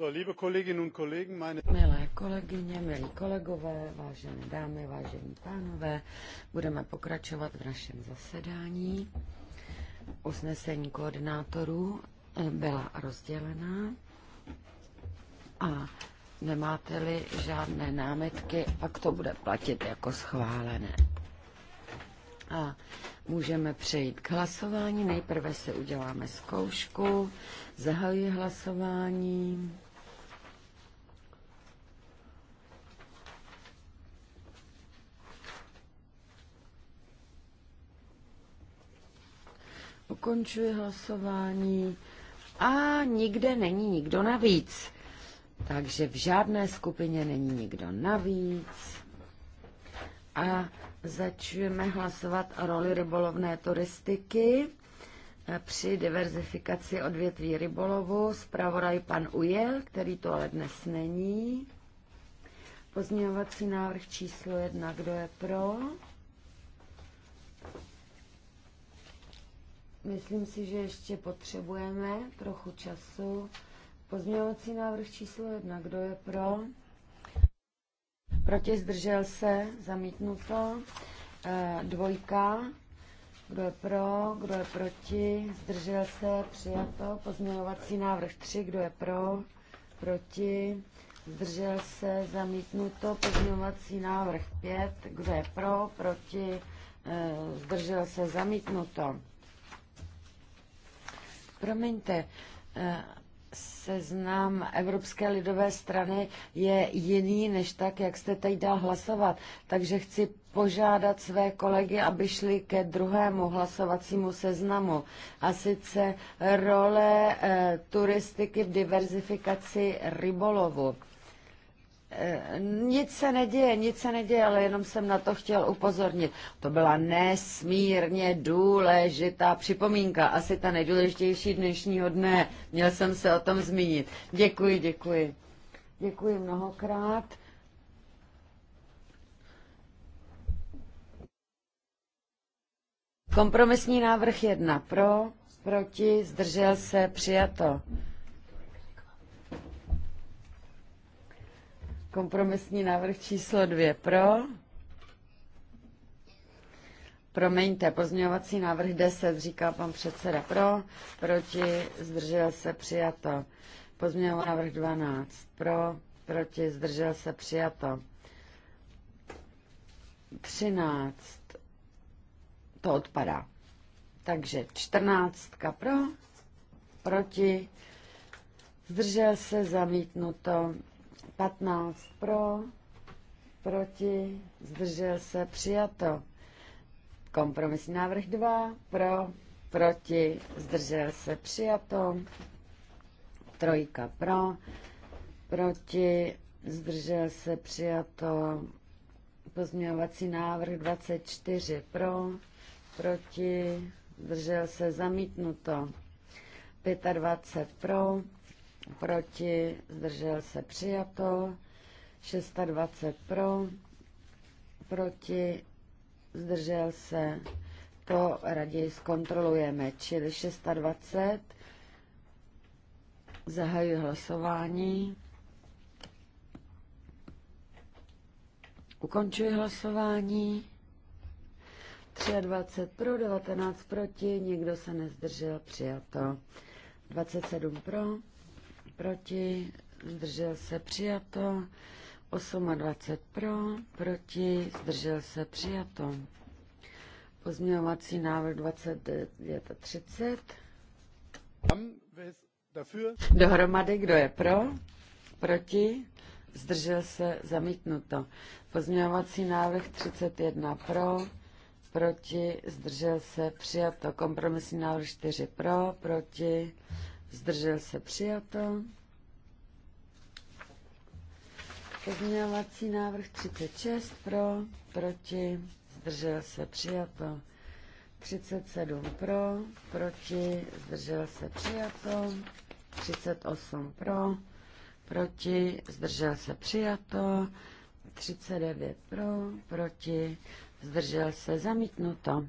Milé kolegyně, milí kolegové, vážené dámy, vážení pánové, budeme pokračovat v našem zasedání. Usnesení koordinátorů eh, byla rozdělena a nemáte-li žádné námitky, pak to bude platit jako schválené. A můžeme přejít k hlasování. Nejprve si uděláme zkoušku. Zahajuji hlasování. Ukončuji hlasování. A nikde není nikdo navíc. Takže v žádné skupině není nikdo navíc. A začneme hlasovat o roli rybolovné turistiky při diverzifikaci odvětví rybolovu. Zpravodaj pan Ujel, který to ale dnes není. Pozměňovací návrh číslo jedna. Kdo je pro? Myslím si, že ještě potřebujeme trochu času. Pozměňovací návrh číslo jedna. Kdo je pro? Proti zdržel se, zamítnuto. E, dvojka. Kdo je pro, kdo je proti, zdržel se, přijato. Pozměňovací návrh tři. kdo je pro, proti, zdržel se, zamítnuto. Pozměňovací návrh pět. kdo je pro, proti, e, zdržel se, zamítnuto. Promiňte, eh, seznam Evropské lidové strany je jiný než tak, jak jste teď dal hlasovat. Takže chci požádat své kolegy, aby šli ke druhému hlasovacímu seznamu. A sice role e, turistiky v diverzifikaci rybolovu. Eh, nic se neděje, nic se neděje, ale jenom jsem na to chtěl upozornit. To byla nesmírně důležitá připomínka, asi ta nejdůležitější dnešního dne. Měl jsem se o tom zmínit. Děkuji, děkuji. Děkuji mnohokrát. Kompromisní návrh jedna pro, proti, zdržel se, přijato. Kompromisní návrh číslo dvě pro. Promiňte, pozměňovací návrh 10, říká pan předseda pro, proti, zdržel se, přijato. Pozměňovací návrh 12, pro, proti, zdržel se, přijato. 13, to odpadá. Takže 14 pro, proti, zdržel se, zamítnuto. 15 pro, proti, zdržel se, přijato. Kompromisní návrh 2, pro, proti, zdržel se, přijato. Trojka pro, proti, zdržel se, přijato. Pozměňovací návrh 24 pro, proti, zdržel se, zamítnuto. 25 pro, proti, zdržel se přijato, 620 pro, proti, zdržel se, to raději zkontrolujeme, čili 620, zahajuji hlasování, ukončuji hlasování, 23 pro, 19 proti, nikdo se nezdržel, přijato. 27 pro, proti, zdržel se přijato. 28 pro, proti, zdržel se přijato. Pozměňovací návrh 29.30. Dohromady, kdo je pro, proti, zdržel se zamítnuto. Pozměňovací návrh 31 pro, proti, zdržel se přijato. Kompromisní návrh 4 pro, proti, zdržel se přijato. Pozměňovací návrh 36 pro, proti, zdržel se přijato. 37 pro, proti, zdržel se přijato. 38 pro, proti, zdržel se přijato. 39 pro, proti, zdržel se zamítnuto.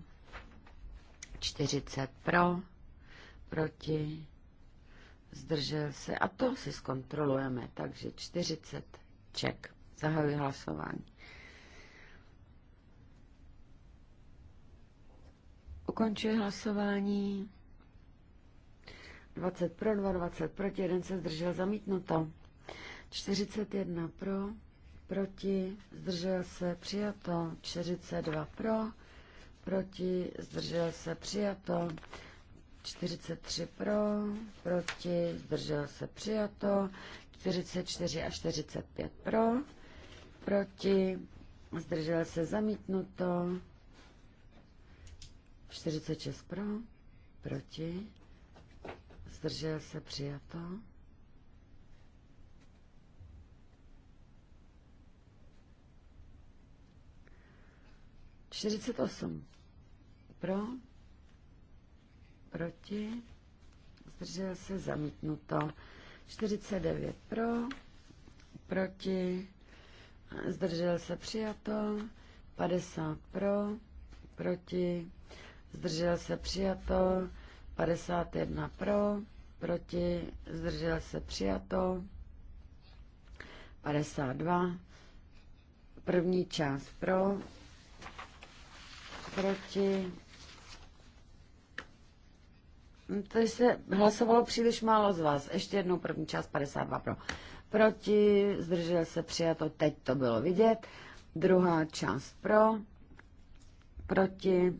40 pro, proti, zdržel se. A to si zkontrolujeme, takže 40 Ček. Zahajuji hlasování. Ukončuji hlasování. 20 pro, 2, 20 proti, jeden se zdržel zamítnuto. 41 pro, proti, zdržel se přijato. 42 pro, proti, zdržel se přijato. 43 pro, proti, zdržel se přijato, 44 a 45 pro, proti, zdržel se zamítnuto, 46 pro, proti, zdržel se přijato. Čtyřicet osm. Pro. Proti. Zdržel se zamítnuto. 49 pro, proti, zdržel se přijato, 50 pro, proti, zdržel se přijato, 51 pro, proti, zdržel se přijato, 52, první část pro, proti, Tady se hlasovalo příliš málo z vás. Ještě jednou první část 52 pro. Proti, zdržel se přijato, teď to bylo vidět. Druhá část pro, proti,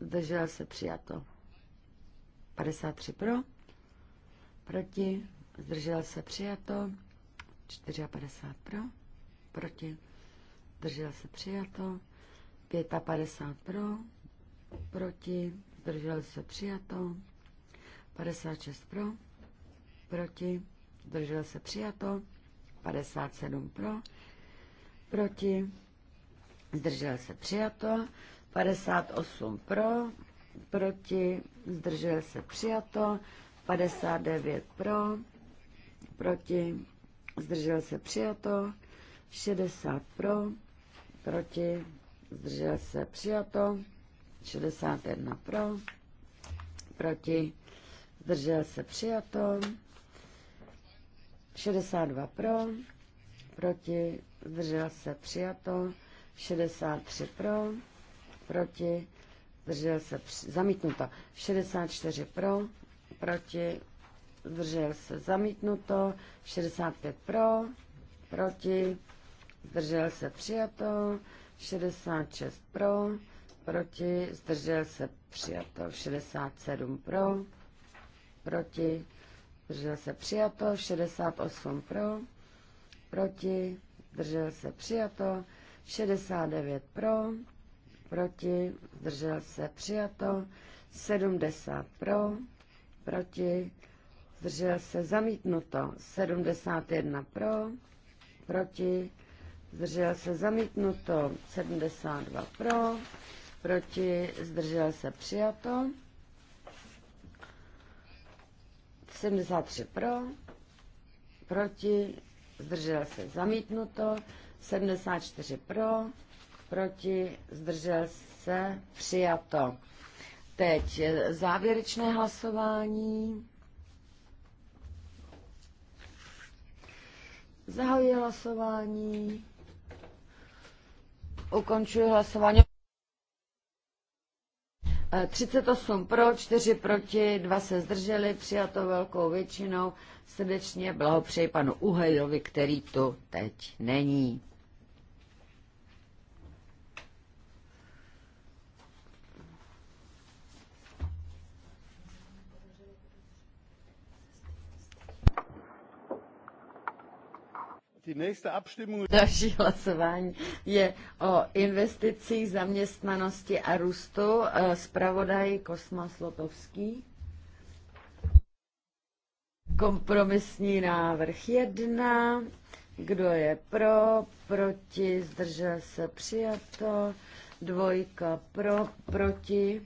zdržel se přijato. 53 pro, proti, zdržel se přijato. 54 pro, proti, zdržel se přijato. 55 pro, proti, zdržel se přijato. 56 pro, proti, zdržel se přijato, 57 pro, proti, zdržel se přijato, 58 pro, proti, zdržel se přijato, 59 pro, proti, zdržel se přijato, 60 pro, proti, zdržel se přijato, 61 pro, proti, zdržel se přijato, 62 pro, proti, zdržel se přijato, 63 pro, proti, zdržel se při, zamítnuto, 64 pro, proti, zdržel se zamítnuto, 65 pro, proti, zdržel se přijato, 66 pro, proti, zdržel se přijato, 67 pro, proti, zdržel se přijato, 68 pro, proti, zdržel se přijato, 69 pro, proti, zdržel se přijato, 70 pro, proti, zdržel se zamítnuto, 71 pro, proti, zdržel se zamítnuto, 72 pro, proti, zdržel se přijato, 73 pro, proti, zdržel se zamítnuto, 74 pro, proti, zdržel se přijato. Teď závěrečné hlasování. Zahajuji hlasování. Ukončuji hlasování. 38 pro, 4 proti, 2 se zdrželi, přijato velkou většinou. Srdečně blahopřeji panu Uhejovi, který tu teď není. Další hlasování je o investicích, zaměstnanosti a růstu. Eh, zpravodaj Kosma Slotovský. Kompromisní návrh 1. Kdo je pro, proti, zdržel se přijato. Dvojka pro, proti,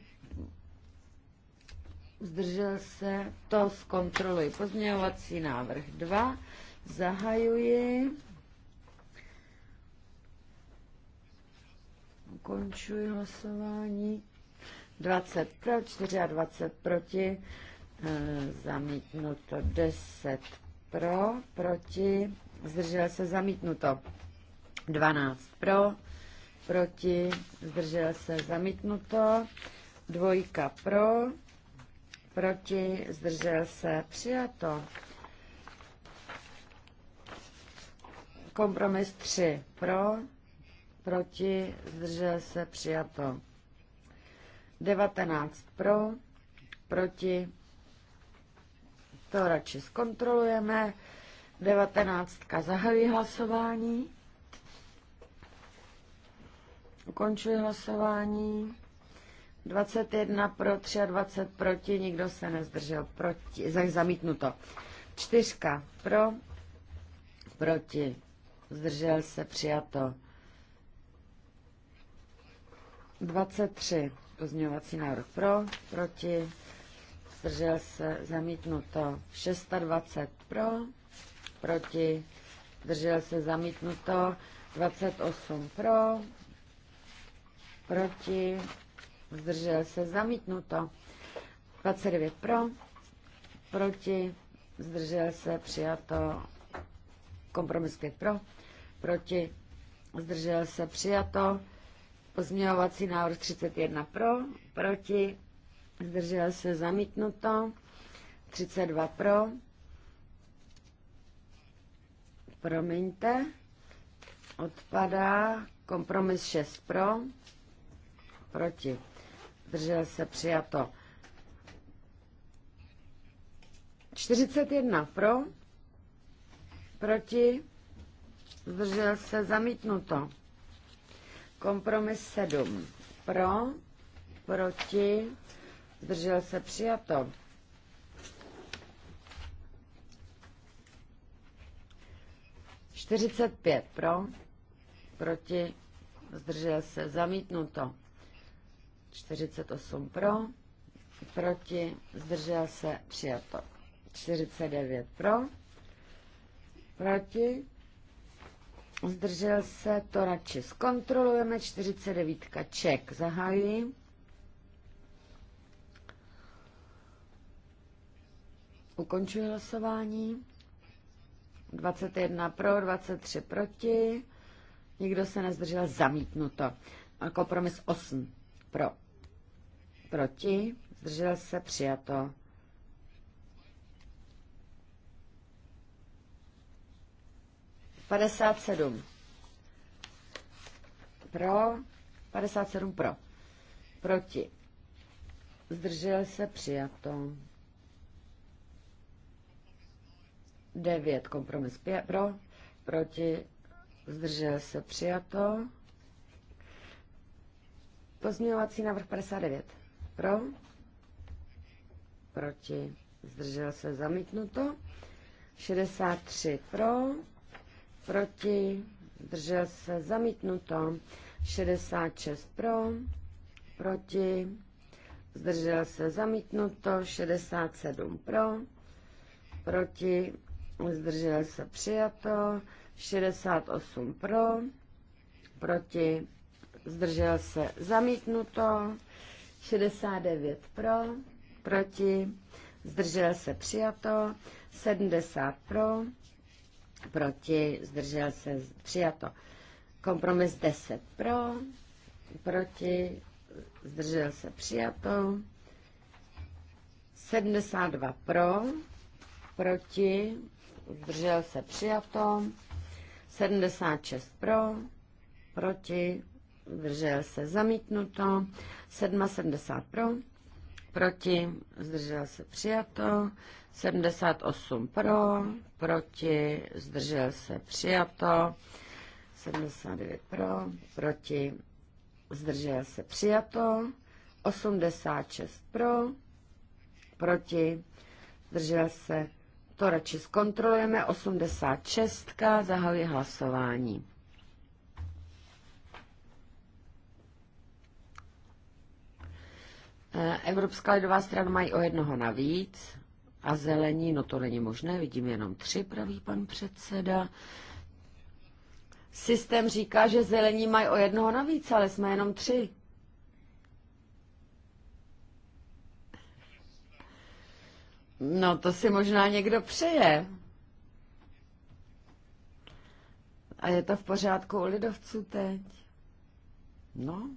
zdržel se, to zkontroluji. Pozměňovací návrh 2. Zahajuji. Ukončuji hlasování. 20 pro, 24 proti, eh, zamítnuto 10 pro, proti, zdržel se zamítnuto 12 pro, proti, zdržel se zamítnuto, dvojka pro, proti, zdržel se přijato. Kompromis 3 pro, proti, zdržel se, přijato. 19 pro, proti, to radši zkontrolujeme. 19. Zahajuji hlasování. Ukončuji hlasování. 21 pro, 23 proti, nikdo se nezdržel proti, zamítnuto. Čtyřka pro, proti, zdržel se, přijato. 23 pozměňovací návrh pro, proti, zdržel se, zamítnuto. 620 pro, proti, zdržel se, zamítnuto. 28 pro, proti, zdržel se, zamítnuto. 29 pro, proti, zdržel se, přijato Kompromis 5 pro, proti, zdržel se přijato. Pozměňovací návrh 31 pro, proti, zdržel se zamítnuto. 32 pro, promiňte, odpadá. Kompromis 6 pro, proti, zdržel se přijato. 41 pro, Proti? Zdržel se zamítnuto. Kompromis 7. Pro? Proti? Zdržel se přijato. Čtyřicet pět pro, proti, zdržel se, zamítnuto. osm pro, proti, zdržel se, přijato. 49 pro, Proti? Zdržel se, to radši zkontrolujeme. 49. Ček zahájí. Ukončuji hlasování. 21 pro, 23 proti. Nikdo se nezdržel zamítnuto. A kompromis 8 pro. Proti. Zdržel se přijato. 57 pro, 57 pro, proti, zdržel se přijato, 9 kompromis pro, proti, zdržel se přijato, pozměňovací návrh 59 pro, proti, zdržel se zamítnuto, 63 pro, proti, držel se zamítnuto, 66 pro, proti, zdržel se zamítnuto, 67 pro, proti, zdržel se přijato, 68 pro, proti, zdržel se zamítnuto, 69 pro, proti, zdržel se přijato, 70 pro, proti, zdržel se, přijato. Kompromis 10 pro, proti, zdržel se, přijato. 72 pro, proti, zdržel se, přijato. 76 pro, proti, zdržel se, zamítnuto. 77 pro, proti, zdržel se, přijato. 78 pro, proti, zdržel se, přijato. 79 pro, proti, zdržel se, přijato. 86 pro, proti, zdržel se, to radši zkontrolujeme. 86, zahajuji hlasování. Eh, Evropská lidová strana mají o jednoho navíc a zelení. No to není možné, vidím jenom tři, pravý pan předseda. Systém říká, že zelení mají o jednoho navíc, ale jsme jenom tři. No to si možná někdo přeje. A je to v pořádku u lidovců teď? No,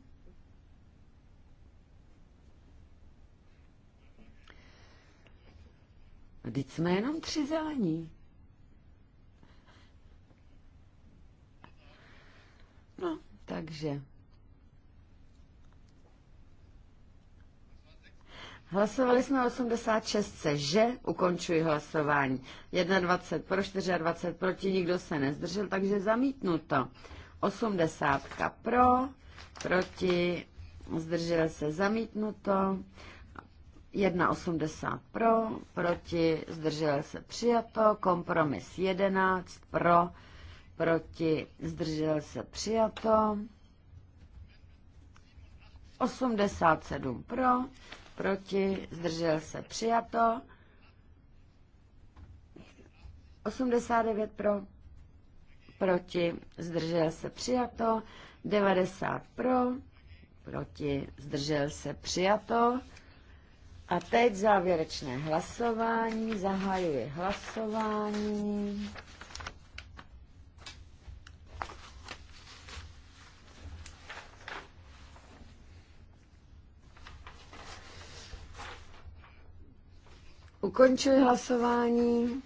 Vždyť jsme jenom tři zelení. No, takže. Hlasovali jsme 86, že ukončuji hlasování. 21 pro, 24 proti, nikdo se nezdržel, takže zamítnuto. 80 pro, proti, zdržel se zamítnuto. 1,80 pro, proti, zdržel se přijato, kompromis 11 pro, proti, zdržel se přijato, 87 pro, proti, zdržel se přijato, 89 pro, proti, zdržel se přijato, 90 pro, proti, zdržel se přijato, a teď závěrečné hlasování. Zahajuji hlasování. Ukončuji hlasování.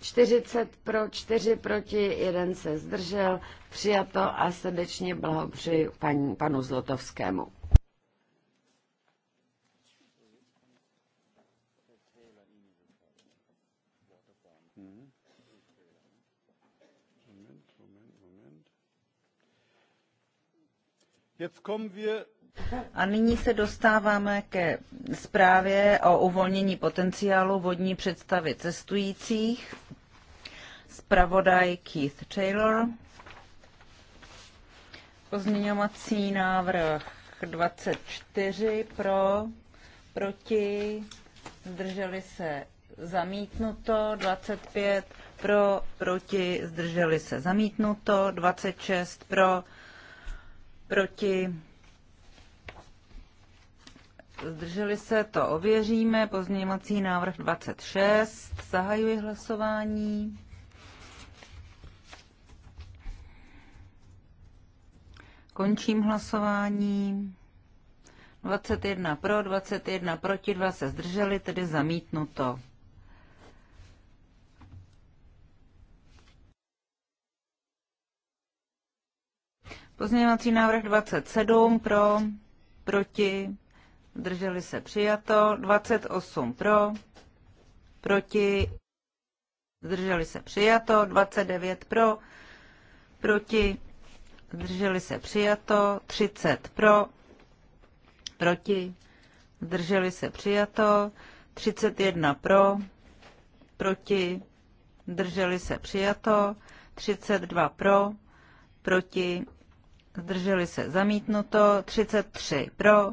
40 pro, 4 proti, jeden se zdržel. Přijato a srdečně blahopřeji panu Zlotovskému. A nyní se dostáváme ke zprávě o uvolnění potenciálu vodní představy cestujících. Zpravodaj Keith Taylor. Pozměňovací návrh 24 pro, proti, zdrželi se zamítnuto, 25 pro, proti, zdrželi se zamítnuto, 26 pro, proti, zdrželi se, to ověříme, pozměňovací návrh 26, zahajuji hlasování. Končím hlasování. 21 pro, 21 proti, 2 se zdrželi, tedy zamítnuto. Pozměňovací návrh 27 pro, proti, zdrželi se přijato. 28 pro, proti, zdrželi se přijato. 29 pro, proti, zdrželi se přijato. 30 pro, proti, zdrželi se přijato. 31 pro, proti, zdrželi se přijato. 32 pro, proti, zdrželi se zamítnuto, 33 pro,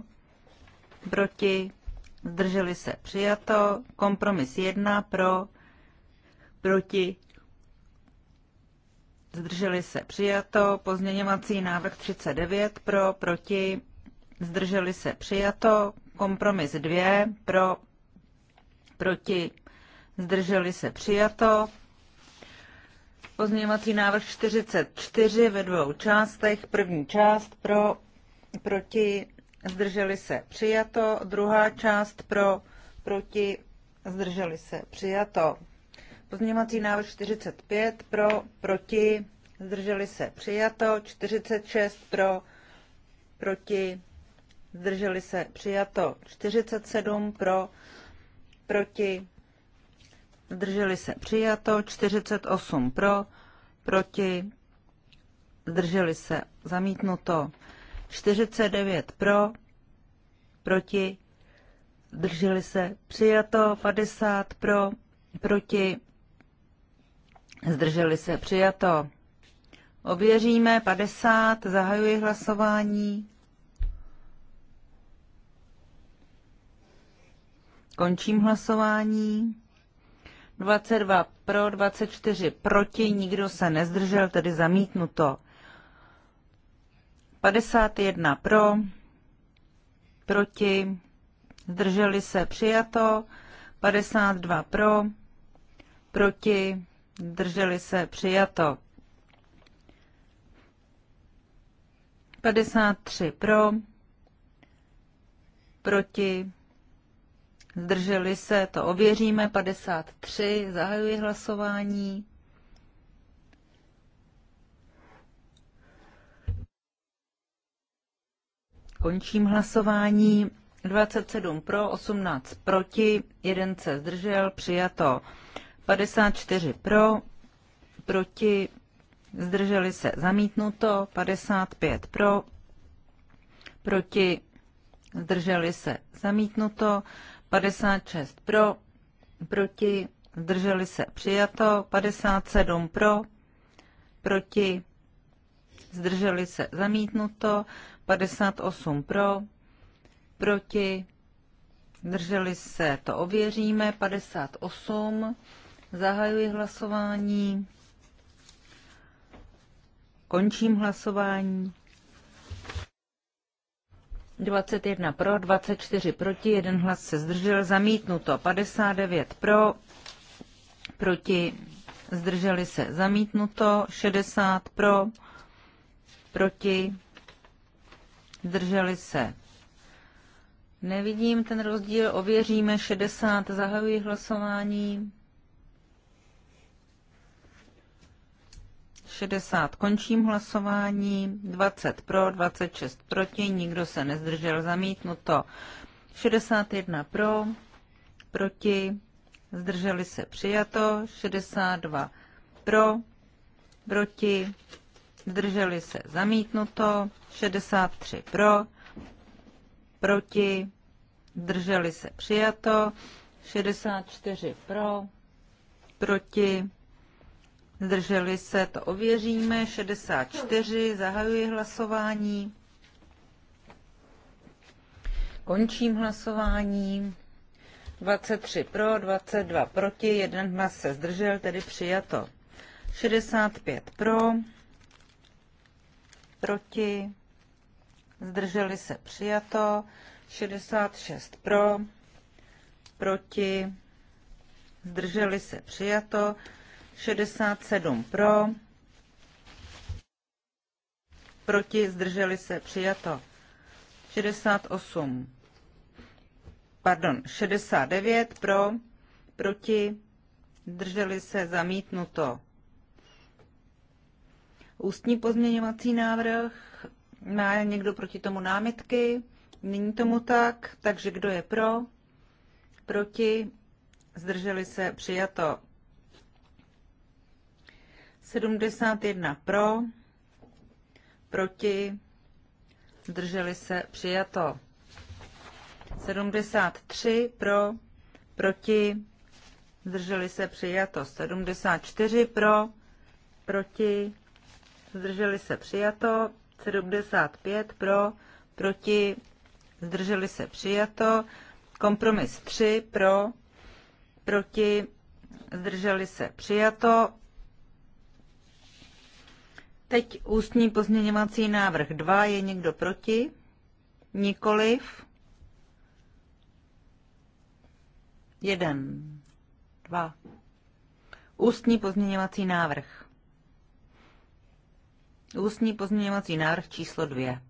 proti, zdrželi se přijato, kompromis 1 pro, proti, zdrželi se přijato, pozměňovací návrh 39 pro, proti, zdrželi se přijato, kompromis 2 pro, proti, zdrželi se přijato, Pozměňovací návrh 44 ve dvou částech. První část pro, proti, zdrželi se přijato. Druhá část pro, proti, zdrželi se přijato. Pozměňovací návrh 45 pro, proti, zdrželi se přijato. 46 pro, proti, zdrželi se přijato. 47 pro, proti, zdrželi se přijato, 48 pro, proti, zdrželi se zamítnuto, 49 pro, proti, zdrželi se přijato, 50 pro, proti, zdrželi se přijato. Ověříme 50, zahajuji hlasování. Končím hlasování. 22 pro, 24 proti, nikdo se nezdržel, tedy zamítnuto. 51 pro, proti, zdrželi se přijato, 52 pro, proti, zdrželi se přijato. 53 pro, proti, zdrželi se, to ověříme, 53, zahajuji hlasování. Končím hlasování. 27 pro, 18 proti, 1 se zdržel, přijato 54 pro, proti, zdrželi se zamítnuto, 55 pro, proti, zdrželi se zamítnuto, 56 pro, proti, zdrželi se přijato, 57 pro, proti, zdrželi se zamítnuto, 58 pro, proti, zdrželi se, to ověříme, 58, zahajuji hlasování, končím hlasování, 21 pro, 24 proti, jeden hlas se zdržel, zamítnuto. 59 pro, proti, zdrželi se, zamítnuto. 60 pro, proti, zdrželi se. Nevidím ten rozdíl, ověříme 60, zahajuji hlasování. 60 končím hlasování, 20 pro, 26 proti, nikdo se nezdržel zamítnuto. 61 pro, proti, zdrželi se přijato, 62 pro, proti, zdrželi se zamítnuto, 63 pro, proti, zdrželi se přijato, 64 pro, proti, Zdrželi se, to ověříme. 64, zahajuji hlasování. Končím hlasování. 23 pro, 22 proti, jeden hlas se zdržel, tedy přijato. 65 pro, proti, zdrželi se přijato. 66 pro, proti, zdrželi se přijato. 67 pro, proti, zdrželi se, přijato. 68, pardon, 69 pro, proti, zdrželi se, zamítnuto. Ústní pozměňovací návrh, má někdo proti tomu námitky? Není tomu tak, takže kdo je pro? Proti? Zdrželi se? Přijato. 71 pro, proti, zdrželi se, přijato. 73 pro, proti, zdrželi se, přijato. 74 pro, proti, zdrželi se, přijato. 75 pro, proti, zdrželi se, přijato. Kompromis 3 pro, proti, zdrželi se, přijato. Teď ústní pozměňovací návrh 2. Je někdo proti? Nikoliv. Jeden. Dva. Ústní pozměňovací návrh. Ústní pozměňovací návrh číslo dvě.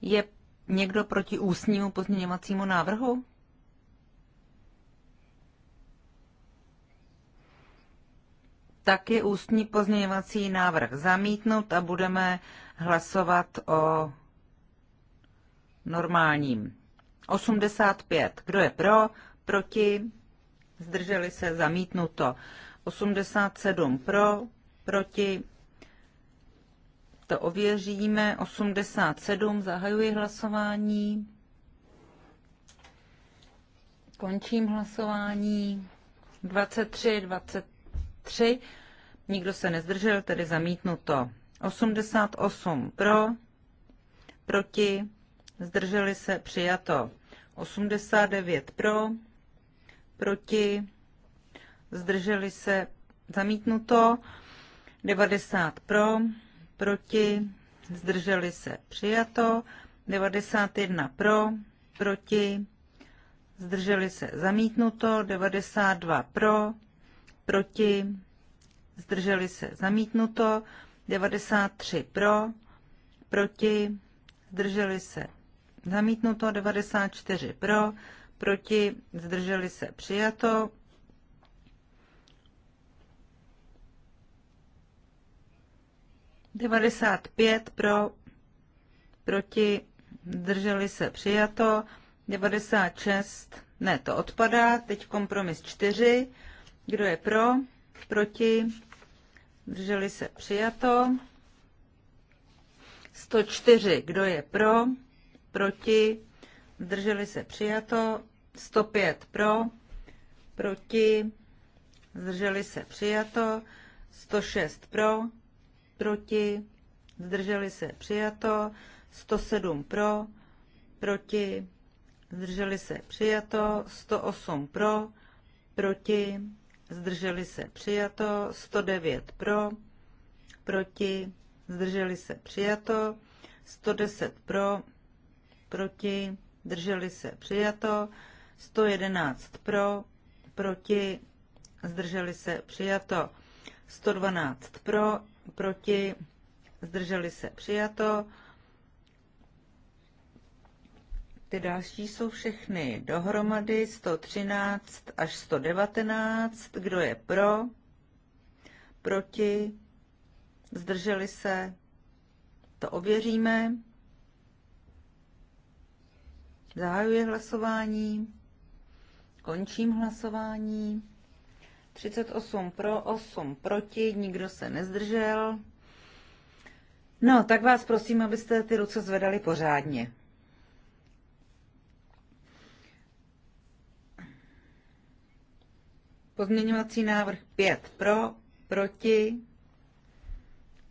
Je někdo proti ústnímu pozměňovacímu návrhu? tak je ústní pozměňovací návrh zamítnout a budeme hlasovat o normálním. 85. Kdo je pro? Proti? Zdrželi se? Zamítnuto. 87 pro, proti. To ověříme. 87. Zahajuji hlasování. Končím hlasování. 23, 20, 3. Nikdo se nezdržel, tedy zamítnuto. 88 pro, proti, zdrželi se, přijato. 89 pro, proti, zdrželi se, zamítnuto. 90 pro, proti, zdrželi se, přijato. 91 pro, proti, zdrželi se, zamítnuto. 92 pro, proti, zdrželi se zamítnuto, 93 pro, proti, zdrželi se zamítnuto, 94 pro, proti, zdrželi se přijato, Devadesát pět pro, proti, zdrželi se přijato, 96, ne, to odpadá, teď kompromis 4 kdo je pro? Proti? Drželi se přijato. 104. Kdo je pro? Proti? Zdrželi se přijato. 105 pro, proti, zdrželi se přijato. 106 pro, proti, zdrželi se přijato. 107 pro, proti, zdrželi se přijato. 108 pro, proti, zdrželi se přijato, 109 pro, proti, zdrželi se přijato, 110 pro, proti, zdrželi se přijato, 111 pro, proti, zdrželi se přijato, 112 pro, proti, zdrželi se přijato, ty další jsou všechny dohromady 113 až 119. Kdo je pro? Proti? Zdrželi se? To ověříme. Zahajuji hlasování. Končím hlasování. 38 pro, 8 proti, nikdo se nezdržel. No, tak vás prosím, abyste ty ruce zvedali pořádně. Pozměňovací návrh 5 pro, proti,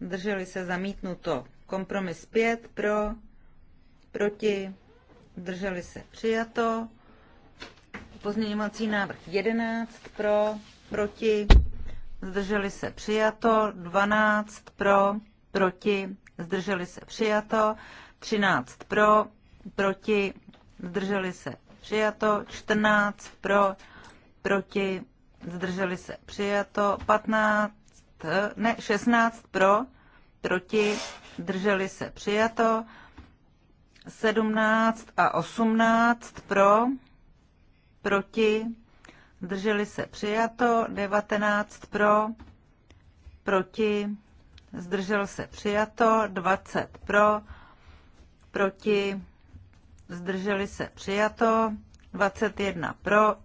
drželi se zamítnuto. Kompromis 5 pro, proti, drželi se přijato. Pozměňovací návrh 11 pro, proti, zdrželi se přijato. 12 pro, proti, zdrželi se přijato. 13 pro, proti, zdrželi se přijato. 14 pro, proti, zdrželi se přijato, 15, eh, ne, 16 pro, proti, zdrželi se přijato, 17 a 18 pro, proti, zdrželi se přijato, 19 pro, proti, zdržel se přijato, 20 pro, proti, zdrželi se přijato, 21 pro,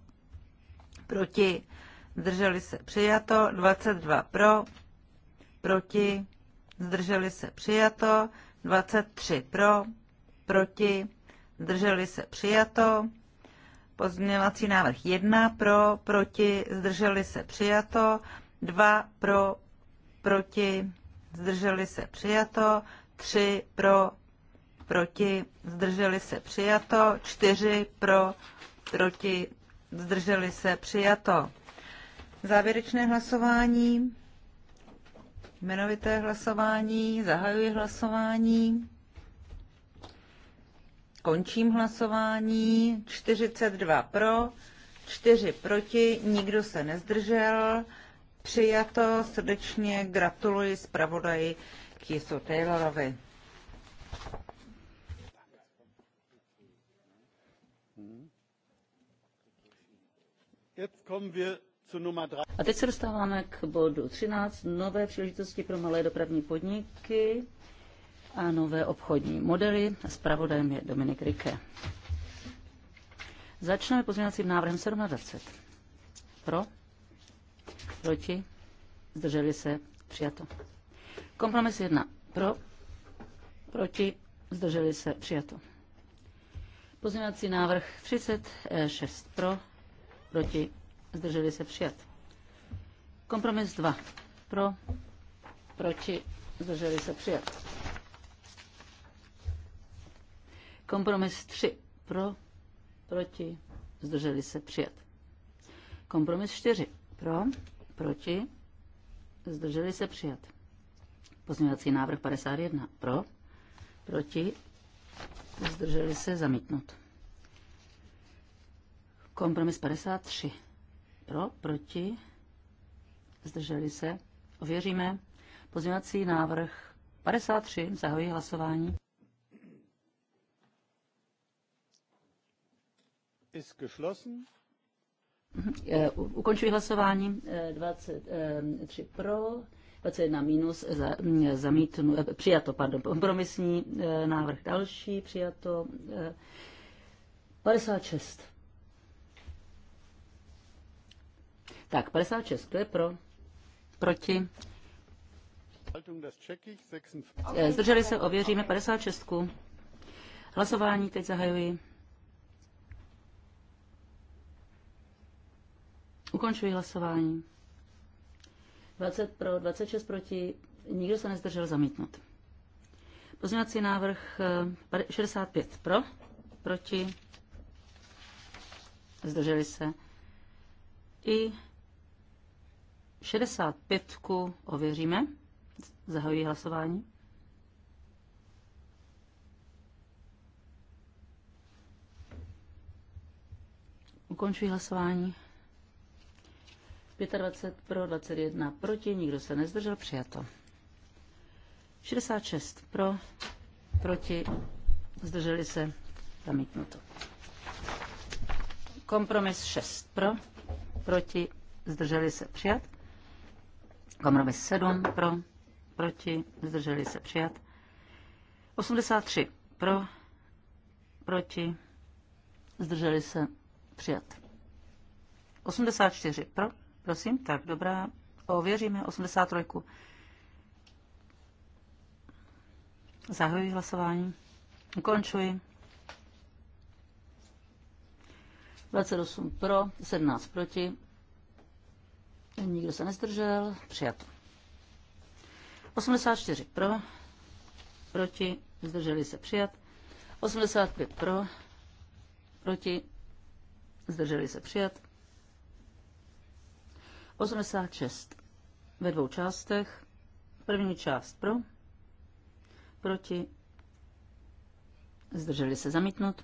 proti, zdrželi se přijato, 22 pro, proti, zdrželi se přijato, 23 pro, proti, zdrželi se přijato, pozměňovací návrh 1 pro, proti, zdrželi se přijato, 2 pro, proti, zdrželi se přijato, 3 pro, proti, zdrželi se přijato, 4 pro, proti, zdrželi se přijato. Závěrečné hlasování, jmenovité hlasování, zahajuji hlasování, končím hlasování, 42 pro, 4 proti, nikdo se nezdržel, přijato, srdečně gratuluji zpravodaji Kisu Taylorovi. Jetzt kommen wir a teď se dostáváme k bodu 13. Nové příležitosti pro malé dopravní podniky a nové obchodní modely. Spravodajem je Dominik Rike. Začneme pozměňovacím návrhem 27. Pro? Proti? Zdrželi se? Přijato. Kompromis 1. Pro? Proti? Zdrželi se? Přijato. Pozměňovací návrh 36. Pro? Proti? zdrželi se přijat. Kompromis 2. Pro, proti, zdrželi se přijat. Kompromis 3. Pro, proti, zdrželi se přijat. Kompromis 4. Pro, proti, zdrželi se přijat. Pozměňovací návrh 51. Pro, proti, zdrželi se zamítnout. Kompromis 53 pro, proti, zdrželi se, ověříme. Pozměňovací návrh 53, zahojí hlasování. Ist geschlossen. Eh, ukončuji hlasování. 23 eh, eh, pro, 21 minus, za, mm, zamítnu, přijato, pardon, kompromisní návrh další, přijato. 56 Tak, 56, kdo je pro? Proti? Eh, zdrželi se, ověříme 56. Hlasování teď zahajuji. Ukončuji hlasování. 20 pro, 26 proti, nikdo se nezdržel zamítnout. Pozměňovací návrh 65 eh, pro, proti, zdrželi se. I 65 ověříme. Zahajuji hlasování. Ukončuji hlasování. 25 pro, 21 proti, nikdo se nezdržel, přijato. 66 pro, proti, zdrželi se, zamítnuto. Kompromis 6 pro, proti, zdrželi se, přijat. Komrovi 7 pro, proti, zdrželi se přijat. 83 pro, proti, zdrželi se přijat. 84 pro, prosím, tak dobrá, ověříme 83. Zahajuji hlasování, ukončuji. 28 pro, 17 proti, Nikdo se nezdržel. Přijato. 84 pro. Proti. Zdrželi se přijat. 85 pro. Proti. Zdrželi se přijat. 86 ve dvou částech. První část pro. Proti. Zdrželi se zamítnout.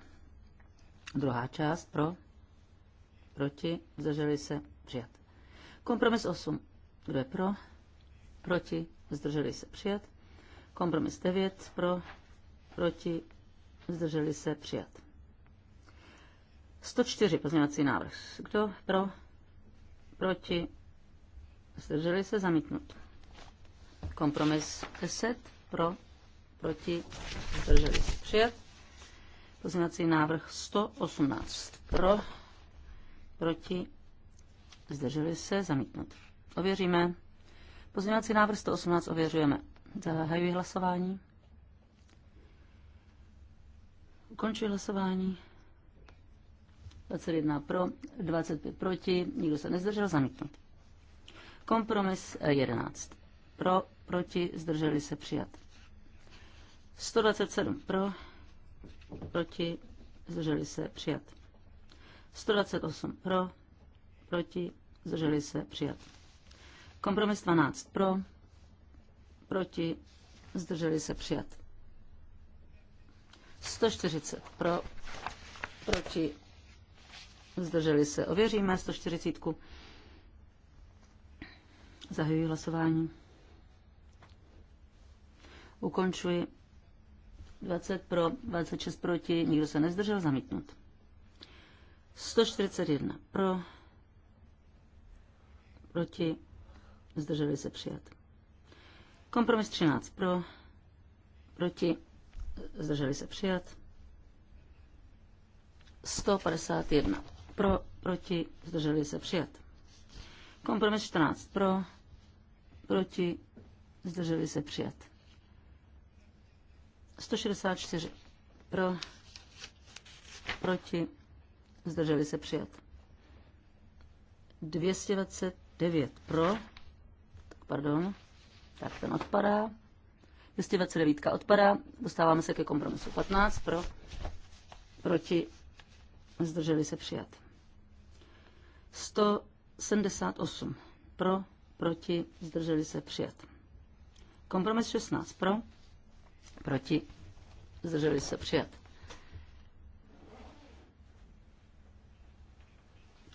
Druhá část pro. Proti. Zdrželi se přijat. Kompromis 8. Kdo je pro? Proti? Zdrželi se přijat. Kompromis 9. Pro? Proti? Zdrželi se přijat. 104 pozměňovací návrh. Kdo pro? Proti? Zdrželi se zamítnut. Kompromis 10. Pro? Proti? Zdrželi se přijat. Pozměňovací návrh 118. Pro? Proti? Zdrželi se? zamítnout. Ověříme. Pozměňovací návrh 118 ověřujeme. Zahajuji hlasování. Ukončuji hlasování. 21 pro, 25 proti, nikdo se nezdržel, zamítnout. Kompromis 11. Pro, proti, zdrželi se přijat. 127 pro, proti, zdrželi se přijat. 128 pro, proti, zdrželi se, přijat. Kompromis 12 pro, proti, zdrželi se, přijat. 140 pro, proti, zdrželi se, ověříme 140. Zahajuji hlasování. Ukončuji. 20 pro, 26 proti, nikdo se nezdržel, zamítnut. 141 pro, proti, zdrželi se přijat. Kompromis 13 pro, proti, zdrželi se přijat. 151 pro, proti, zdrželi se přijat. Kompromis 14 pro, proti, zdrželi se přijat. 164 pro, proti, zdrželi se přijat. 220 9 pro, tak pardon, tak ten odpadá. 229 odpadá, dostáváme se ke kompromisu 15 pro, proti, zdrželi se přijat. 178 pro, proti, zdrželi se přijat. Kompromis 16 pro, proti, zdrželi se přijat.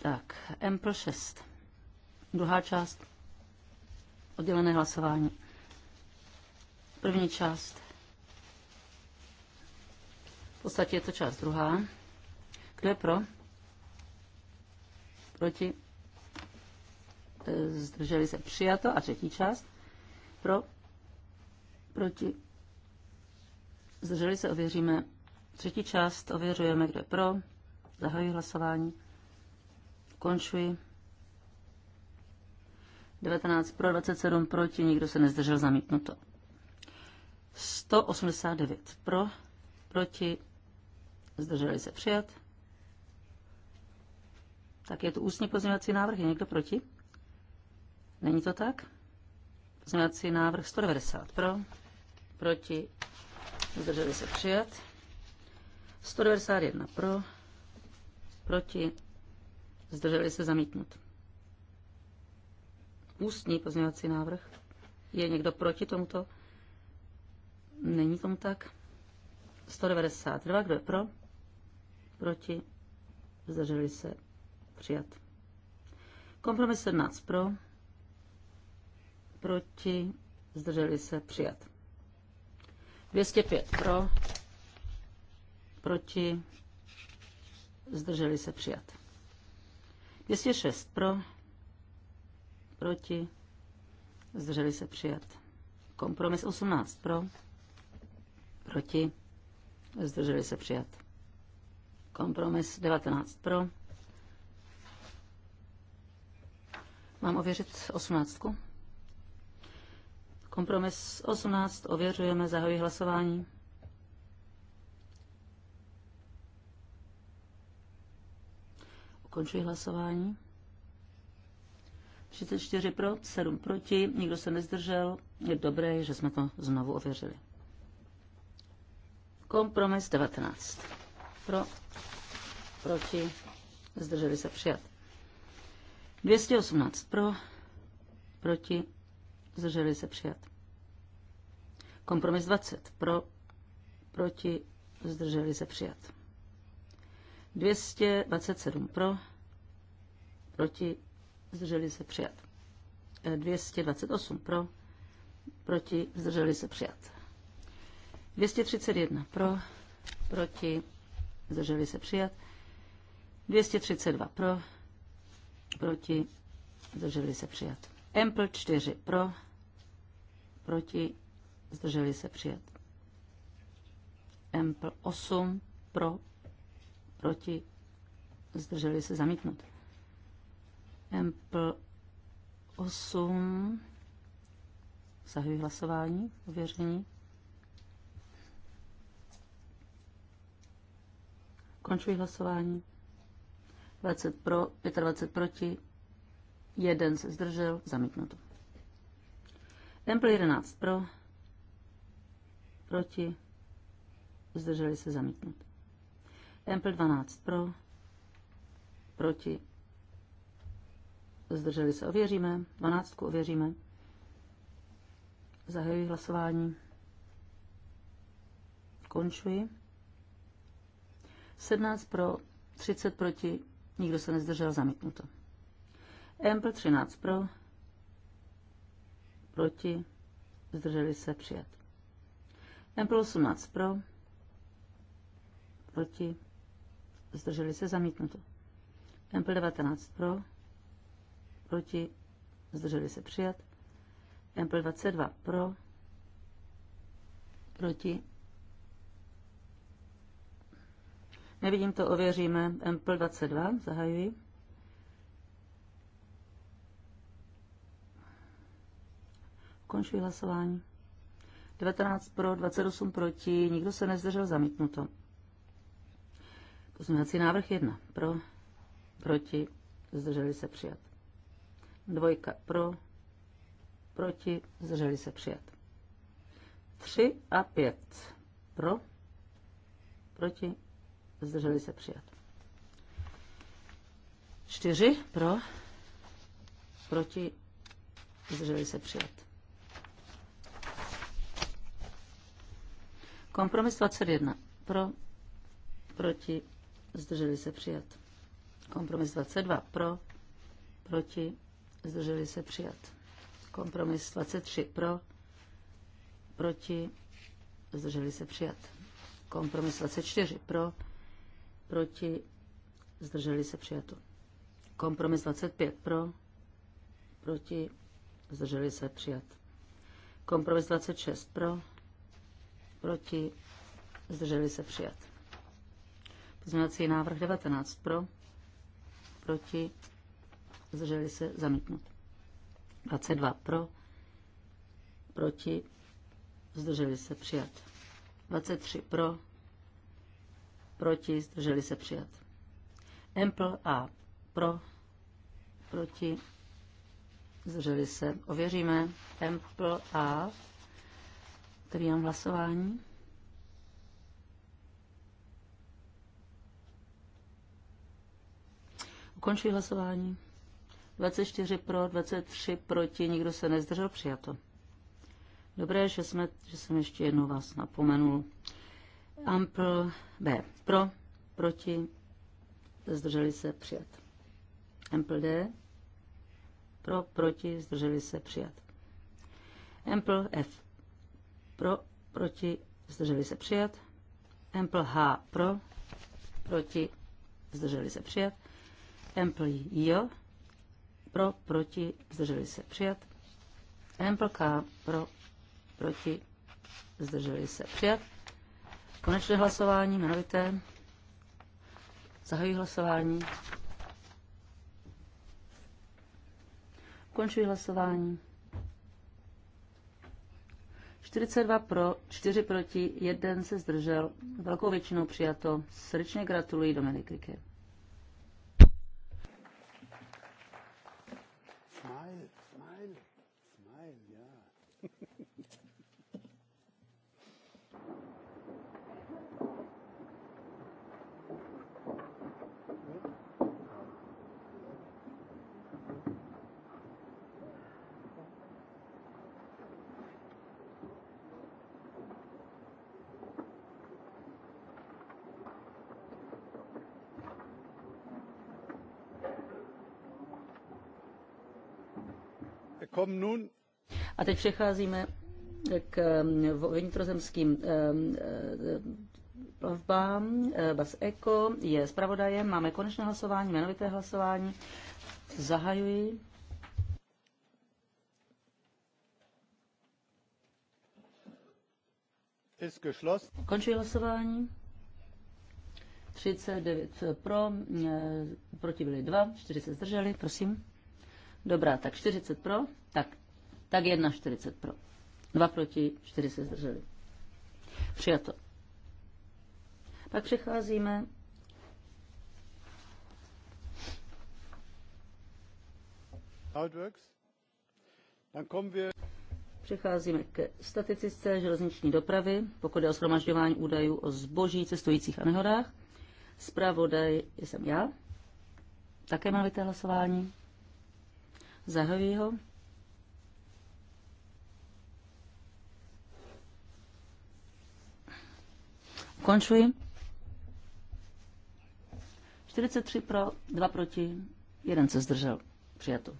Tak, M pro 6 Druhá část. Oddělené hlasování. První část. V podstatě je to část druhá. Kdo je pro? Proti? E, zdrželi se přijato. A třetí část. Pro? Proti? Zdrželi se, ověříme. Třetí část ověřujeme, kdo je pro. Zahajuji hlasování. Končuji. 19 pro, 27 proti, nikdo se nezdržel zamítnuto. 189 pro, proti, zdrželi se přijat. Tak je to ústní pozměňovací návrh, je někdo proti? Není to tak? Pozměňovací návrh 190 pro, proti, zdrželi se přijat. 191 pro, proti, zdrželi se zamítnuto ústní pozměňovací návrh? Je někdo proti tomuto? Není tomu tak. 192, kdo je pro? Proti? Zdrželi se? Přijat. Kompromis 17 pro? Proti? Zdrželi se? Přijat. 205 pro? Proti? Zdrželi se? Přijat. 206 pro? proti, zdrželi se přijat. Kompromis 18 pro, proti, zdrželi se přijat. Kompromis 19 pro. Mám ověřit 18. Kompromis 18 ověřujeme, zahojí hlasování. Ukončuji hlasování. 34 pro, 7 proti, nikdo se nezdržel. Je dobré, že jsme to znovu ověřili. Kompromis 19. Pro, proti, zdrželi se přijat. 218 pro, proti, zdrželi se přijat. Kompromis 20 pro, proti, zdrželi se přijat. 227 pro, proti, zdrželi se přijat. 228 e, pro, proti, zdrželi se přijat. 231 pro, proti, zdrželi se přijat. 232 pro, proti, zdrželi se přijat. Ample 4 pro, proti, zdrželi se přijat. Ample 8 pro, proti, zdrželi se zamítnout. Mpl 8. Zahajuji hlasování, ověření. Končuji hlasování. 20 pro, 25 proti, jeden se zdržel, zamítnuto. Mpl 11 pro, proti, zdrželi se zamítnut. Temple 12 pro, proti, zdrželi se, ověříme. Dvanáctku ověříme. Zahajuji hlasování. Končuji. 17 pro, 30 proti, nikdo se nezdržel, zamítnuto. pro 13 pro, proti, zdrželi se, přijat. pro 18 pro, proti, zdrželi se, zamítnuto. pro 19 pro, proti, zdrželi se přijat. Empl 22 pro, proti. Nevidím to, ověříme. Empl 22, zahajuji. Končuji hlasování. 19 pro, 28 proti, nikdo se nezdržel zamítnuto. Pozměňovací návrh 1 pro, proti, zdrželi se přijat. Dvojka pro, proti, zdrželi se přijat. Tři a pět pro, proti, zdrželi se přijat. Čtyři pro, proti, zdrželi se přijat. Kompromis 21 pro, proti, zdrželi se přijat. Kompromis 22 pro, proti, zdrželi se přijat. Kompromis 23 pro, proti, zdrželi se přijat. Kompromis 24 pro, proti, zdrželi se přijat. Kompromis 25 pro, proti, zdrželi se přijat. Kompromis 26 pro, proti, zdrželi se přijat. Pozměňovací návrh 19 pro, proti, zdrželi se zamítnout. 22 pro, proti, zdrželi se přijat. 23 pro, proti, zdrželi se přijat. Empl A pro, proti, zdrželi se. Ověříme Empl A, který mám hlasování. Ukončuji hlasování. 24 pro, 23 proti, nikdo se nezdržel, přijato. Dobré, že, jsme, že jsem ještě jednou vás napomenul. Ampl B. Pro, proti, zdrželi se, přijat. Ampl D. Pro, proti, zdrželi se, přijat. Ampl F. Pro, proti, zdrželi se, přijat. Ampl H. Pro, proti, zdrželi se, přijat. Ampl J pro, proti, zdrželi se přijat. pro K pro, proti, zdrželi se přijat. Konečné hlasování, jmenovité. Zahajuji hlasování. Končuji hlasování. 42 pro, 4 proti, 1 se zdržel. Velkou většinou přijato. Srdečně gratuluji Dominik Riker. A teď přecházíme k um, vnitrozemským um, uh, plavbám. Eh, Bas Eko je zpravodajem. Máme konečné hlasování, jmenovité hlasování. Zahajuji. Končuji hlasování. 39 pro, eh, proti byly 2, 40 zdrželi, prosím. Dobrá, tak 40 pro. Tak, tak 1,40 pro. 2 proti, 4 se zdrželi. Přijato. Pak přecházíme Přecházíme k statistice železniční dopravy, pokud je o shromažďování údajů o zboží cestujících a nehodách. Zpravodaj jsem já. Také mám hlasování. Zahajuji ho. Končuji. 43 pro, 2 proti, 1 se zdržel. Přijato.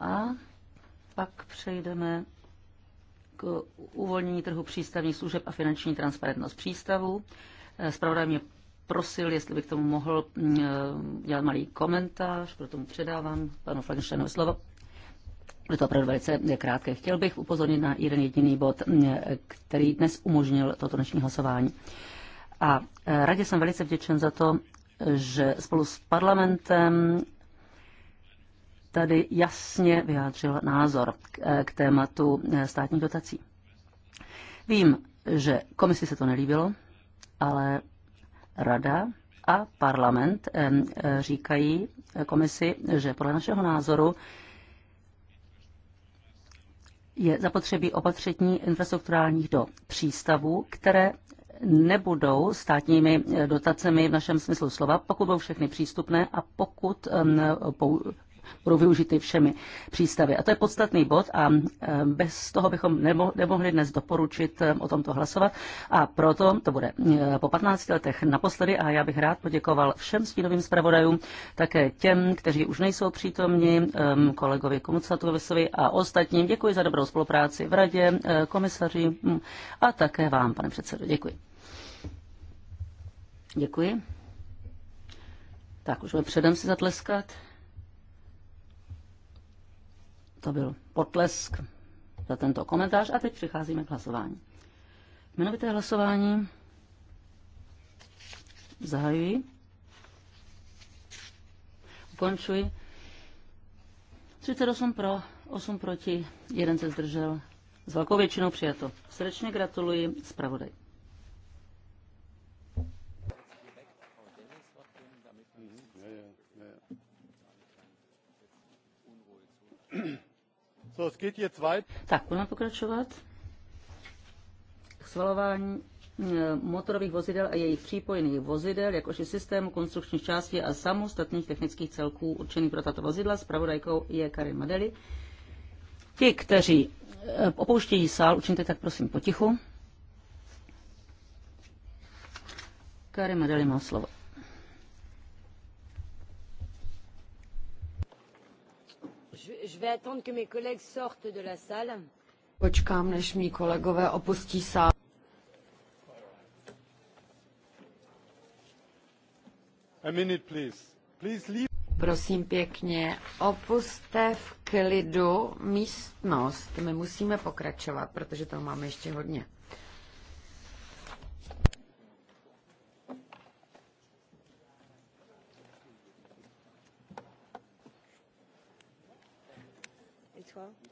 A pak přejdeme k uvolnění trhu přístavních služeb a finanční transparentnost přístavu. Spravodaj eh, mě prosil, jestli bych tomu mohl mm, eh, dělat malý komentář, proto mu předávám panu Flagensteinovi slovo je to opravdu velice krátké. Chtěl bych upozornit na jeden jediný bod, který dnes umožnil toto dnešní hlasování. A e, radě jsem velice vděčen za to, že spolu s parlamentem tady jasně vyjádřil názor k e, tématu e, státních dotací. Vím, že komisi se to nelíbilo, ale rada a parlament říkají komisi, že podle našeho názoru je zapotřebí opatření infrastrukturálních do přístavů, které nebudou státními eh, dotacemi v našem smyslu slova, pokud budou všechny přístupné a pokud budou využity všemi přístavy. A to je podstatný bod a e, bez toho bychom nemohli dnes doporučit e, o tomto hlasovat. A proto to bude e, po 15 letech naposledy a já bych rád poděkoval všem stínovým zpravodajům, také těm, kteří už nejsou přítomni, kolegovi Komucatovisovi a ostatním. Děkuji za dobrou spolupráci v radě, komisaři mm, a také vám, pane předsedo. Děkuji. Děkuji. Tak, už předem si zatleskat. To byl potlesk za tento komentář a teď přicházíme k hlasování. Jmenovité hlasování zahajuji, ukončuji. 38 pro, 8 proti, 1 se zdržel. S velkou většinou přijato. Srdečně gratuluji zpravodaj. Mm-hmm. Tak, budeme pokračovat. Schvalování e, motorových vozidel a jejich přípojených vozidel, jakož i systému konstrukčních částí a samostatných technických celků určených pro tato vozidla. Spravodajkou je Karin Madeli. Ti, kteří e, opouštějí sál, učiňte tak prosím potichu. Karin Madeli má slovo. Počkám, než mý kolegové opustí sál. A minute, please. Please leave. Prosím pěkně, opuste v klidu místnost. My musíme pokračovat, protože tam máme ještě hodně. fois.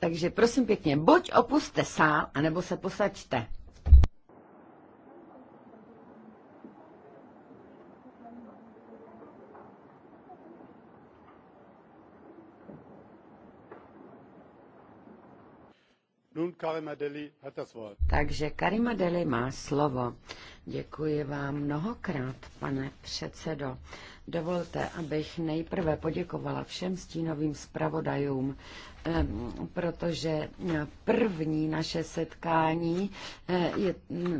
Takže prosím pěkně, buď opuste sál, anebo se posaďte. Takže Karima Deli má slovo. Děkuji vám mnohokrát, pane předsedo. Dovolte, abych nejprve poděkovala všem stínovým zpravodajům, protože první naše setkání eh, je,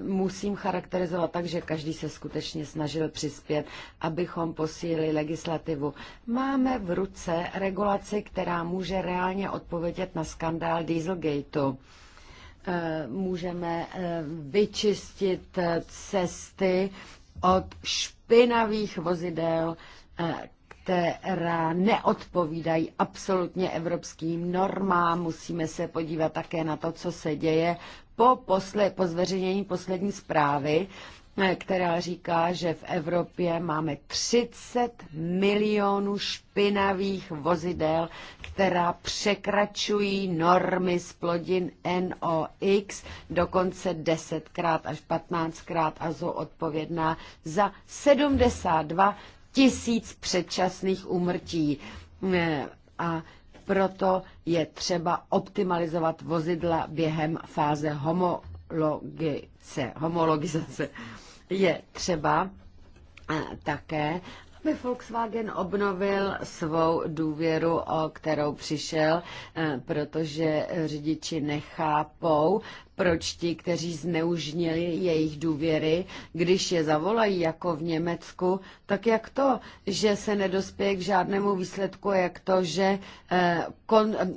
musím charakterizovat tak, že každý se skutečně snažil přispět, abychom posílili legislativu. Máme v ruce regulaci, která může reálně odpovědět na skandál Dieselgateu eh, můžeme eh, vyčistit cesty od špinavých vozidel, eh, která neodpovídají absolutně evropským normám. Musíme se podívat také na to, co se děje po, posle, po zveřejnění poslední zprávy která říká, že v Evropě máme 30 milionů špinavých vozidel, která překračují normy splodin NOx dokonce 10krát až 15krát a jsou odpovědná za 72 tisíc předčasných úmrtí. A proto je třeba optimalizovat vozidla během fáze homo homologice, homologizace je třeba eh, také by Volkswagen obnovil svou důvěru, o kterou přišel, eh, protože řidiči nechápou, proč ti, kteří zneužnili jejich důvěry, když je zavolají jako v Německu, tak jak to, že se nedospěje k žádnému výsledku, jak to, že eh,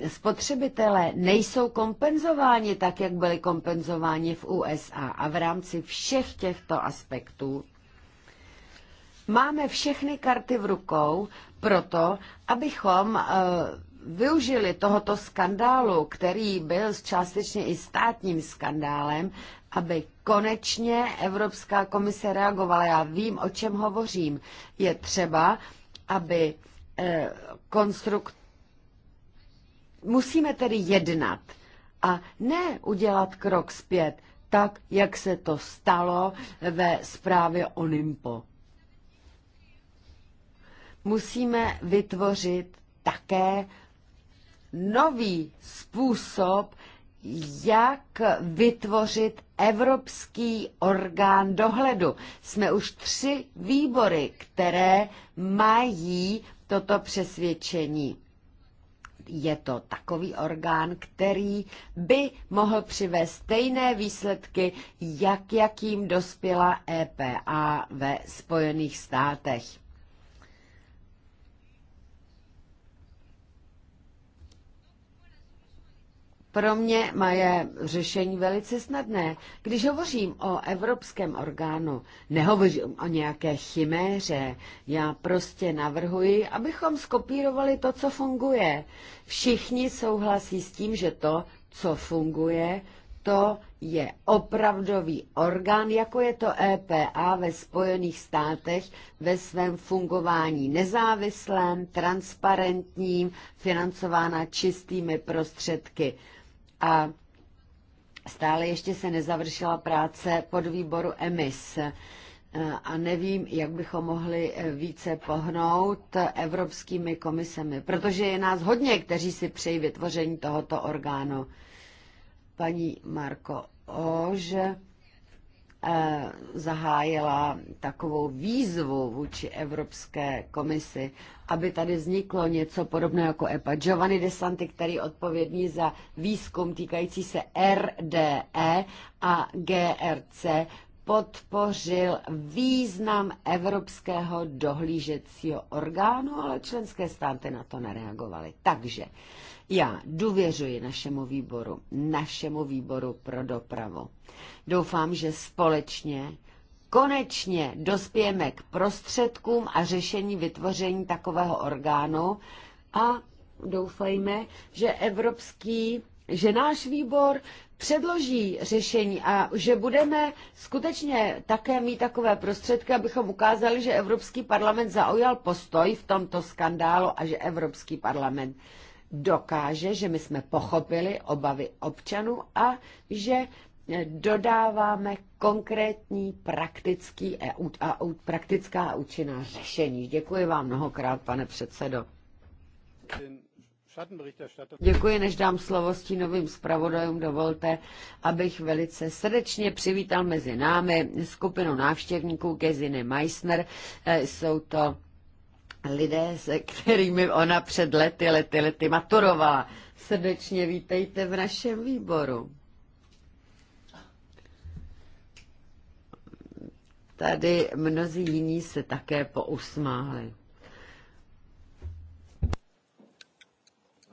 spotřebitelé nejsou kompenzováni tak, jak byli kompenzováni v USA. A v rámci všech těchto aspektů Máme všechny karty v rukou proto, abychom eh, využili tohoto skandálu, který byl částečně i státním skandálem, aby konečně Evropská komise reagovala. Já vím, o čem hovořím. Je třeba, aby eh, konstrukt... Musíme tedy jednat a ne udělat krok zpět, tak, jak se to stalo ve zprávě Olympo musíme vytvořit také nový způsob, jak vytvořit Evropský orgán dohledu. Jsme už tři výbory, které mají toto přesvědčení. Je to takový orgán, který by mohl přivést stejné výsledky, jak jakým dospěla EPA ve Spojených státech. Pro mě je řešení velice snadné. Když hovořím o evropském orgánu, nehovořím o nějaké chiméře. Já prostě navrhuji, abychom skopírovali to, co funguje. Všichni souhlasí s tím, že to, co funguje, to je opravdový orgán, jako je to EPA ve Spojených státech ve svém fungování nezávislém, transparentním, financována čistými prostředky. A stále ještě se nezavršila práce pod výboru EMIS e, a nevím, jak bychom mohli e, více pohnout evropskými komisemi, protože je nás hodně, kteří si přejí vytvoření tohoto orgánu. Paní Marko Ož, Eh, zahájila takovou výzvu vůči Evropské komisi, aby tady vzniklo něco podobného jako EPA. Giovanni De Santi, který je odpovědný za výzkum týkající se RDE a GRC, podpořil význam Evropského dohlížecího orgánu, ale členské státy na to nereagovaly. Takže já důvěřuji našemu výboru, našemu výboru pro dopravu. Doufám, že společně konečně dospějeme k prostředkům a řešení vytvoření takového orgánu a doufejme, že evropský, že náš výbor předloží řešení a že budeme skutečně také mít takové prostředky, abychom ukázali, že Evropský parlament zaujal postoj v tomto skandálu a že Evropský parlament dokáže, že my jsme pochopili obavy občanů a že dodáváme konkrétní praktický e, a, praktická a účinná řešení. Děkuji vám mnohokrát, pane předsedo. Děkuji, než dám slovo novým zpravodajům, dovolte, abych velice srdečně přivítal mezi námi skupinu návštěvníků Geziny Meissner. E, jsou to lidé, se kterými ona před lety, lety, lety maturovala. Srdečně vítejte v našem výboru. Tady mnozí jiní se také pousmáli.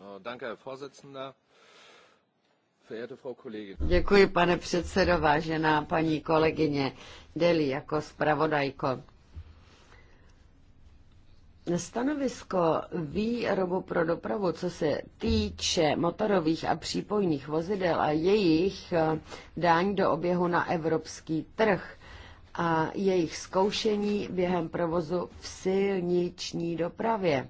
No, Děkuji, pane předsedo, vážená paní kolegyně Deli jako zpravodajko Stanovisko výrobu pro dopravu, co se týče motorových a přípojných vozidel a jejich eh, dání do oběhu na evropský trh a jejich zkoušení během provozu v silniční dopravě.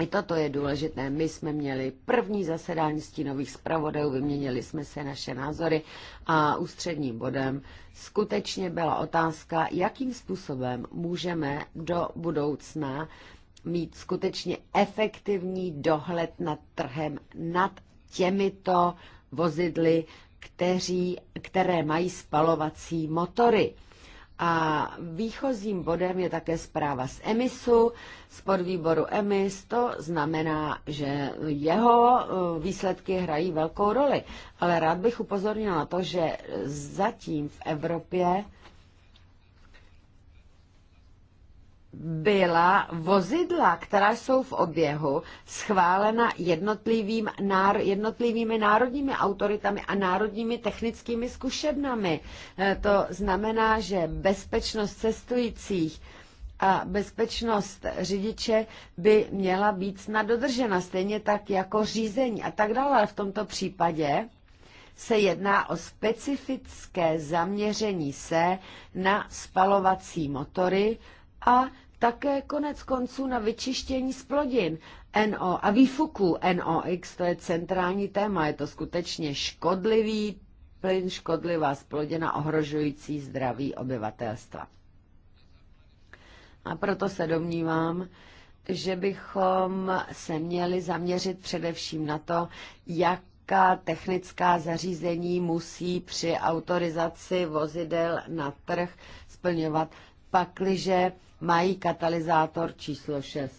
I toto je důležité. My jsme měli první zasedání stínových zpravodajů, vyměnili jsme se naše názory a ústředním bodem skutečně byla otázka, jakým způsobem můžeme do budoucna mít skutečně efektivní dohled nad trhem, nad těmito vozidly, kteří, které mají spalovací motory. A výchozím bodem je také zpráva z EMISu, z podvýboru EMIS. To znamená, že jeho e, výsledky hrají velkou roli. Ale rád bych upozornila, na to, že zatím v Evropě byla vozidla, která jsou v oběhu, schválena jednotlivým, náro, jednotlivými národními autoritami a národními technickými zkušebnami. E, to znamená, že bezpečnost cestujících a bezpečnost řidiče by měla být snad dodržena, stejně tak jako řízení a tak dále. Ale v tomto případě se jedná o specifické zaměření se na spalovací motory a také konec konců na vyčištění splodin NO a výfuku NOx, to je centrální téma, je to skutečně škodlivý plyn, škodlivá splodina ohrožující zdraví obyvatelstva. A proto se domnívám, že bychom se měli zaměřit především na to, jak jaká technická zařízení musí při autorizaci vozidel na trh splňovat pakliže mají katalyzátor číslo 6.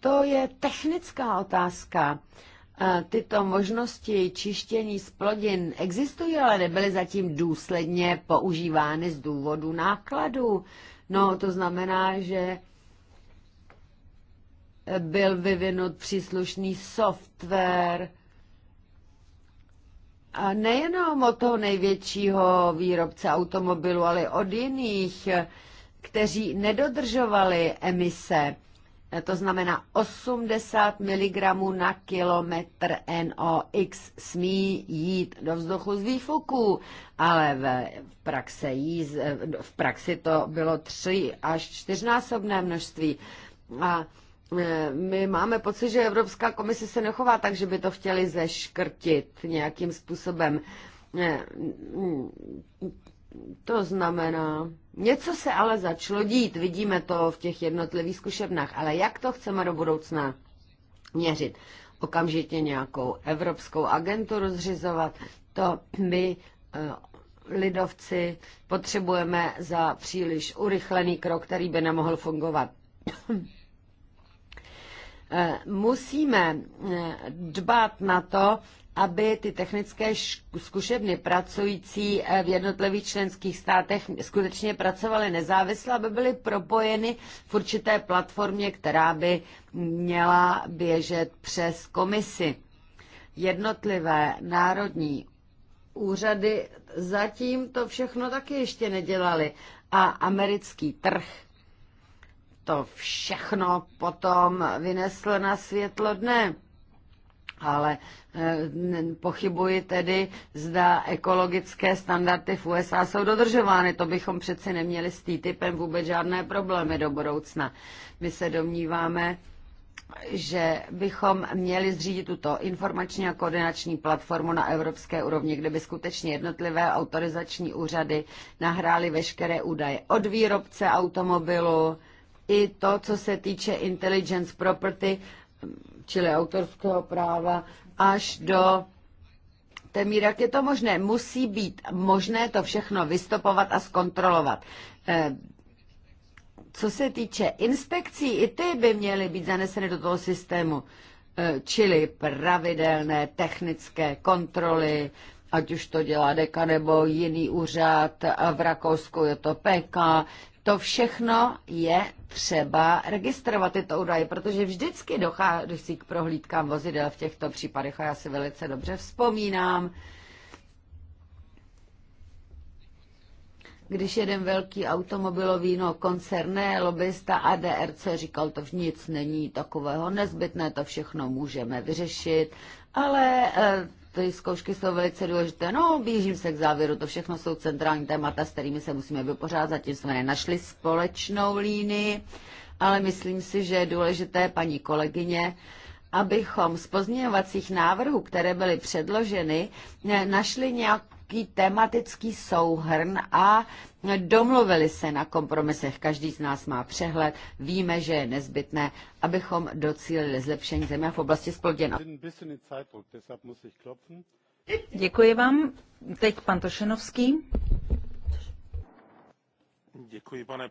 To je technická otázka. Tyto možnosti čištění z plodin existují, ale nebyly zatím důsledně používány z důvodu nákladů. No, to znamená, že byl vyvinut příslušný software, a nejenom od toho největšího výrobce automobilu, ale od jiných, kteří nedodržovali emise. To znamená 80 mg na kilometr NOx smí jít do vzduchu z výfuku, ale v, praxe jí, v praxi to bylo 3 až čtyřnásobné množství. A Eh, my máme pocit, že Evropská komise se nechová tak, že by to chtěli zeškrtit nějakým způsobem. Eh, to znamená, něco se ale začalo dít, vidíme to v těch jednotlivých zkušebnách, ale jak to chceme do budoucna měřit? Okamžitě nějakou evropskou agenturu zřizovat, to my eh, lidovci potřebujeme za příliš urychlený krok, který by nemohl fungovat. Eh, musíme eh, dbát na to, aby ty technické zkušebny pracující eh, v jednotlivých členských státech skutečně pracovaly nezávisle, aby byly propojeny v určité platformě, která by měla běžet přes komisi. Jednotlivé národní úřady zatím to všechno taky ještě nedělali a americký trh to všechno potom vynesl na světlo dne. Ale eh, pochybuji tedy, zda ekologické standardy v USA jsou dodržovány. To bychom přeci neměli s TTIPem vůbec žádné problémy do budoucna. My se domníváme, že bychom měli zřídit tuto informační a koordinační platformu na evropské úrovni, kde by skutečně jednotlivé autorizační úřady nahrály veškeré údaje od výrobce automobilu, i to, co se týče intelligence property, čili autorského práva, až do té míry, jak je to možné. Musí být možné to všechno vystopovat a zkontrolovat. Eh, co se týče inspekcí, i ty by měly být zaneseny do toho systému, eh, čili pravidelné technické kontroly, ať už to dělá deka nebo jiný úřad, v Rakousku je to PK, to všechno je třeba registrovat tyto údaje, protože vždycky dochází k prohlídkám vozidel v těchto případech a já si velice dobře vzpomínám, když jeden velký automobilový no, koncern, ne, lobbysta ADRC říkal, to nic není takového nezbytné, to všechno můžeme vyřešit, ale eh, ty zkoušky jsou velice důležité. No, běžím se k závěru, to všechno jsou centrální témata, s kterými se musíme vypořádat, zatím jsme nenašli společnou línii, ale myslím si, že je důležité, paní kolegyně, abychom z pozměňovacích návrhů, které byly předloženy, našli nějak nějaký tematický souhrn a domluvili se na kompromisech. Každý z nás má přehled, víme, že je nezbytné, abychom docílili zlepšení země v oblasti spolděna. Děkuji vám. Teď pan Tošenovský. Děkuji, pane.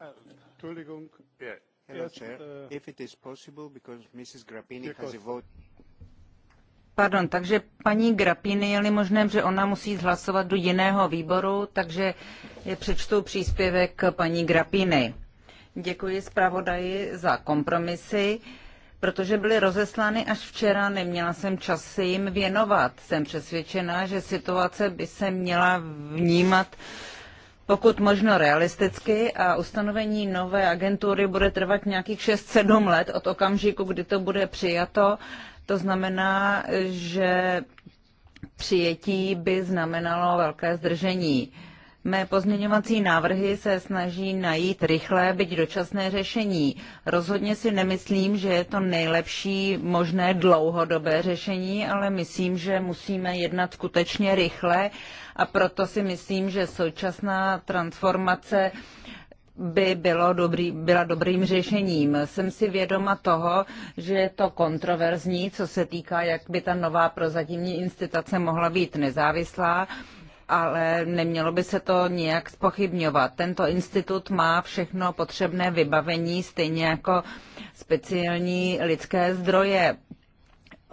Eh, Hello, Chair. Uh, If it is possible, because Mrs. has a vote. Pardon, takže paní Grapiny je-li možné, že ona musí zhlasovat do jiného výboru, takže je přečtu příspěvek paní Grapiny. Děkuji zpravodaji za kompromisy. Protože byly rozeslány až včera, neměla jsem čas se jim věnovat. Jsem přesvědčena, že situace by se měla vnímat pokud možno realisticky a ustanovení nové agentury bude trvat nějakých 6-7 let od okamžiku, kdy to bude přijato to znamená, že přijetí by znamenalo velké zdržení. Mé pozměňovací návrhy se snaží najít rychlé, byť dočasné řešení. Rozhodně si nemyslím, že je to nejlepší možné dlouhodobé řešení, ale myslím, že musíme jednat skutečně rychle a proto si myslím, že současná transformace by bylo dobrý, byla dobrým řešením. Jsem si vědoma toho, že je to kontroverzní, co se týká, jak by ta nová prozatímní instituce mohla být nezávislá, ale nemělo by se to nijak spochybňovat. Tento institut má všechno potřebné vybavení, stejně jako speciální lidské zdroje.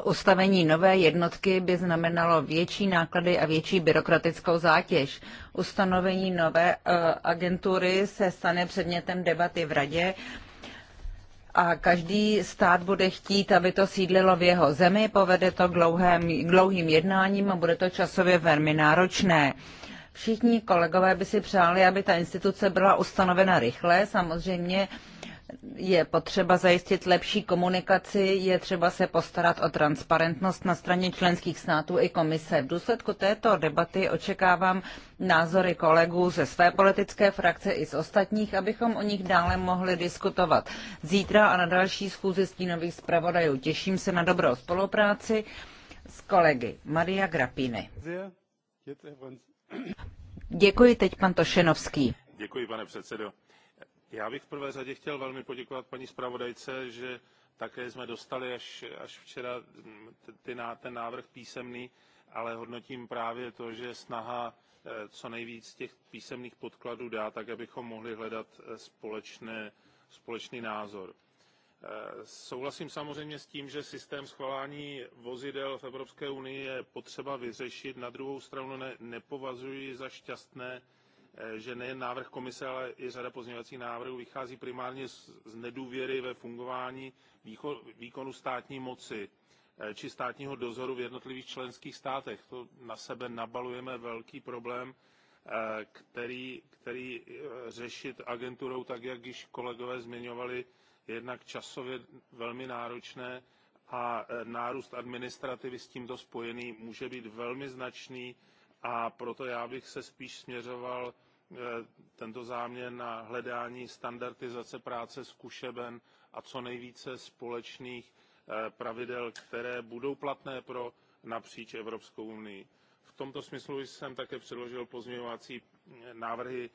Ustavení nové jednotky by znamenalo větší náklady a větší byrokratickou zátěž. Ustanovení nové eh, agentury se stane předmětem debaty v radě a každý stát bude chtít, aby to sídlilo v jeho zemi, povede to dlouhém, dlouhým, dlouhým jednáním a bude to časově velmi náročné. Všichni kolegové by si přáli, aby ta instituce byla ustanovena rychle. Samozřejmě je potřeba zajistit lepší komunikaci, je třeba se postarat o transparentnost na straně členských států i komise. V důsledku této debaty očekávám názory kolegů ze své politické frakce i z ostatních, abychom o nich dále mohli diskutovat. Zítra a na další schůzi stínových zpravodajů. Těším se na dobrou spolupráci s kolegy Maria Grapiny. Děkuji teď pan Tošenovský. Děkuji, pane předsedo já bych v prvé řadě chtěl velmi poděkovat paní zpravodajce, že také jsme dostali až, až včera mm, ty, ten návrh písemný, ale hodnotím právě to, že snaha eh, co nejvíc těch písemných podkladů dá, tak abychom mohli hledat eh, společné, společný názor. Eh, souhlasím samozřejmě s tím, že systém schvalování vozidel v Evropské unii je potřeba vyřešit. Na druhou stranu ne, nepovažuji za šťastné, Eh, že nejen návrh komise, ale i řada pozměňovacích návrhů vychází primárně z nedůvěry ve fungování výkonu státní moci eh, či státního dozoru v jednotlivých členských státech. To na sebe nabalujeme velký problém, eh, který, který řešit agenturou, tak jak již kolegové zmiňovali, je jednak časově velmi náročné a nárůst administrativy s tímto spojený může být velmi značný a proto já bych se spíš směřoval eh, tento záměr na hledání standardizace práce zkušeben a co nejvíce společných eh, pravidel, které budou platné pro napříč Evropskou unii. V tomto smyslu jsem také předložil pozměňovací eh, návrhy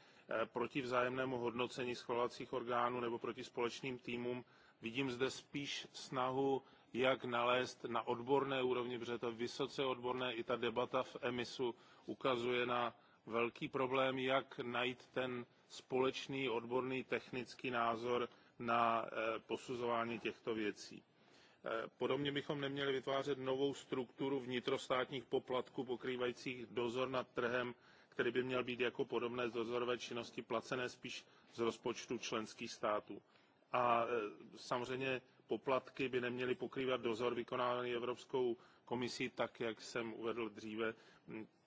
proti vzájemnému hodnocení schvalovacích orgánů nebo proti společným týmům. Vidím zde spíš snahu jak nalézt na odborné úrovni, protože to je vysoce odborné, i ta debata v emisu ukazuje na velký problém, jak najít ten společný odborný technický názor na eh, posuzování těchto věcí. Eh, podobně bychom neměli vytvářet novou strukturu vnitrostátních poplatků pokrývajících dozor nad trhem, který by měl být jako podobné z dozorové činnosti placené spíš z rozpočtu členských států. A eh, samozřejmě poplatky by neměly pokrývat dozor vykonávaný Evropskou komisí, tak jak jsem uvedl dříve.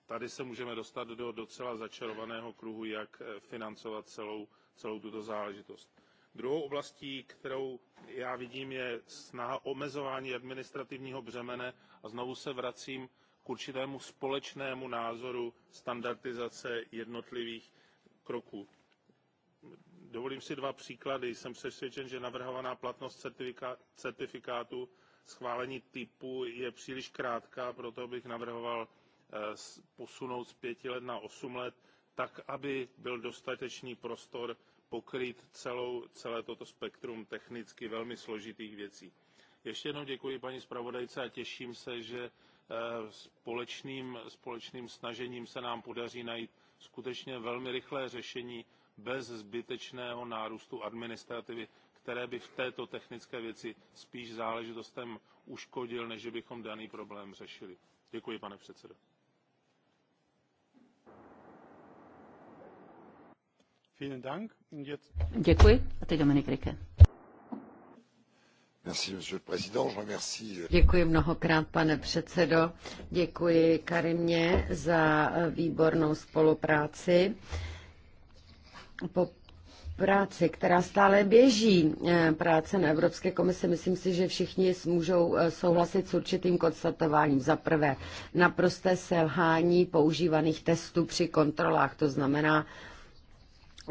Tady se můžeme dostat do docela začarovaného kruhu, jak financovat celou, celou tuto záležitost. Druhou oblastí, kterou já vidím, je snaha omezování administrativního břemene a znovu se vracím k určitému společnému názoru standardizace jednotlivých kroků Dovolím si dva příklady. Jsem přesvědčen, že navrhovaná platnost certifikátu schválení typu je příliš krátká, proto bych navrhoval eh, posunout z pěti let na osm let, tak aby byl dostatečný prostor pokrýt celou, celé toto spektrum technicky velmi složitých věcí. Ještě jednou děkuji paní zpravodajce a těším se, že eh, společným, společným snažením se nám podaří najít skutečně velmi rychlé řešení bez zbytečného nárůstu administrativy, které by v této technické věci spíš záležitostem uškodil, než bychom daný problém řešili. Děkuji, pane předsedo. Děkuji. A teď Dominik Rike. Děkuji mnohokrát, pane předsedo. Děkuji Karimě za výbornou spolupráci po práci, která stále běží, eh, práce na Evropské komise, myslím si, že všichni můžou eh, souhlasit s určitým konstatováním. Za prvé, naprosté selhání používaných testů při kontrolách, to znamená,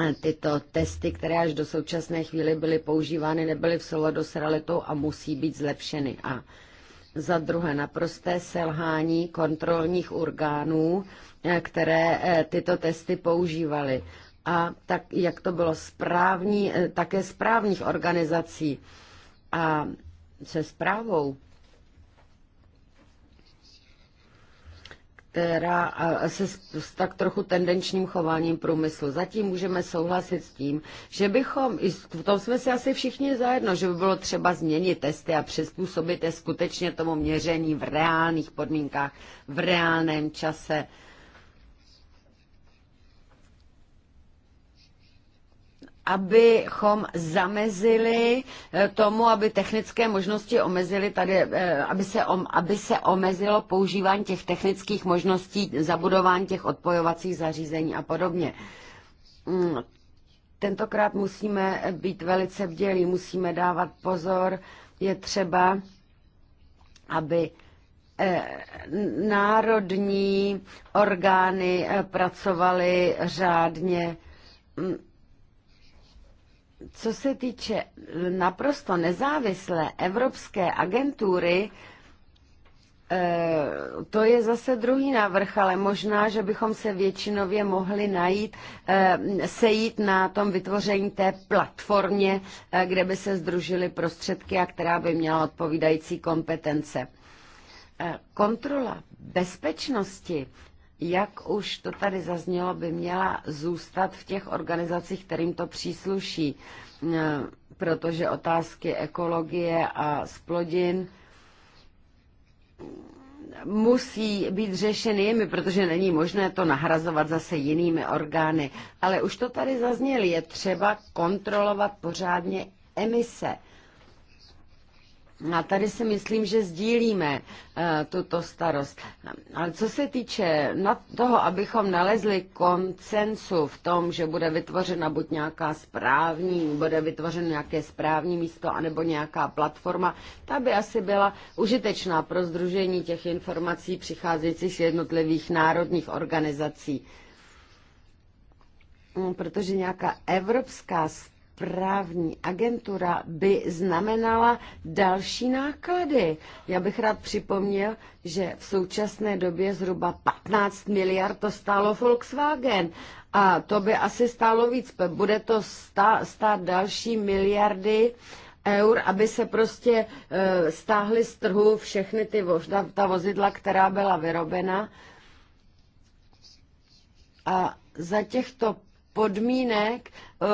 eh, tyto testy, které až do současné chvíli byly používány, nebyly v souladu s realitou a musí být zlepšeny. A za druhé naprosté selhání kontrolních orgánů, které tyto testy používaly a tak, jak to bylo správní, eh, také správních organizací. A se zprávou, která se s tak trochu tendenčním chováním průmyslu. Zatím můžeme souhlasit s tím, že bychom, v tom jsme si asi všichni zajedno, že by bylo třeba změnit testy a přizpůsobit je skutečně tomu měření v reálných podmínkách, v reálném čase abychom zamezili eh, tomu, aby technické možnosti omezili tady, eh, aby se, aby se omezilo používání těch technických možností, zabudování těch odpojovacích zařízení a podobně. Mm, tentokrát musíme být velice vdělí, musíme dávat pozor, je třeba, aby eh, národní orgány pracovaly řádně mm, co se týče naprosto nezávislé evropské agentury, eh, to je zase druhý návrh, ale možná, že bychom se většinově mohli najít, eh, sejít na tom vytvoření té platformě, eh, kde by se združily prostředky a která by měla odpovídající kompetence. Kontrola bezpečnosti jak už to tady zaznělo, by měla zůstat v těch organizacích, kterým to přísluší, e, protože otázky ekologie a splodin musí být řešeny jimi, protože není možné to nahrazovat zase jinými orgány. Ale už to tady zaznělo, je třeba kontrolovat pořádně emise. A tady si myslím, že sdílíme eh, tuto starost. Ale co se týče na toho, abychom nalezli koncensu v tom, že bude vytvořena buď nějaká správní, bude vytvořeno nějaké správní místo, anebo nějaká platforma, ta by asi byla užitečná pro združení těch informací přicházejících z jednotlivých národních organizací. Hm, protože nějaká evropská právní agentura by znamenala další náklady. Já bych rád připomněl, že v současné době zhruba 15 miliard to stálo Volkswagen a to by asi stálo víc. Bude to stát další miliardy eur, aby se prostě e, stáhly z trhu všechny ty ta vozidla, která byla vyrobena. A za těchto podmínek uh,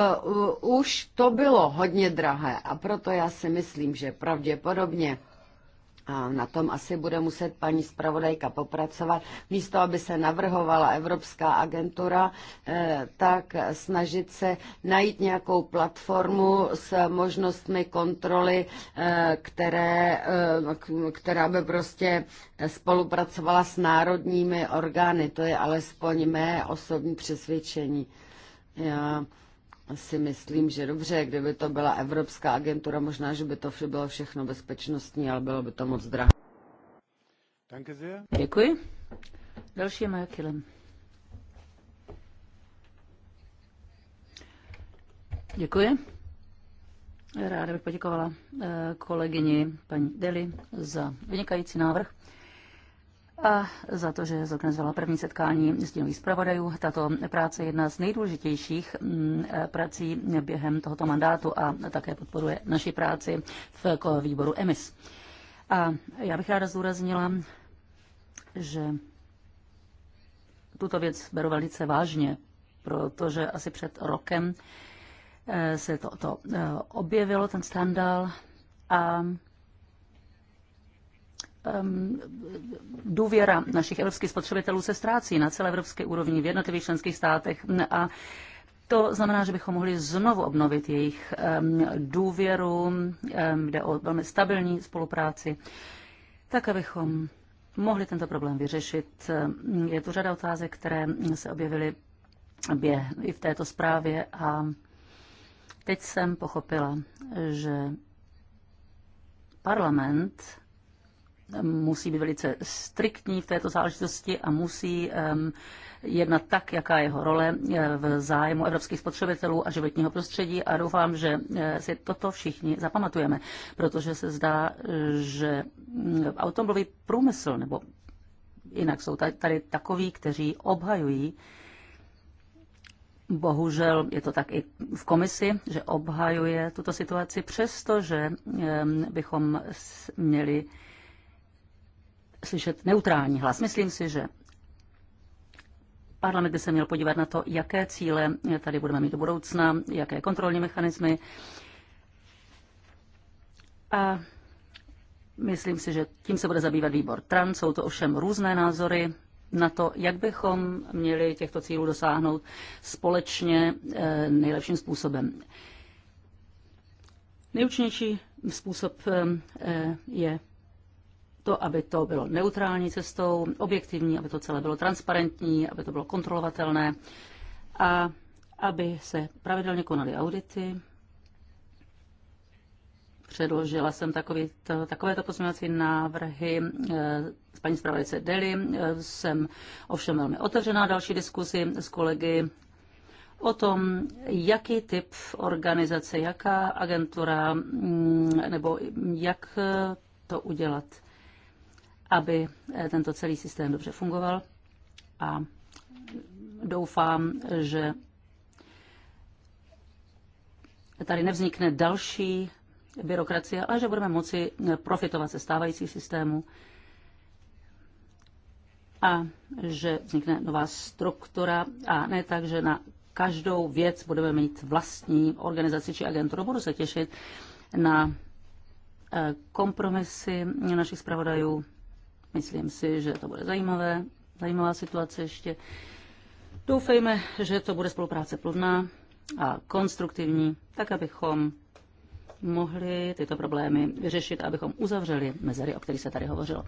uh, už to bylo hodně drahé a proto já si myslím, že pravděpodobně a na tom asi bude muset paní zpravodajka popracovat. Místo, aby se navrhovala Evropská agentura, eh, tak snažit se najít nějakou platformu s možnostmi kontroly, eh, které, která by prostě spolupracovala s národními orgány. To je alespoň mé osobní přesvědčení. Já si myslím, že dobře, kdyby to byla Evropská agentura, možná, že by to vše bylo všechno bezpečnostní, ale bylo by to moc drahé. Děkuji. Další je Maja Kilem. Děkuji. Ráda bych poděkovala eh, kolegyni paní Deli za vynikající návrh a za to, že zorganizovala první setkání stínových zpravodajů. Tato práce je jedna z nejdůležitějších mm, prací během tohoto mandátu a také podporuje naši práci v výboru EMIS. A já bych ráda zdůraznila, že tuto věc beru velice vážně, protože asi před rokem eh, se to, to eh, objevilo, ten skandál, a důvěra našich evropských spotřebitelů se ztrácí na celé evropské úrovni v jednotlivých členských státech a to znamená, že bychom mohli znovu obnovit jejich důvěru, jde o velmi stabilní spolupráci, tak abychom mohli tento problém vyřešit. Je tu řada otázek, které se objevily i v této zprávě a teď jsem pochopila, že parlament musí být velice striktní v této záležitosti a musí jednat tak, jaká je jeho role eh, v zájmu evropských spotřebitelů a životního prostředí a doufám, že eh, si toto všichni zapamatujeme, protože se zdá, že mm, automobilový průmysl, nebo jinak jsou tady takoví, kteří obhajují Bohužel je to tak i v komisi, že obhajuje tuto situaci, přestože bychom měli slyšet neutrální hlas. Myslím si, že parlament by se měl podívat na to, jaké cíle tady budeme mít do budoucna, jaké kontrolní mechanismy. A myslím si, že tím se bude zabývat výbor TRAN. Jsou to ovšem různé názory na to, jak bychom měli těchto cílů dosáhnout společně eh, nejlepším způsobem. Nejúčinnější způsob eh, je to, aby to bylo neutrální cestou, objektivní, aby to celé bylo transparentní, aby to bylo kontrolovatelné a aby se pravidelně konaly audity. Předložila jsem takový, to, takovéto pozměňovací návrhy s eh, paní zpravodajce Deli. Jsem ovšem velmi otevřená další diskuzi s kolegy o tom, jaký typ organizace, jaká agentura mm, nebo jak to udělat aby eh, tento celý systém dobře fungoval a doufám, že tady nevznikne další byrokracie, ale že budeme moci eh, profitovat ze stávajících systémů a že vznikne nová struktura a ne tak, že na každou věc budeme mít vlastní organizaci či agenturu. Budu se těšit na eh, kompromisy našich zpravodajů Myslím si, že to bude zajímavé, zajímavá situace ještě. Doufejme, že to bude spolupráce plodná a konstruktivní, tak abychom mohli tyto problémy vyřešit, abychom uzavřeli mezery, o kterých se tady hovořilo.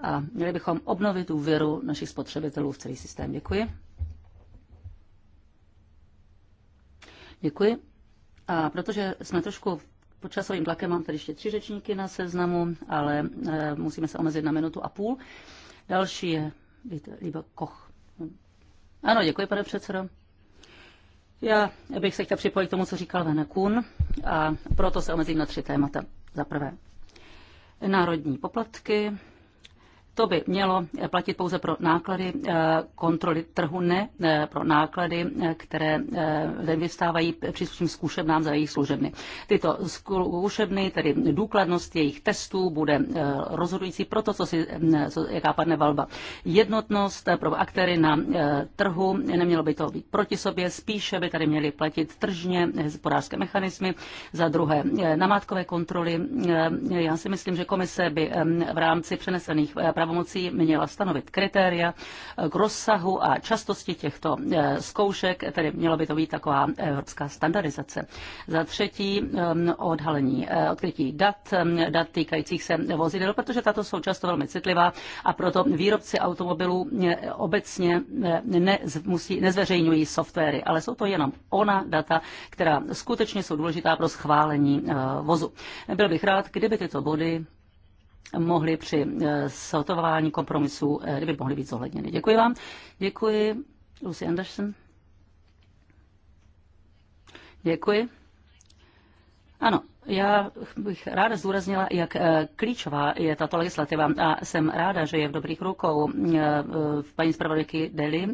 A měli bychom obnovit důvěru našich spotřebitelů v celý systém. Děkuji. Děkuji. A protože jsme trošku pod časovým tlakem mám tady ještě tři řečníky na seznamu, ale e, musíme se omezit na minutu a půl. Další je Líba Koch. Ano, děkuji, pane předsedo. Já bych se chtěl připojit k tomu, co říkal Vene Kuhn, a proto se omezím na tři témata. Za prvé, národní poplatky, to by mělo platit pouze pro náklady eh, kontroly trhu, ne eh, pro náklady, eh, které vystávají příslušným zkušebnám za jejich služebny. Tyto zkušebny, tedy důkladnost jejich testů, bude rozhodující pro to, co si, mm, co, jaká padne valba. Jednotnost pro aktéry na trhu, nemělo by to být proti sobě, spíše by tady měly platit tržně hospodářské mechanismy. Za druhé, namátkové kontroly. Já si myslím, že komise by v rámci přenesených práv pravomocí měla stanovit kritéria k rozsahu a častosti těchto eh, zkoušek, tedy měla by to být taková evropská standardizace. Za třetí ehm, odhalení, eh, odkrytí dat, ehm, dat týkajících se vozidel, protože tato jsou často velmi citlivá a proto výrobci automobilů eh, obecně ne, musí, nezveřejňují softwary, ale jsou to jenom ona data, která skutečně jsou důležitá pro schválení vozu. Byl bych rád, kdyby tyto body mohly při eh, sotování kompromisů, eh, kdyby mohly být zohledněny. Děkuji vám. Děkuji. Lucy Anderson. Děkuji. Ano, já bych ráda zdůraznila, jak eh, klíčová je tato legislativa a jsem ráda, že je v dobrých rukou v eh, eh, paní zpravodajky Deli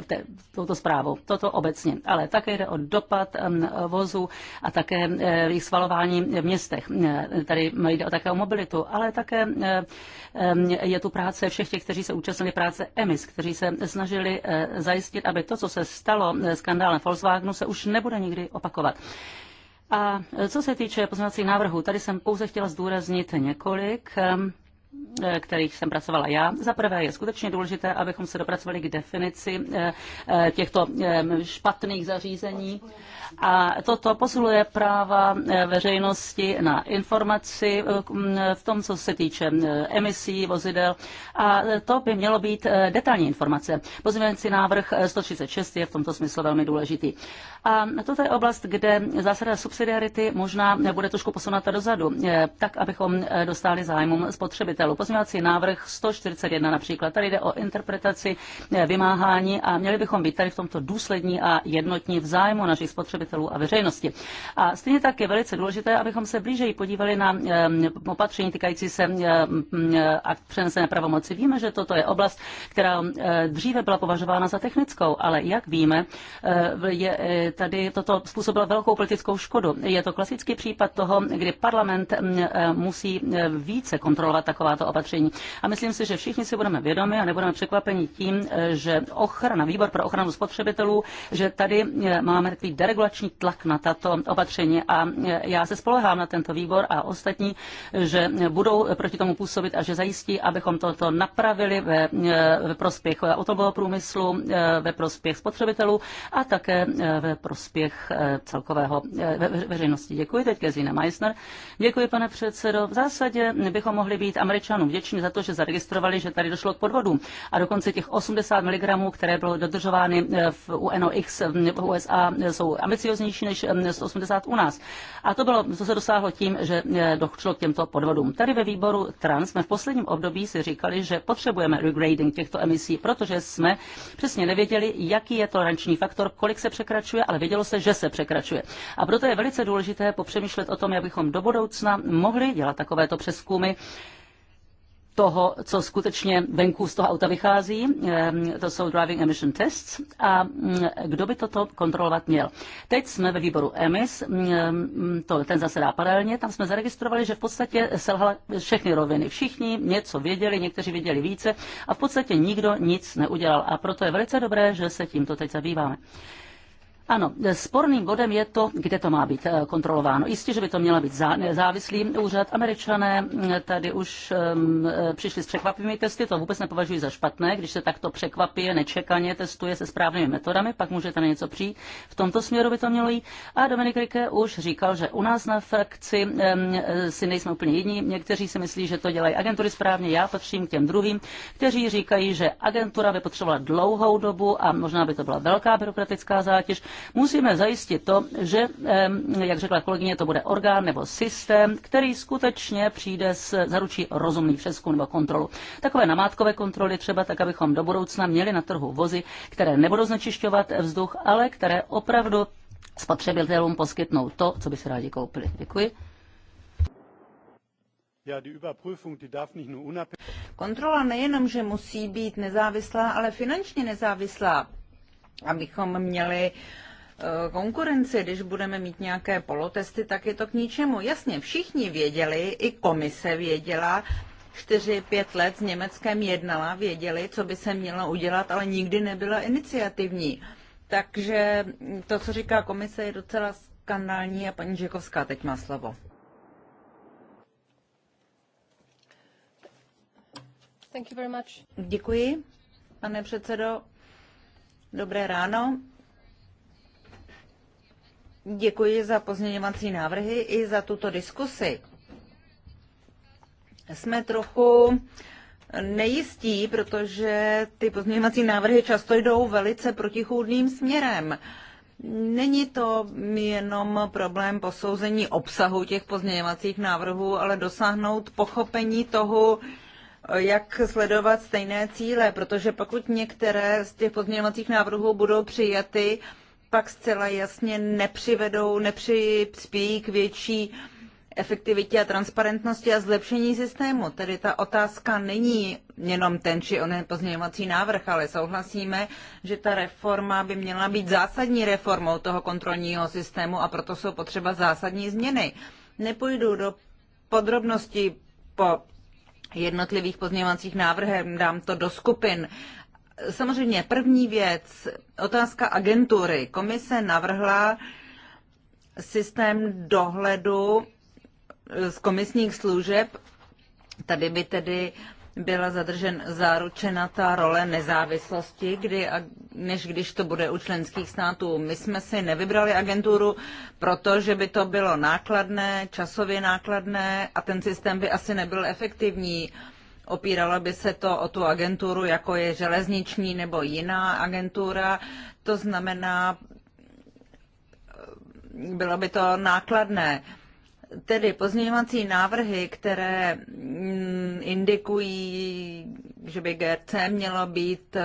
v té, touto zprávu. Toto obecně. Ale také jde o dopad vozu a také jejich svalování v městech. Tady jde o také o mobilitu, ale také je tu práce všech těch, kteří se účastnili práce EMIS, kteří se snažili zajistit, aby to, co se stalo skandálem Volkswagenu, se už nebude nikdy opakovat. A e, co se týče pozměňovacích návrhů, tady jsem pouze chtěla zdůraznit několik e, e, kterých jsem pracovala já. Za prvé je skutečně důležité, abychom se dopracovali k definici těchto špatných zařízení. A toto posiluje práva veřejnosti na informaci v tom, co se týče emisí vozidel. A to by mělo být detailní informace. Pozměňující návrh 136 je v tomto smyslu velmi důležitý. A toto je oblast, kde zásada subsidiarity možná bude trošku posunata dozadu, eh, tak, abychom eh, dostali zájmům spotřebitelů. Pozměňovací návrh 141 například. Tady jde o interpretaci eh, vymáhání a měli bychom být tady v tomto důslední a jednotní v zájmu našich spotřebitelů a veřejnosti. A stejně tak je velice důležité, abychom se blíže podívali na opatření týkající se mm, a přenesené pravomoci. Víme, že toto je oblast, která dříve byla považována za technickou, ale jak víme, je tady toto způsobilo velkou politickou škodu. Je to klasický případ toho, kdy parlament e, musí e, více kontrolovat takováto opatření. A myslím si, že všichni si budeme vědomi a nebudeme překvapeni tím, e, že ochrana, výbor pro ochranu spotřebitelů, že tady máme takový deregulační tlak na tato opatření a já se spolehám na tento výbor a ostatní, že budou proti tomu působit a že zajistí, abychom toto napravili ve, ve prospěch automobilového průmyslu, ve prospěch spotřebitelů a také ve prospěch eh, celkového eh, veřejnosti. Děkuji teď Gesine Meissner. Děkuji, pane předsedo. V zásadě bychom mohli být Američanům vděční za to, že zaregistrovali, že tady došlo k podvodu A dokonce těch 80 mg, které bylo dodržovány eh, v UNOX v USA, jsou ambicioznější než 180 u nás. A to bylo, co se dosáhlo tím, že došlo k těmto podvodům. Tady ve výboru Trans jsme v posledním období si říkali, že potřebujeme regrading těchto emisí, protože jsme přesně nevěděli, jaký je toleranční faktor, kolik se překračuje, ale ale vědělo se, že se překračuje. A proto je velice důležité popřemýšlet o tom, jak bychom do budoucna mohli dělat takovéto přeskumy, toho, co skutečně venku z toho auta vychází, ehm, to jsou driving emission tests, a mm, kdo by toto kontrolovat měl. Teď jsme ve výboru EMIS, ehm, to, ten zasedá paralelně, tam jsme zaregistrovali, že v podstatě selhala všechny roviny. Všichni něco věděli, někteří věděli více a v podstatě nikdo nic neudělal. A proto je velice dobré, že se tímto teď zabýváme. Ano, sporným bodem je to, kde to má být eh, kontrolováno. Jistě, že by to měla být závislý úřad. Američané mm, tady už um, přišli s překvapivými testy, to vůbec nepovažuji za špatné, když se takto překvapí, nečekaně testuje se správnými metodami, pak může na něco přijít. V tomto směru by to mělo jít. A Dominik Rike už říkal, že u nás na frakci um, si nejsme úplně jiní. Někteří si myslí, že to dělají agentury správně, já patřím k těm druhým, kteří říkají, že agentura by potřebovala dlouhou dobu a možná by to byla velká byrokratická zátěž Musíme zajistit to, že, jak řekla kolegyně, to bude orgán nebo systém, který skutečně přijde s, zaručí rozumný přeskum nebo kontrolu. Takové namátkové kontroly třeba tak, abychom do budoucna měli na trhu vozy, které nebudou znečišťovat vzduch, ale které opravdu spotřebitelům poskytnou to, co by si rádi koupili. Děkuji. Kontrola nejenom, že musí být nezávislá, ale finančně nezávislá abychom měli eh, konkurenci, když budeme mít nějaké polotesty, tak je to k ničemu. Jasně, všichni věděli, i komise věděla, čtyři, pět let s Německem jednala, věděli, co by se mělo udělat, ale nikdy nebyla iniciativní. Takže to, co říká komise, je docela skandální a paní Žekovská teď má slovo. Děkuji, pane předsedo. Dobré ráno. Děkuji za pozměňovací návrhy i za tuto diskusi. Jsme trochu nejistí, protože ty pozměňovací návrhy často jdou velice protichůdným směrem. Není to jenom problém posouzení obsahu těch pozměňovacích návrhů, ale dosáhnout pochopení toho, jak sledovat stejné cíle, protože pokud některé z těch pozměňovacích návrhů budou přijaty, pak zcela jasně nepřivedou, nepřispějí k větší efektivitě a transparentnosti a zlepšení systému. Tedy ta otázka není jenom ten či onen pozměňovací návrh, ale souhlasíme, že ta reforma by měla být zásadní reformou toho kontrolního systému a proto jsou potřeba zásadní změny. Nepůjdu do podrobností po jednotlivých pozměňovacích návrhem, dám to do skupin. Samozřejmě první věc, otázka agentury. Komise navrhla systém dohledu z komisních služeb. Tady by tedy byla zadržen, zaručena ta role nezávislosti, kdy, než když to bude u členských států. My jsme si nevybrali agenturu, protože by to bylo nákladné, časově nákladné a ten systém by asi nebyl efektivní. Opíralo by se to o tu agenturu, jako je železniční nebo jiná agentura. To znamená, bylo by to nákladné. Tedy pozměňovací návrhy, které mm, indikují, že by GRC mělo být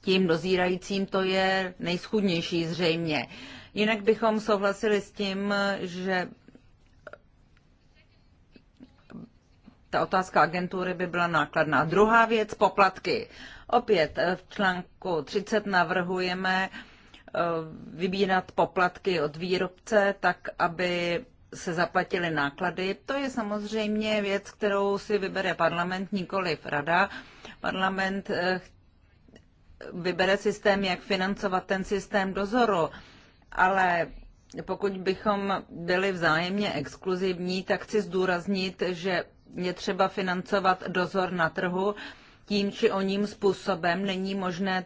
tím dozírajícím, to je nejschudnější zřejmě. Jinak bychom souhlasili s tím, že ta otázka agentury by byla nákladná. Druhá věc, poplatky. Opět eh, v článku 30 navrhujeme eh, vybírat poplatky od výrobce tak, aby se zaplatily náklady. To je samozřejmě věc, kterou si vybere parlament, v rada. Parlament eh, vybere systém, jak financovat ten systém dozoru, ale pokud bychom byli vzájemně exkluzivní, tak chci zdůraznit, že je třeba financovat dozor na trhu tím či oním způsobem. Není možné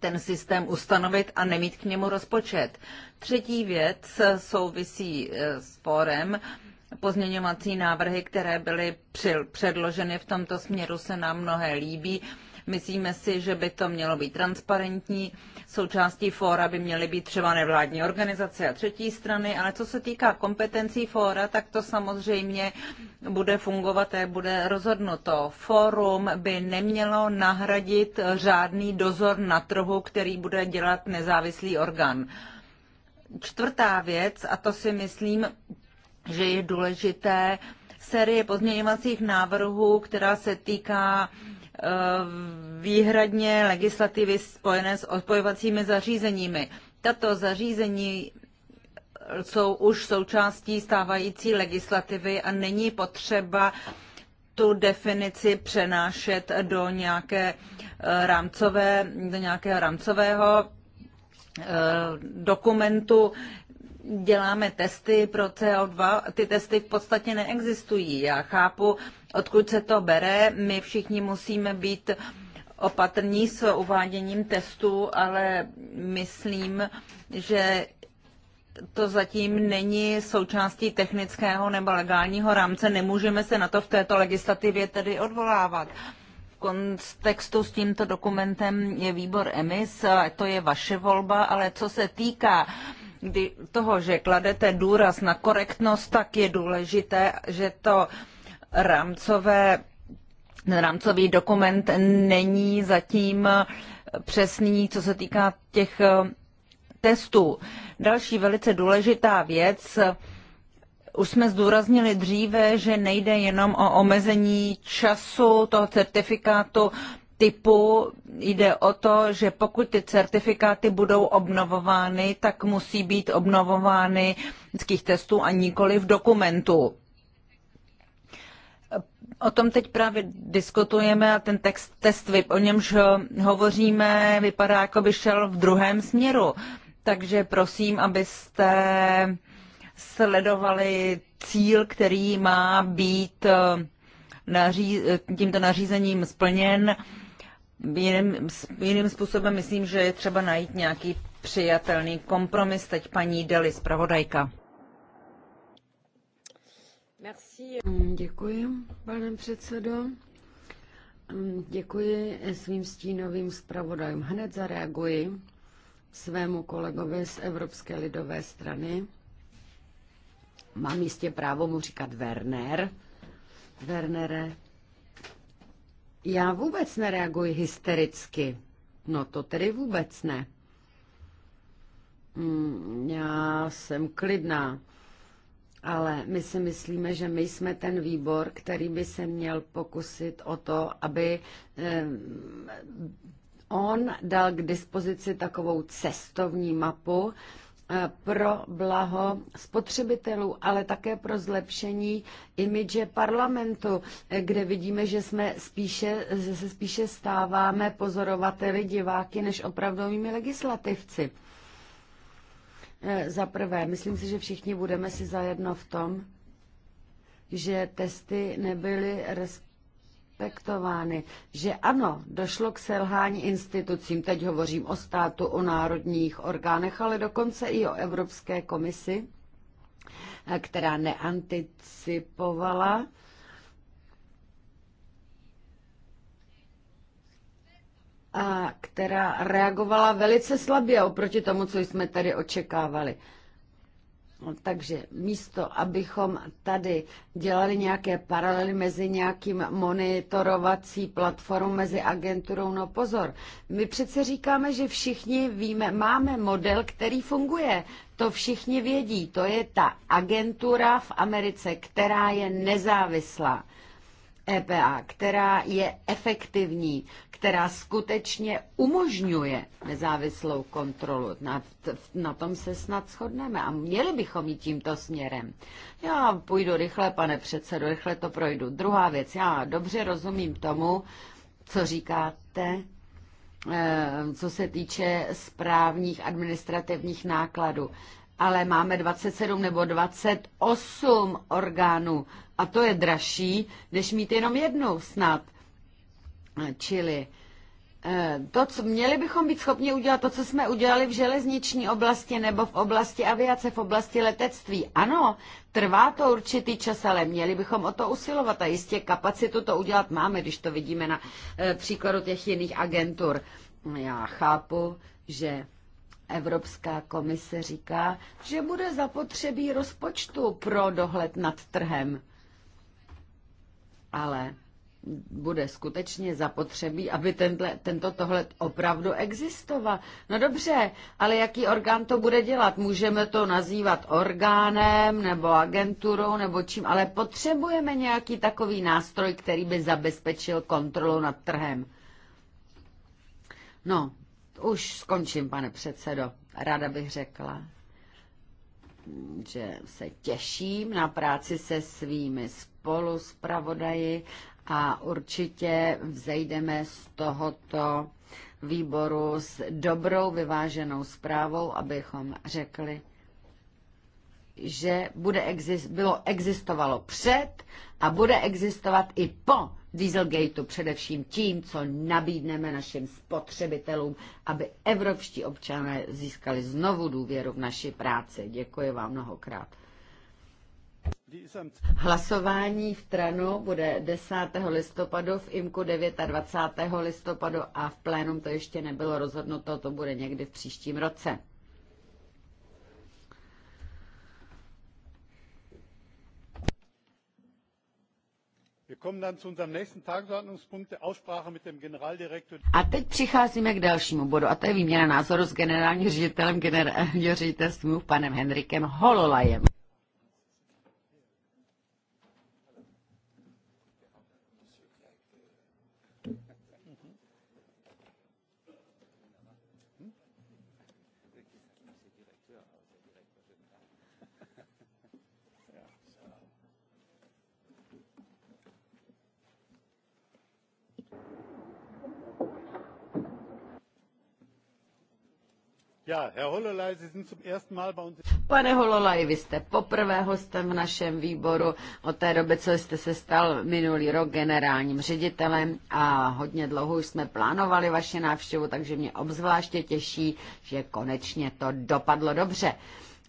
ten systém ustanovit a nemít k němu rozpočet. Třetí věc souvisí e, s fórem. Pozměňovací návrhy, které byly předloženy v tomto směru, se nám mnohé líbí. Myslíme si, že by to mělo být transparentní. Součástí fóra by měly být třeba nevládní organizace a třetí strany, ale co se týká kompetencí fóra, tak to samozřejmě bude fungovat a bude rozhodnuto. Fórum by nemělo nahradit řádný dozor na trhu, který bude dělat nezávislý orgán. Čtvrtá věc, a to si myslím, že je důležité, série pozměňovacích návrhů, která se týká Eh, výhradně legislativy spojené s odpojovacími zařízeními. Tato zařízení jsou už součástí stávající legislativy a není potřeba tu definici přenášet do, nějaké eh, rámcové, do nějakého rámcového eh, dokumentu děláme testy pro CO2, ty testy v podstatě neexistují. Já chápu, odkud se to bere, my všichni musíme být opatrní s uváděním testů, ale myslím, že to zatím není součástí technického nebo legálního rámce. Nemůžeme se na to v této legislativě tedy odvolávat. V kontextu s tímto dokumentem je výbor EMIS, to je vaše volba, ale co se týká uh, kdy toho, že kladete důraz na korektnost, tak je důležité, že to rámcové, ten rámcový dokument není zatím přesný, co se týká těch eh, testů. Další velice důležitá věc, už jsme zdůraznili dříve, že nejde jenom o omezení času toho certifikátu, typu jde o to, že pokud ty certifikáty budou obnovovány, tak musí být obnovovány lidských testů a nikoli v dokumentu. O tom teď právě diskutujeme a ten text, test o němž hovoříme, vypadá, jako by šel v druhém směru. Takže prosím, abyste sledovali cíl, který má být eh, naří, tímto nařízením splněn jiným, jiným způsobem myslím, že je třeba najít nějaký přijatelný kompromis. Teď paní Deli, zpravodajka. Mm, děkuji, pane předsedo. Mm, děkuji svým stínovým zpravodajům. Hned zareaguji svému kolegovi z Evropské lidové strany. Mám jistě právo mu říkat Werner. Wernere, já vůbec nereaguji hystericky. No to tedy vůbec ne. Mm, já jsem klidná, ale my si myslíme, že my jsme ten výbor, který by se měl pokusit o to, aby on dal k dispozici takovou cestovní mapu, Eh, pro blaho spotřebitelů, ale také pro zlepšení imidže parlamentu, eh, kde vidíme, že jsme spíše, že se spíše stáváme pozorovateli, diváky, než opravdovými legislativci. Eh, za prvé, myslím si, že všichni budeme si zajedno v tom, že testy nebyly respektovány respektovány, že ano, došlo k selhání institucím, teď hovořím o státu, o národních orgánech, ale dokonce i o Evropské komisi, která neanticipovala a která reagovala velice slabě oproti tomu, co jsme tady očekávali. Takže místo, abychom tady dělali nějaké paralely mezi nějakým monitorovací platformou, mezi agenturou, no pozor, my přece říkáme, že všichni víme, máme model, který funguje. To všichni vědí. To je ta agentura v Americe, která je nezávislá. EBA, která je efektivní, která skutečně umožňuje nezávislou kontrolu. Na, na tom se snad shodneme a měli bychom jít tímto směrem. Já půjdu rychle, pane předsedo, rychle to projdu. Druhá věc, já dobře rozumím tomu, co říkáte, eh, co se týče správních administrativních nákladů ale máme 27 nebo 28 orgánů a to je dražší, než mít jenom jednu snad. Čili eh, to, co měli bychom být schopni udělat, to, co jsme udělali v železniční oblasti nebo v oblasti aviace, v oblasti letectví. Ano, trvá to určitý čas, ale měli bychom o to usilovat a jistě kapacitu to udělat máme, když to vidíme na eh, příkladu těch jiných agentur. Já chápu, že Evropská komise říká, že bude zapotřebí rozpočtu pro dohled nad trhem ale bude skutečně zapotřebí, aby tenhle, tento tohle opravdu existoval. No dobře, ale jaký orgán to bude dělat? Můžeme to nazývat orgánem nebo agenturou nebo čím, ale potřebujeme nějaký takový nástroj, který by zabezpečil kontrolu nad trhem. No, už skončím, pane předsedo. Ráda bych řekla, že se těším na práci se svými společnostmi spolu s pravodaji a určitě vzejdeme z tohoto výboru s dobrou vyváženou zprávou, abychom řekli, že bude exist, bylo, existovalo před a bude existovat i po Dieselgateu, především tím, co nabídneme našim spotřebitelům, aby evropští občané získali znovu důvěru v naši práci. Děkuji vám mnohokrát. Hlasování v Tranu bude 10. listopadu, v IMKU 29. listopadu a v plénum to ještě nebylo rozhodnuto, to bude někdy v příštím roce. A teď přicházíme k dalšímu bodu, a to je výměna názoru s generálním ředitelem generálního ředitelství panem Henrikem Hololajem. Pane Hololaj, vy jste poprvé hostem v našem výboru od té doby, co jste se stal minulý rok generálním ředitelem a hodně dlouho už jsme plánovali vaše návštěvu, takže mě obzvláště těší, že konečně to dopadlo dobře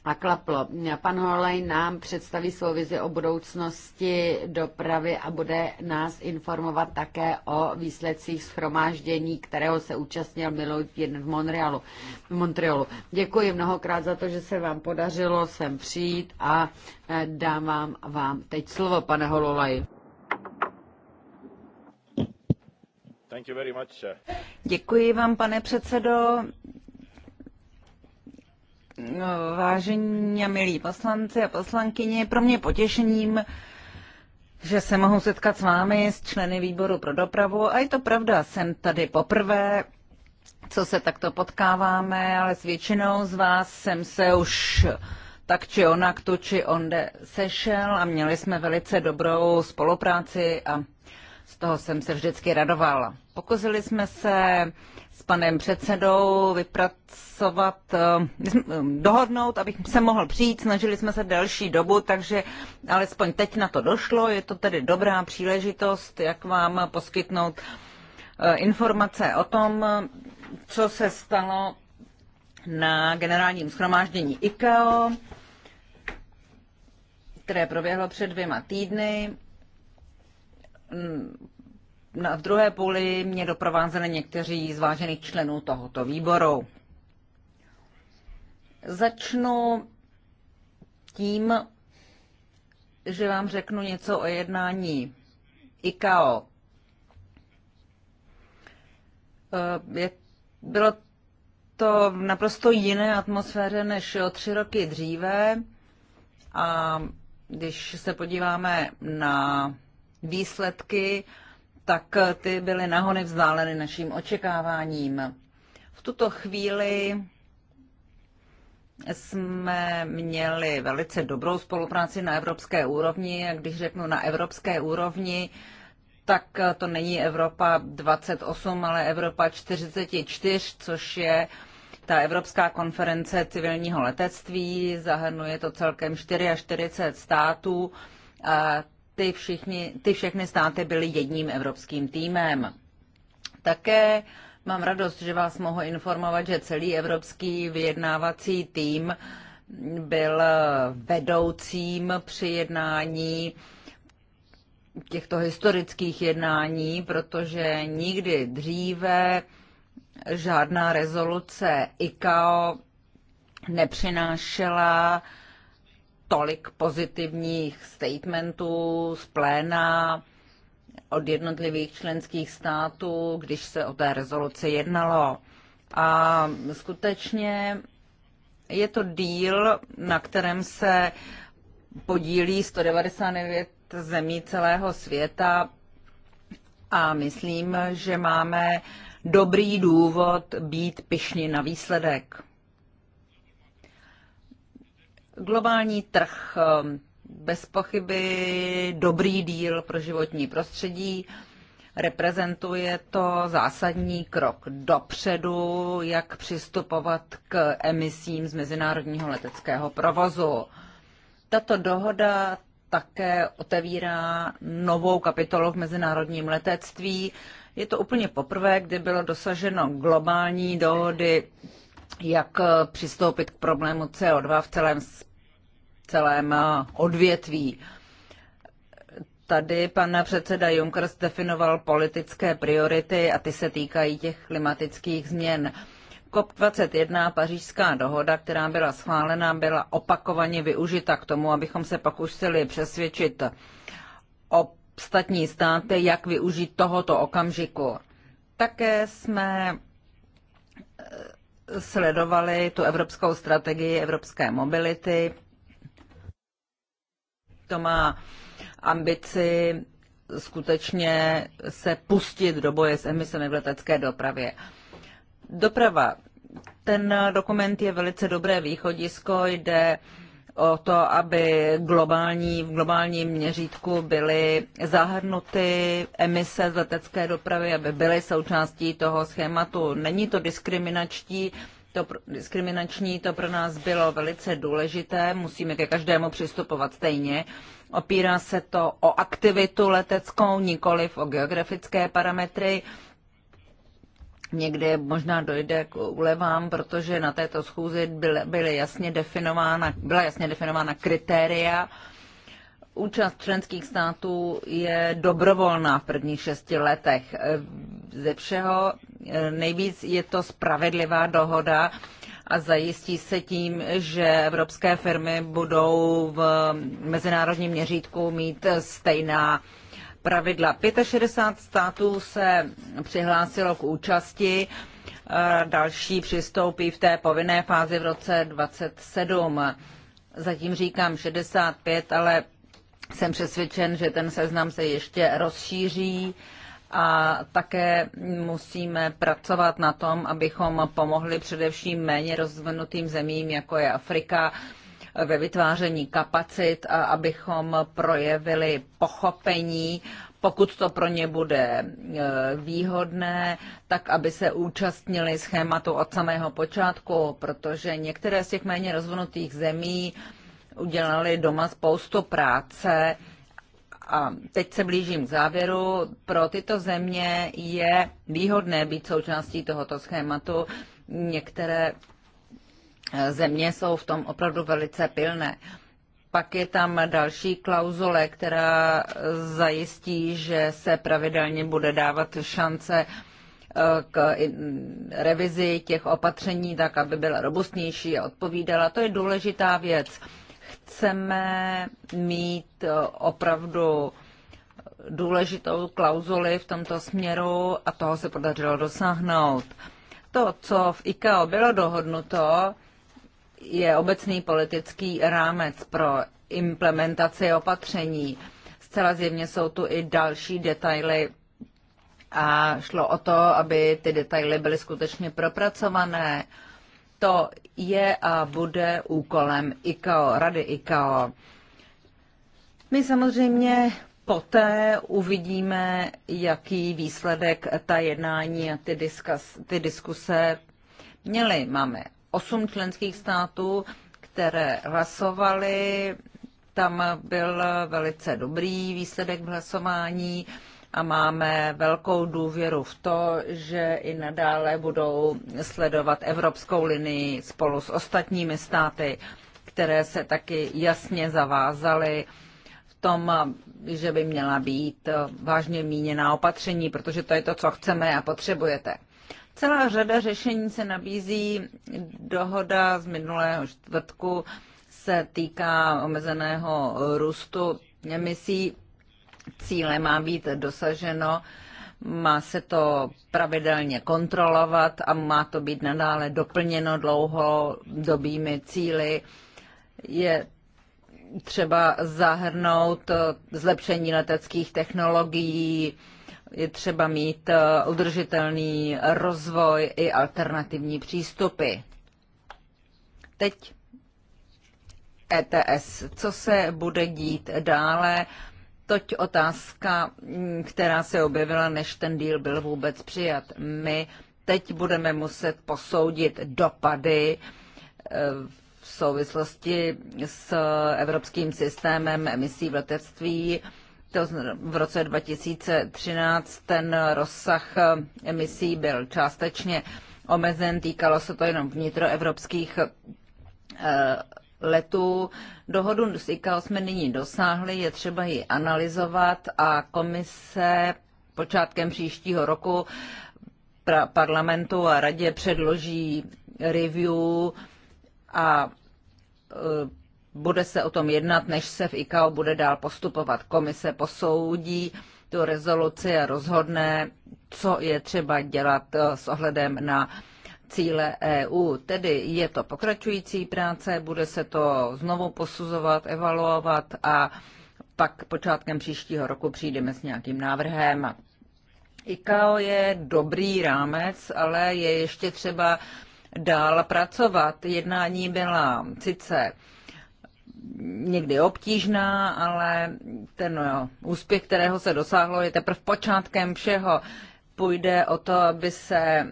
a klaplo. Pan Holej nám představí svou vizi o budoucnosti dopravy a bude nás informovat také o výsledcích schromáždění, kterého se účastnil Miloš v Montrealu. v Montrealu. Děkuji mnohokrát za to, že se vám podařilo sem přijít a eh, dávám vám teď slovo, pane Hololaj. Děkuji vám, pane předsedo. No, vážení a milí poslanci a poslankyně, pro mě potěšením, že se mohu setkat s vámi, s členy výboru pro dopravu. A je to pravda, jsem tady poprvé, co se takto potkáváme, ale s většinou z vás jsem se už tak či onak, tu či onde sešel a měli jsme velice dobrou spolupráci a z toho jsem se vždycky radoval. Pokusili jsme se panem předsedou vypracovat, eh, eh, dohodnout, abych se mohl přijít. Snažili jsme se delší dobu, takže alespoň teď na to došlo. Je to tedy dobrá příležitost, jak vám poskytnout eh, informace o tom, co se stalo na generálním schromáždění ICAO, které proběhlo před dvěma týdny mm, v druhé půli mě doprovázeli někteří z vážených členů tohoto výboru. Začnu tím, že vám řeknu něco o jednání ICAO. Eh, je, bylo to v naprosto jiné atmosféře než o tři roky dříve a když se podíváme na výsledky, tak ty byly nahony vzdáleny naším očekáváním. V tuto chvíli jsme měli velice dobrou spolupráci na evropské úrovni. A když řeknu na evropské úrovni, tak to není Evropa 28, ale Evropa 44, což je ta Evropská konference civilního letectví. Zahrnuje to celkem 44 států. A ty, všichni, ty všechny státy byly jedním evropským týmem. Také mám radost, že vás mohu informovat, že celý evropský vyjednávací tým byl vedoucím při jednání těchto historických jednání, protože nikdy dříve žádná rezoluce ICAO nepřinášela uh, tolik pozitivních statementů z pléna od jednotlivých členských států, když se o té rezoluci jednalo. A skutečně je to díl, na kterém se podílí 199 zemí celého světa a myslím, že máme dobrý důvod být pišni na výsledek. Globální trh, ehm, bez pochyby dobrý díl pro životní prostředí, reprezentuje to zásadní krok dopředu, jak přistupovat k emisím z mezinárodního leteckého provozu. Tato dohoda také otevírá novou kapitolu v mezinárodním letectví. Je to úplně poprvé, kdy bylo dosaženo globální dohody, jak přistoupit k problému CO2 v celém celém eh, odvětví. Tady pan předseda Juncker definoval politické priority a ty se týkají těch klimatických změn. COP21, pařížská dohoda, která byla schválena, byla opakovaně využita k tomu, abychom se pak usili přesvědčit ostatní státy, jak využít tohoto okamžiku. Také jsme eh, sledovali tu evropskou strategii evropské mobility, to má ambici skutečně se pustit do boje s emisemi v letecké dopravě. Doprava. Ten dokument je velice dobré východisko, jde o to, aby globální, v globálním měřítku byly zahrnuty emise z letecké dopravy, aby byly součástí toho schématu. Není to diskriminační, to diskriminační, to pro nás bylo velice důležité. Musíme ke každému přistupovat stejně. Opírá se to o aktivitu leteckou, nikoliv o geografické parametry. Někde možná dojde k ulevám, protože na této schůzi byly, byly jasně definována, byla jasně definována kritéria, Účast členských států je dobrovolná v prvních šesti letech. Ze všeho eh, nejvíc je to spravedlivá dohoda a zajistí se tím, že evropské firmy budou v mezinárodním měřítku mít stejná pravidla. 65 států se přihlásilo k účasti, další přistoupí v té povinné fázi v roce 27. Zatím říkám 65, ale jsem přesvědčen, že ten seznam se ještě rozšíří a také musíme pracovat na tom, abychom pomohli především méně rozvinutým zemím, jako je Afrika, ve vytváření kapacit a abychom projevili pochopení, pokud to pro ně bude e, výhodné, tak aby se účastnili schématu od samého počátku, protože některé z těch méně rozvinutých zemí udělali doma spoustu práce. A teď se blížím k závěru. Pro tyto země je výhodné být součástí tohoto schématu. Některé eh, země jsou v tom opravdu velice pilné. Pak je tam další klauzule, která zajistí, že se pravidelně bude dávat šance eh, k revizi těch opatření tak, aby byla robustnější a odpovídala. To je důležitá věc chceme mít eh, opravdu důležitou klauzuli v tomto směru a toho se podařilo dosáhnout. To, co v ICAO bylo dohodnuto, je obecný politický rámec pro implementaci opatření. Zcela zjevně jsou tu i další detaily a šlo o to, aby ty detaily byly skutečně propracované. To je a bude úkolem ICAO, Rady ICAO. My samozřejmě poté uvidíme, jaký výsledek ta jednání a ty, diskus, ty diskuse měly. Máme osm členských států, které hlasovaly. Tam byl velice dobrý výsledek v hlasování a máme velkou důvěru v to, že i nadále budou sledovat evropskou linii spolu s ostatními státy, které se taky jasně zavázaly v tom, že by měla být vážně míněná opatření, protože to je to, co chceme a potřebujete. Celá řada řešení se nabízí. Dohoda z minulého čtvrtku se týká omezeného růstu emisí cíle má být dosaženo, má se to pravidelně kontrolovat a má to být nadále doplněno dlouhodobými cíly. Je třeba zahrnout zlepšení leteckých technologií, je třeba mít eh, udržitelný rozvoj i alternativní přístupy. Teď ETS. Co se bude dít dále? toť otázka, mm, která se objevila, než ten díl byl vůbec přijat. My teď budeme muset posoudit dopady e, v souvislosti s evropským systémem emisí v letectví. To v roce 2013 ten rozsah emisí byl částečně omezen, týkalo se to jenom vnitroevropských e, letů. Dohodu s ICAO jsme nyní dosáhli, je třeba ji analyzovat a komise počátkem příštího roku parlamentu a radě předloží review a e, bude se o tom jednat, než se v ICAO bude dál postupovat. Komise posoudí tu rezoluci a rozhodne, co je třeba dělat e, s ohledem na cíle EU. Tedy je to pokračující práce, bude se to znovu posuzovat, evaluovat a pak počátkem příštího roku přijdeme s nějakým návrhem. ICAO je dobrý rámec, ale je ještě třeba dál pracovat. Jednání byla sice někdy obtížná, ale ten jo, no, úspěch, kterého se dosáhlo, je teprve počátkem všeho. Půjde o to, aby se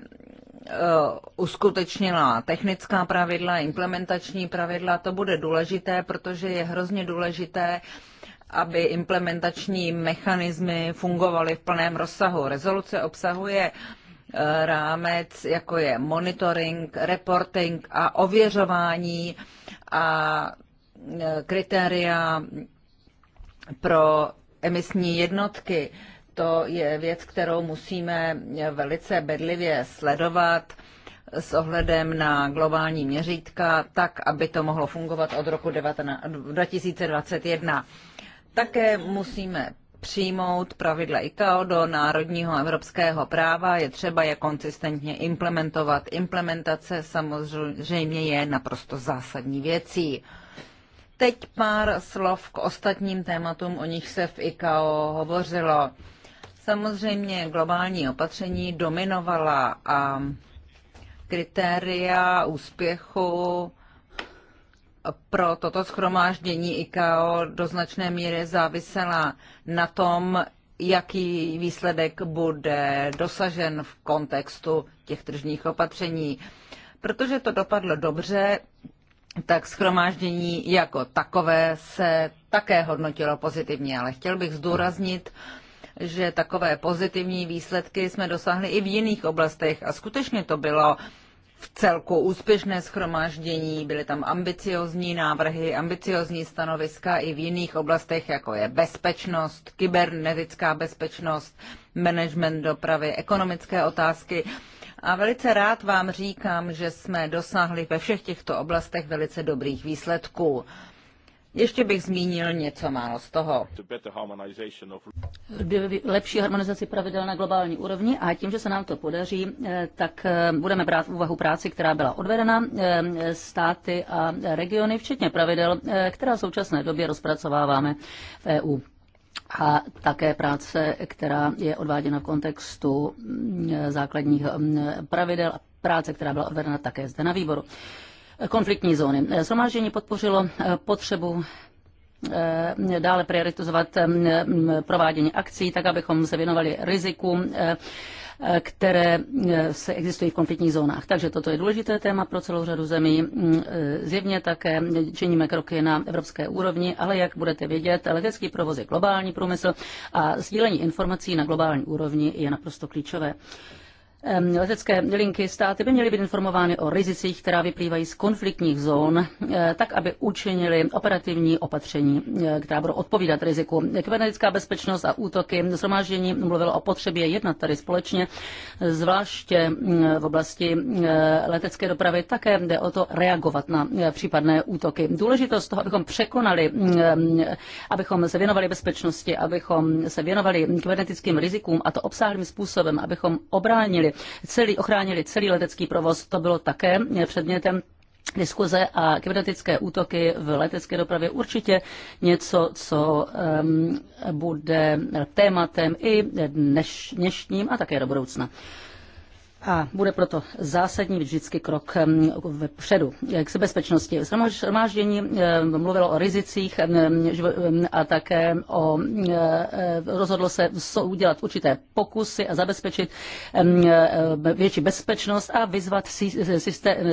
Eh, uskutečnila technická pravidla, implementační pravidla. To bude důležité, protože je hrozně důležité, aby implementační mechanismy fungovaly v plném rozsahu. Rezoluce obsahuje eh, rámec, jako je monitoring, reporting a ověřování a eh, kritéria pro emisní jednotky to je věc, kterou musíme velice bedlivě sledovat s ohledem na globální měřítka, tak, aby to mohlo fungovat od roku 2021. Také musíme přijmout pravidla ICAO do národního evropského práva, je třeba je konsistentně implementovat. Implementace samozřejmě je naprosto zásadní věcí. Teď pár slov k ostatním tématům, o nich se v ICAO hovořilo. Samozřejmě globální opatření dominovala a kritéria úspěchu pro toto schromáždění IKO do značné míry závisela na tom, jaký výsledek bude dosažen v kontextu těch tržních opatření. Protože to dopadlo dobře, tak schromáždění jako takové se také hodnotilo pozitivně, ale chtěl bych zdůraznit, že takové pozitivní výsledky jsme dosáhli i v jiných oblastech a skutečně to bylo v celku úspěšné schromáždění, byly tam ambiciozní návrhy, ambiciozní stanoviska i v jiných oblastech, jako je bezpečnost, kybernetická bezpečnost, management dopravy, ekonomické otázky. A velice rád vám říkám, že jsme dosáhli ve všech těchto oblastech velice dobrých výsledků. Ještě bych zmínil něco málo z toho. Lepší harmonizaci pravidel na globální úrovni a tím, že se nám to podaří, eh, tak eh, budeme brát v úvahu práci, která byla odvedena eh, státy a regiony, včetně pravidel, která v současné době rozpracováváme v EU a také práce, která je odváděna v kontextu mm, základních mm, pravidel a práce, která byla odvedena také zde na výboru konfliktní zóny. Shromáždění podpořilo eh, potřebu eh, dále prioritizovat eh, provádění akcí, tak abychom se věnovali riziku které se existují v konfliktních zónách. Takže toto je důležité téma pro celou řadu zemí. Mm, zjevně také činíme kroky na evropské úrovni, ale jak budete vědět, letecký provoz je globální průmysl a sdílení informací na globální úrovni je naprosto klíčové letecké linky státy by měly být informovány o rizicích, která vyplývají z konfliktních zón, eh, tak aby učinili operativní opatření, eh, která budou odpovídat riziku. Kybernetická bezpečnost a útoky zhromáždění mluvilo o potřebě jednat tady společně, zvláště mm, v oblasti eh, letecké dopravy také jde o to reagovat na případné útoky. Důležitost toho, abychom překonali, mm, abychom se věnovali bezpečnosti, abychom se věnovali kybernetickým rizikům a to obsáhlým způsobem, abychom obránili celý, ochránili celý letecký provoz. To bylo také předmětem diskuze a kybernetické útoky v letecké dopravě určitě něco, co um, bude tématem i dneš, dnešním a také do budoucna a bude proto zásadní vždycky krok vpředu k bezpečnosti. Shromáždění mluvilo o rizicích a také o, e, rozhodlo se udělat určité pokusy a zabezpečit e, větší bezpečnost a vyzvat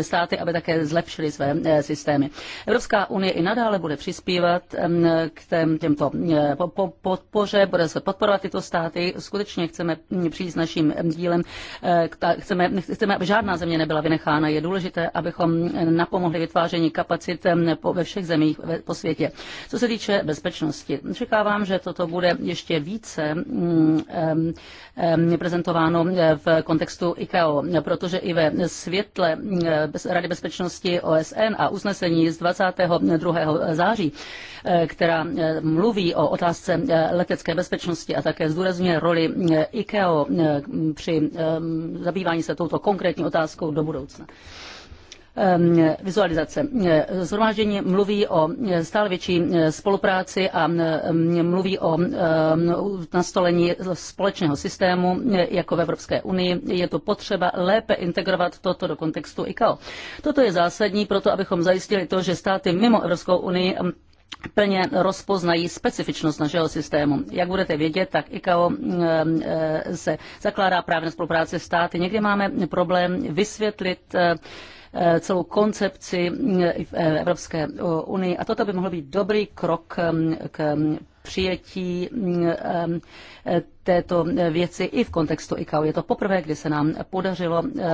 státy, aby také zlepšili své e, systémy. Evropská unie i nadále bude přispívat k těmto podpoře, bude se podporovat tyto státy. Skutečně chceme přijít s naším dílem chceme, chceme, aby žádná země nebyla vynechána. Je důležité, abychom napomohli vytváření kapacit ve všech zemích po světě. Co se týče bezpečnosti, očekávám, že toto bude ještě více mm, prezentováno v kontextu ICAO, protože i ve světle mm, Rady bezpečnosti OSN a usnesení z 22. září, eh, která eh, mluví o otázce eh, letecké bezpečnosti a také zdůrazňuje roli ICAO při zabývání zabývání se touto konkrétní otázkou do budoucna ehm, vizualizace. Eh, zhromáždění mluví o eh, stále větší eh, spolupráci a ehm, mluví o ehm, nastolení společného systému jako v Evropské unii. Je to potřeba lépe integrovat toto do kontextu ICAO. Toto je zásadní proto, abychom zajistili to, že státy mimo Evropskou unii plně rozpoznají specifičnost našeho systému. Jak budete vědět, tak ICAO eh, eh, se zakládá právě na spolupráci státy. Někdy máme problém vysvětlit eh, celou koncepci v Evropské unii. A toto by mohl být dobrý krok k přijetí mm, této věci i v kontextu ICAO. Je to poprvé, kdy se nám podařilo eh,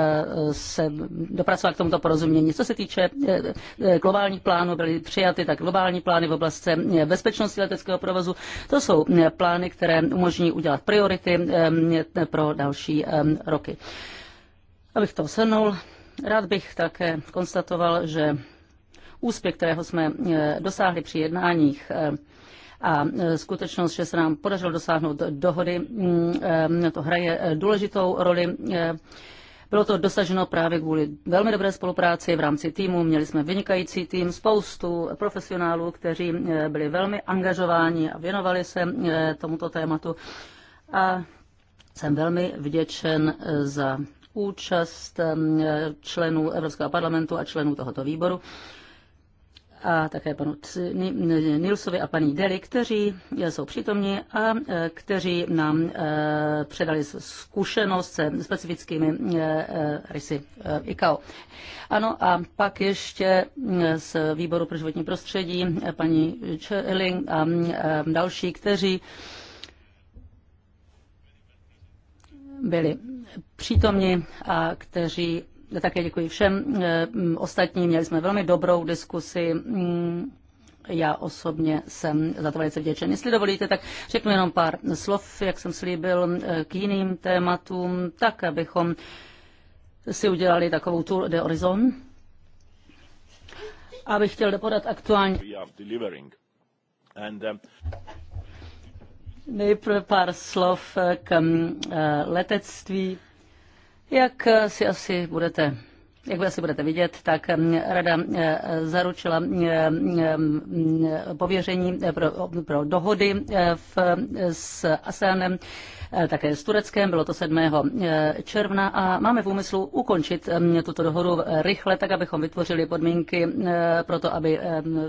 se dopracovat k tomuto porozumění. Co se týče eh, eh, globálních plánů, byly přijaty tak globální plány v oblasti bezpečnosti leteckého provozu. To jsou plány, které umožní udělat priority pro další roky. Abych to shrnul, rád bych také konstatoval, že úspěch, kterého jsme dosáhli při jednáních a e, skutečnost, že se nám podařilo dosáhnout dohody, mm, e, to hraje důležitou roli. E, bylo to dosaženo právě kvůli velmi dobré spolupráci v rámci týmu. Měli jsme vynikající tým, spoustu profesionálů, kteří byli velmi angažováni a věnovali se tomuto tématu. A jsem velmi vděčen za účast členů Evropského parlamentu a členů tohoto výboru a také panu Nilsovi a paní Deli, kteří jsou přítomní a e, kteří nám e, předali zkušenost se specifickými e, rysy ICAO. Ano a pak ještě z Výboru pro životní prostředí paní Čeling a další, kteří byli přítomni a kteří také děkuji všem eh, ostatním. Měli jsme velmi dobrou diskusi. Mm, já osobně jsem za to velice vděčen. Jestli dovolíte, tak řeknu jenom pár slov, jak jsem slíbil, eh, k jiným tématům, tak abychom si udělali takovou tour de horizon. Abych chtěl podat aktuální... Um, Nejprve pár slov eh, k mm, letectví. Jak si asi budete jak vy asi budete vidět, tak mm, rada mm, zaručila mm, pověření eh, pro, pro dohody eh, v, s ASEANem eh, také s Tureckem, bylo to 7. června a máme v úmyslu ukončit tuto dohodu rychle, tak abychom vytvořili podmínky pro to, aby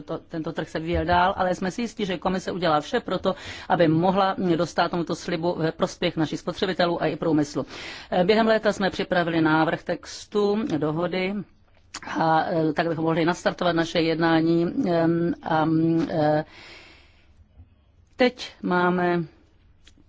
to, tento trh se vyvíjel dál, ale jsme si jistí, že komise udělá vše pro to, aby mohla dostat tomuto slibu ve prospěch našich spotřebitelů a i průmyslu. Během léta jsme připravili návrh textu dohody body a eh, tak bychom mohli nastartovat naše jednání. A eh, teď máme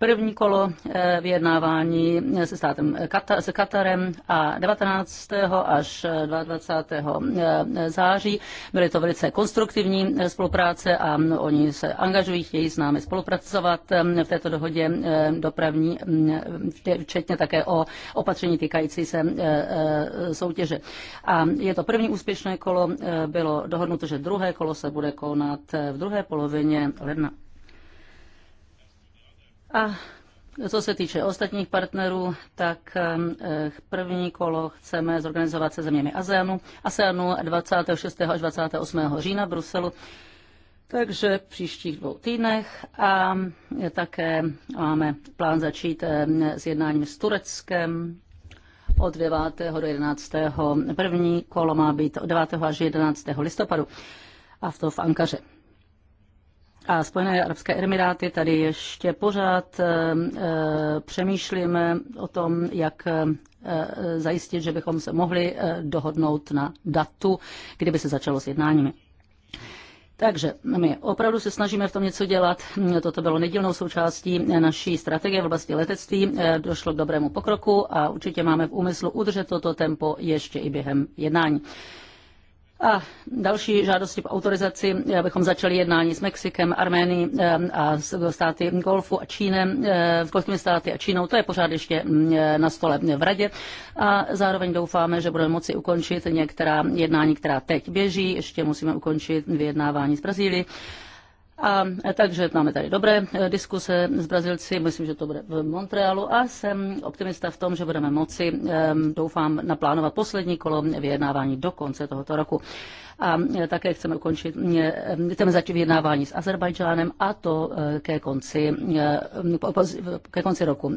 První kolo eh, vyjednávání se státem Katar, se Katarem a 19. až 22. Eh, eh, září. Byly to velice konstruktivní spolupráce a oni se angažují, chtějí s námi spolupracovat v této dohodě dopravní, mm, včetně také o opatření týkající se soutěže. A je to první úspěšné kolo, bylo dohodnuto, že druhé kolo se bude konat v druhé polovině ledna. A co se týče ostatních partnerů, tak eh, první kolo chceme zorganizovat se zeměmi ASEANu, ASEANu 26. až 28. října v Bruselu. Takže v příštích dvou týdnech a eh, také máme plán začít s jednáním s Tureckem od 9. do 11. První kolo má být od 9. až 11. listopadu a v to v Ankaře a Spojené arabské emiráty tady ještě pořád eh, eh, přemýšlíme o tom, jak eh, zajistit, že bychom se mohli dohodnout na datu, kdyby se začalo s jednáními. Takže my opravdu se snažíme v tom něco dělat. Toto bylo nedílnou součástí naší strategie v oblasti letectví. Došlo k dobrému pokroku a určitě máme v úmyslu udržet toto tempo ještě i během jednání. A další žádosti o autorizaci, abychom začali jednání s Mexikem, Arménií a státy Golfu a Čínem, s golfskými státy a Čínou, to je pořád ještě na stole v radě. A zároveň doufáme, že budeme moci ukončit některá jednání, která teď běží, ještě musíme ukončit vyjednávání s Brazílií a takže máme tady dobré eh, diskuse s Brazilci, myslím, že to bude v Montrealu a jsem optimista v tom, že budeme moci, eh, doufám, naplánovat poslední kolo vyjednávání do konce tohoto roku a e, také chceme ukončit, e, e, chceme začít vyjednávání s Azerbajdžánem a to ke konci, ke konci roku.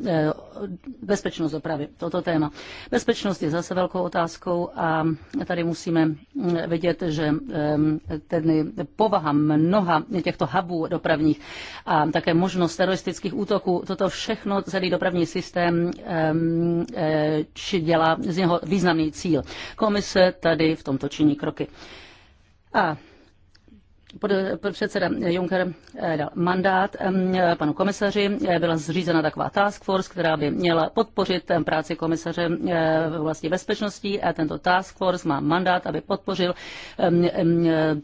Bezpečnost dopravy, toto téma. Bezpečnost je zase velkou otázkou a tady musíme vidět, že tedy povaha mnoha těchto hubů dopravních a také možnost teroristických útoků, toto všechno celý dopravní systém či dělá z něho významný cíl. Komise tady v tomto činí kroky. A předseda Juncker eh, dal mandát panu komisaři. Eh, byla zřízena taková task force, která by měla podpořit práci komisaře eh, v oblasti bezpečnosti. A tento task force má mandát, aby podpořil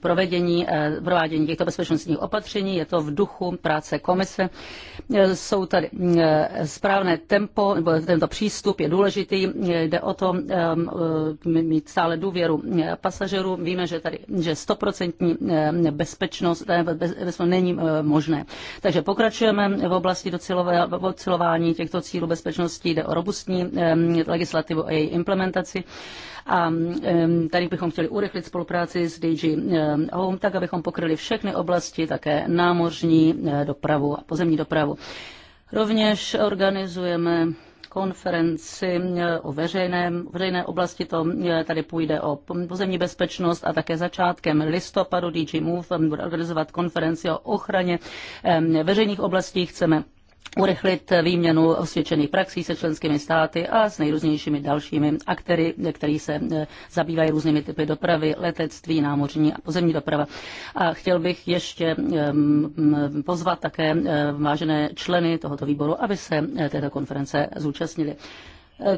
provedení, provádění těchto bezpečnostních opatření. Je to v duchu práce komise. Jsou tady správné tempo, tento přístup je důležitý. Jde o to mít stále důvěru pasažerů. Víme, že tady že stoprocentní bezpečnost, bez, bez, není eh, možné. Takže pokračujeme v oblasti docilování těchto cílů bezpečnosti, jde o robustní eh, legislativu a její implementaci. A eh, tady bychom chtěli urychlit spolupráci s DG Home, tak abychom pokryli všechny oblasti, také námořní dopravu a pozemní dopravu. Rovněž organizujeme konferenci eh, o veřejném, veřejné oblasti. To eh, tady půjde o pozemní bezpečnost a také začátkem listopadu DG Move eh, bude organizovat konferenci o ochraně veřejných oblastí. Chceme urychlit výměnu osvědčených praxí se členskými státy a s nejrůznějšími dalšími aktéry, který se eh, zabývají různými typy dopravy, letectví, námořní a pozemní doprava. A chtěl bych ještě eh, mm, pozvat také eh, vážené členy tohoto výboru, aby se této konference zúčastnili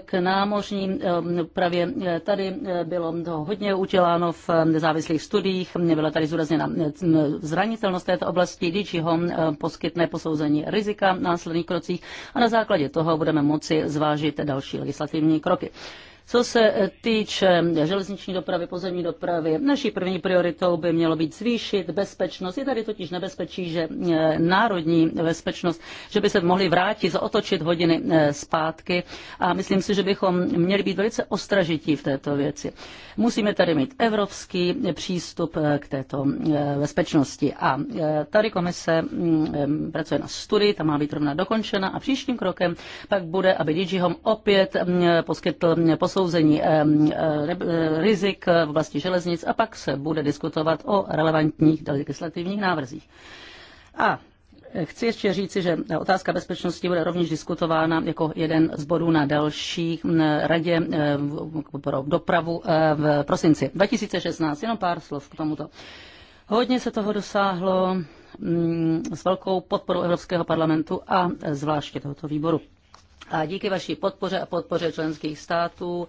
k námořním. Ehm, právě eh, Tady eh, bylo to hodně uděláno v ehm, nezávislých studiích, byla tady zúrazněna eh, zranitelnost této oblasti, DG Home poskytne posouzení rizika v následných krocích a na základě toho budeme moci zvážit další legislativní kroky. Co se eh, týče eh, železniční dopravy, pozemní dopravy, naší první prioritou by mělo být zvýšit bezpečnost. Je tady totiž nebezpečí, že eh, národní bezpečnost, že by se mohli vrátit, otočit hodiny zpátky a myslím si, že bychom měli být velice ostražití v této věci. Musíme tady mít evropský přístup k této bezpečnosti a tady komise mm, pracuje na studii, ta má být rovna dokončena a příštím krokem pak bude, aby DigiHome opět mm, poskytl mm, posouzení posouzení eh, rizik v oblasti železnic a pak se bude diskutovat o relevantních legislativních návrzích. A Chci ještě říci, že otázka bezpečnosti bude rovněž diskutována jako jeden z bodů na další radě eh, pro dopravu eh, v prosinci 2016. Jenom pár slov k tomuto. Hodně se toho dosáhlo mm, s velkou podporou Evropského parlamentu a zvláště tohoto výboru. A díky vaší podpoře a podpoře členských států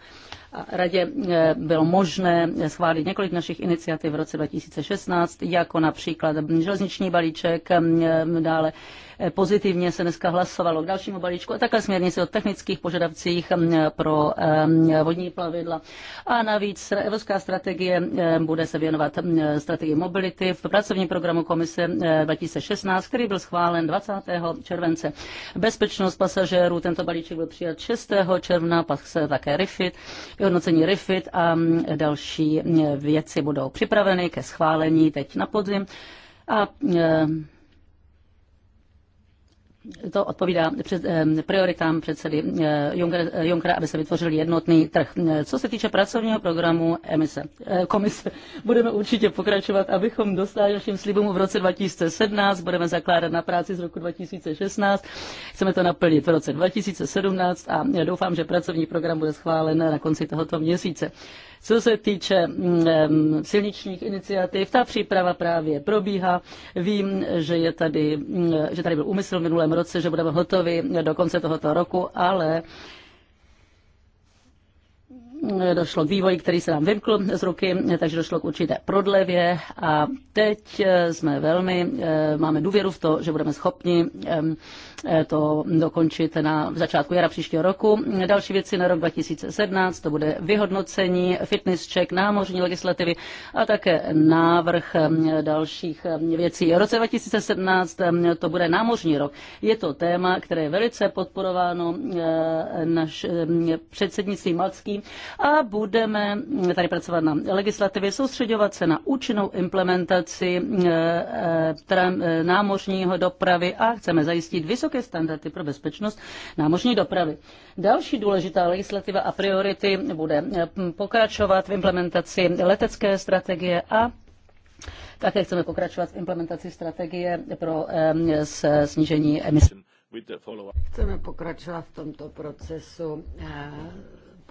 radě eh, bylo možné schválit několik našich iniciativ v roce 2016, jako například železniční balíček, eh, dále eh, pozitivně se dneska hlasovalo k dalšímu balíčku a také směrnici o technických požadavcích pro vodní plavidla. A navíc evropská strategie bude se věnovat strategii mobility v pracovním programu komise 2016, který byl schválen 20. července. Bezpečnost pasažérů, tento balíček byl přijat 6. června, pak se také RIFIT. Vyhodnocení RIFIT a mm, další mm, věci budou připraveny ke schválení teď na podzim. A mm, to odpovídá před, prioritám předsedy eh, Junkera, aby se vytvořil jednotný trh. Co se týče pracovního programu emise, eh, komise, budeme určitě pokračovat, abychom dostali našim slibům v roce 2017, budeme zakládat na práci z roku 2016, chceme to naplnit v roce 2017 a eh, doufám, že pracovní program bude schválen na konci tohoto měsíce. Co se týče mm, silničních iniciativ, ta příprava právě probíhá. Vím, že, je tady, mm, že tady byl úmysl v minulém roce, že budeme hotovi do konce tohoto roku, ale mm, došlo k vývoji, který se nám vymkl z ruky, takže došlo k určité prodlevě a teď eh, jsme velmi, eh, máme důvěru v to, že budeme schopni Eh, to dokončit na začátku jara příštího roku. Další věci na rok 2017, to bude vyhodnocení, fitness check, námořní legislativy a také návrh eh, dalších eh, věcí. V roce 2017 to bude námořní rok. Je to téma, které je velice podporováno naš, předsednictví malckým a budeme tady pracovat na legislativě, soustředovat se na účinnou implementaci námořního dopravy a chceme zajistit vysokou vysoké standardy pro bezpečnost námořní dopravy. Další důležitá legislativa a priority bude eh, pokračovat v implementaci letecké strategie a také chceme pokračovat v implementaci strategie pro eh, snížení emisí. Chceme pokračovat v tomto procesu eh,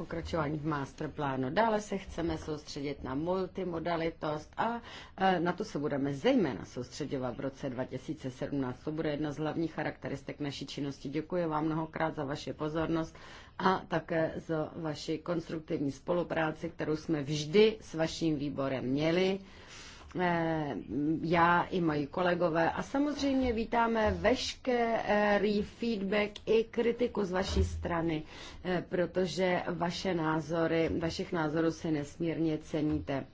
pokračování v masterplánu. Dále se chceme soustředit na multimodalitost a e, na to se budeme zejména soustředovat v roce 2017. To bude jedna z hlavních charakteristik naší činnosti. Děkuji vám mnohokrát za vaši pozornost a také za vaši konstruktivní spolupráci, kterou jsme vždy s vaším výborem měli. Eh, já i moji kolegové. A samozřejmě vítáme veškerý feedback i kritiku z vaší strany, eh, protože vaše názory, vašich názorů si nesmírně ceníte.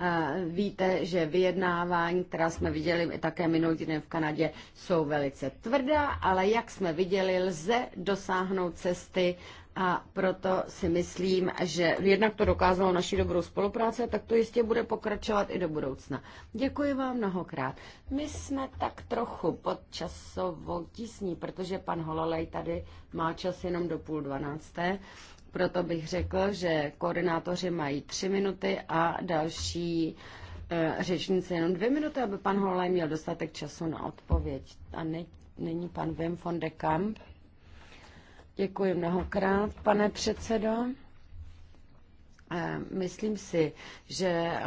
Eh, víte, že vyjednávání, která jsme viděli také minulý týden v Kanadě, jsou velice tvrdá, ale jak jsme viděli, lze dosáhnout cesty a proto si myslím, že jednak to dokázalo naší dobrou spolupráce, tak to jistě bude pokračovat i do budoucna. Děkuji vám mnohokrát. My jsme tak trochu pod časovou tísní, protože pan Hololej tady má čas jenom do půl dvanácté. Proto bych řekl, že koordinátoři mají tři minuty a další e, řečníci jenom dvě minuty, aby pan Hololej měl dostatek času na odpověď. A ne, není pan Wim von de Kamp. Děkuji mnohokrát, pane předsedo. Myslím si, že eh,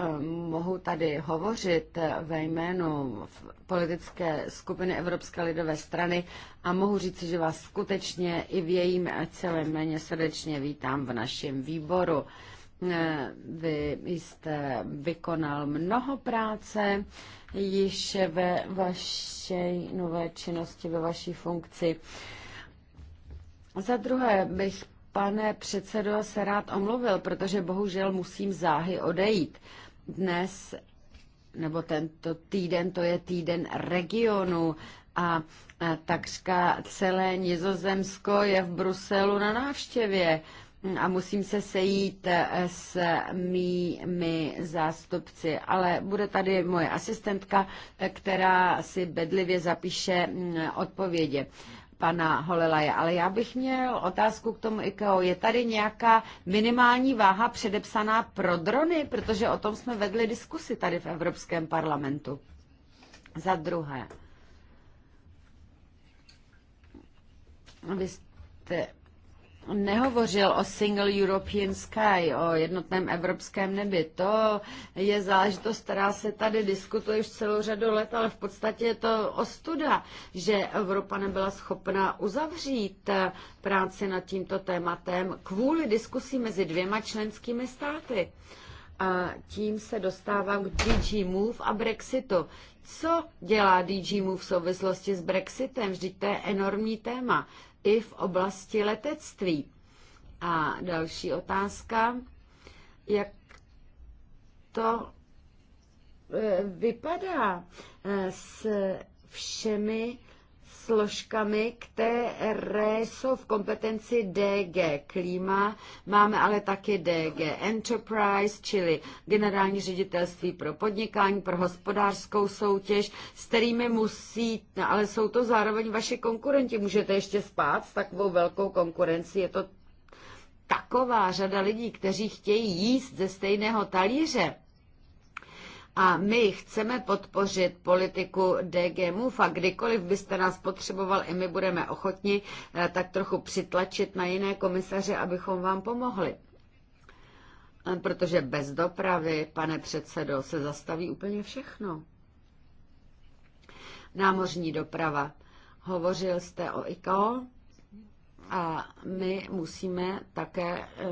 mohu tady hovořit eh, ve jménu politické skupiny Evropské lidové strany a mohu říci, že vás skutečně i v jejím eh, celém jméně srdečně vítám v našem výboru. Vy jste vykonal mnoho práce již ve vaší nové činnosti, ve vaší funkci. Za druhé bych, pane předsedo, se rád omluvil, protože bohužel musím záhy odejít. Dnes nebo tento týden, to je týden regionu a, takřka celé Nizozemsko je v Bruselu na návštěvě a musím se sejít e, s mými zástupci, ale bude tady moje asistentka, e, která si bedlivě zapíše odpovědi pana Holelaje, ale já bych měl otázku k tomu IKO. Je tady nějaká minimální váha předepsaná pro drony, protože o tom jsme vedli diskusi tady v Evropském parlamentu. Za druhé, vy jste nehovořil o Single European Sky, o jednotném evropském nebi. To je záležitost, která se tady diskutuje už celou řadu let, ale v podstatě je to ostuda, že Evropa nebyla schopna uzavřít práci nad tímto tématem kvůli diskusí mezi dvěma členskými státy. A tím se dostávám k DG Move a Brexitu. Co dělá DG Move v souvislosti s Brexitem? Vždyť to je enormní téma i v oblasti letectví. A další otázka, jak to eh, vypadá eh, s všemi složkami, které jsou v kompetenci DG Klima. Máme ale taky DG Enterprise, čili generální ředitelství pro podnikání, pro hospodářskou soutěž, s kterými musí, no ale jsou to zároveň vaši konkurenti. Můžete ještě spát s takovou velkou konkurencí, je to taková řada lidí, kteří chtějí jíst ze stejného talíře, a my chceme podpořit politiku DG Move a kdykoliv byste nás potřeboval i my budeme ochotni eh, tak trochu přitlačit na jiné komisaře, abychom vám pomohli. Eh, protože bez dopravy, pane předsedo, se zastaví úplně všechno. Námořní doprava. Hovořil jste o ICAO? A my musíme také eh,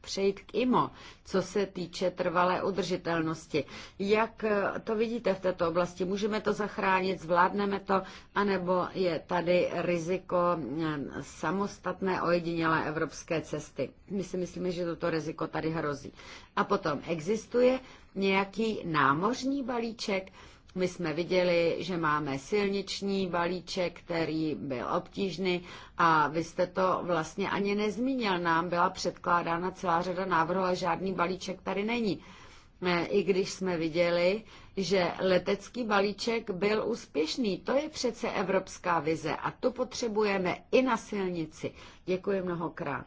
přejít k IMO, co se týče trvalé udržitelnosti. Jak eh, to vidíte v této oblasti? Můžeme to zachránit, zvládneme to, anebo je tady riziko eh, samostatné ojedinělé evropské cesty? My si myslíme, že toto riziko tady hrozí. A potom existuje nějaký námořní balíček, my jsme viděli, že máme silniční balíček, který byl obtížný a vy jste to vlastně ani nezmínil. Nám byla předkládána celá řada návrhů, a žádný balíček tady není. E, I když jsme viděli, že letecký balíček byl úspěšný. To je přece evropská vize a tu potřebujeme i na silnici. Děkuji mnohokrát.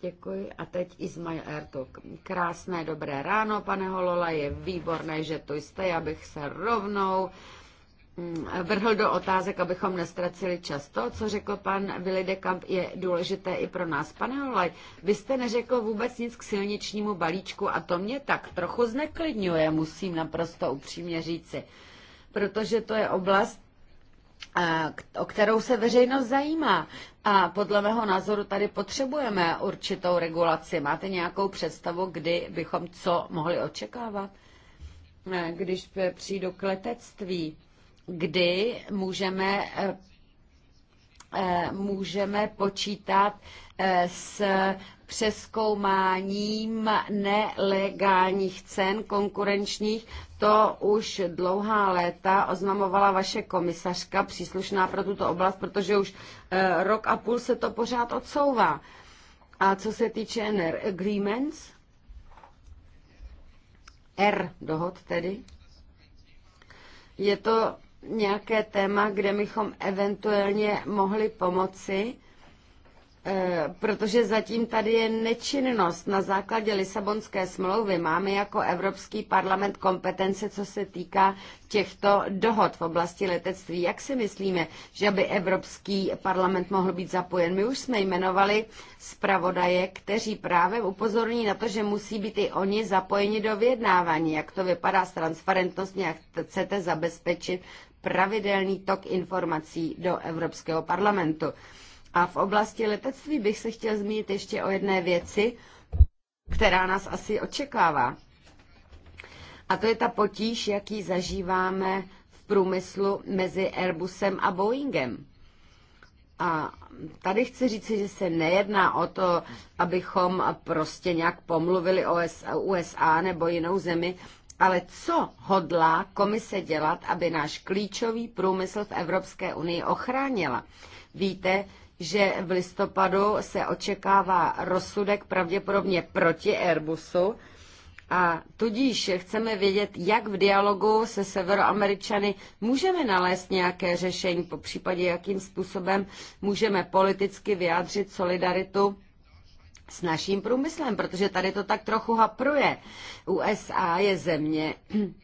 Děkuji. A teď Ismail Talk. Krásné dobré ráno, pane Holola, je výborné, že tu jste. Já bych se rovnou mm, vrhl do otázek, abychom nestracili čas. To, co řekl pan Willy de Kamp, je důležité i pro nás. Pane Olaj, vy jste neřekl vůbec nic k silničnímu balíčku a to mě tak trochu zneklidňuje, musím naprosto upřímně říci. Protože to je oblast, o kterou se veřejnost zajímá. A podle mého názoru tady potřebujeme určitou regulaci. Máte nějakou představu, kdy bychom co mohli očekávat? E, když přijdu k letectví, kdy můžeme, e, můžeme počítat e, s přeskoumáním nelegálních cen konkurenčních. To už dlouhá léta oznamovala vaše komisařka příslušná pro tuto oblast, protože už eh, rok a půl se to pořád odsouvá. A co se týče NR agreements, R dohod tedy, je to nějaké téma, kde bychom eventuálně mohli pomoci Eh, protože zatím tady je nečinnost. Na základě Lisabonské smlouvy máme jako Evropský parlament kompetence, co se týká těchto dohod v oblasti letectví. Jak si myslíme, že by Evropský parlament mohl být zapojen? My už jsme jmenovali zpravodaje, kteří právě upozorní na to, že musí být i oni zapojeni do vyjednávání. Jak to vypadá s transparentností, jak chcete zabezpečit pravidelný tok informací do Evropského parlamentu. A v oblasti letectví bych se chtěl zmínit ještě o jedné věci, která nás asi očekává. A to je ta potíž, jaký zažíváme v průmyslu mezi Airbusem a Boeingem. A tady chci říct, že se nejedná o to, abychom prostě nějak pomluvili o USA nebo jinou zemi, ale co hodlá komise dělat, aby náš klíčový průmysl v Evropské unii ochránila? Víte, že v listopadu se očekává rozsudek pravděpodobně proti Airbusu a tudíž chceme vědět, jak v dialogu se severoameričany můžeme nalézt nějaké řešení, po případě jakým způsobem můžeme politicky vyjádřit solidaritu s naším průmyslem, protože tady to tak trochu hapruje. USA je země,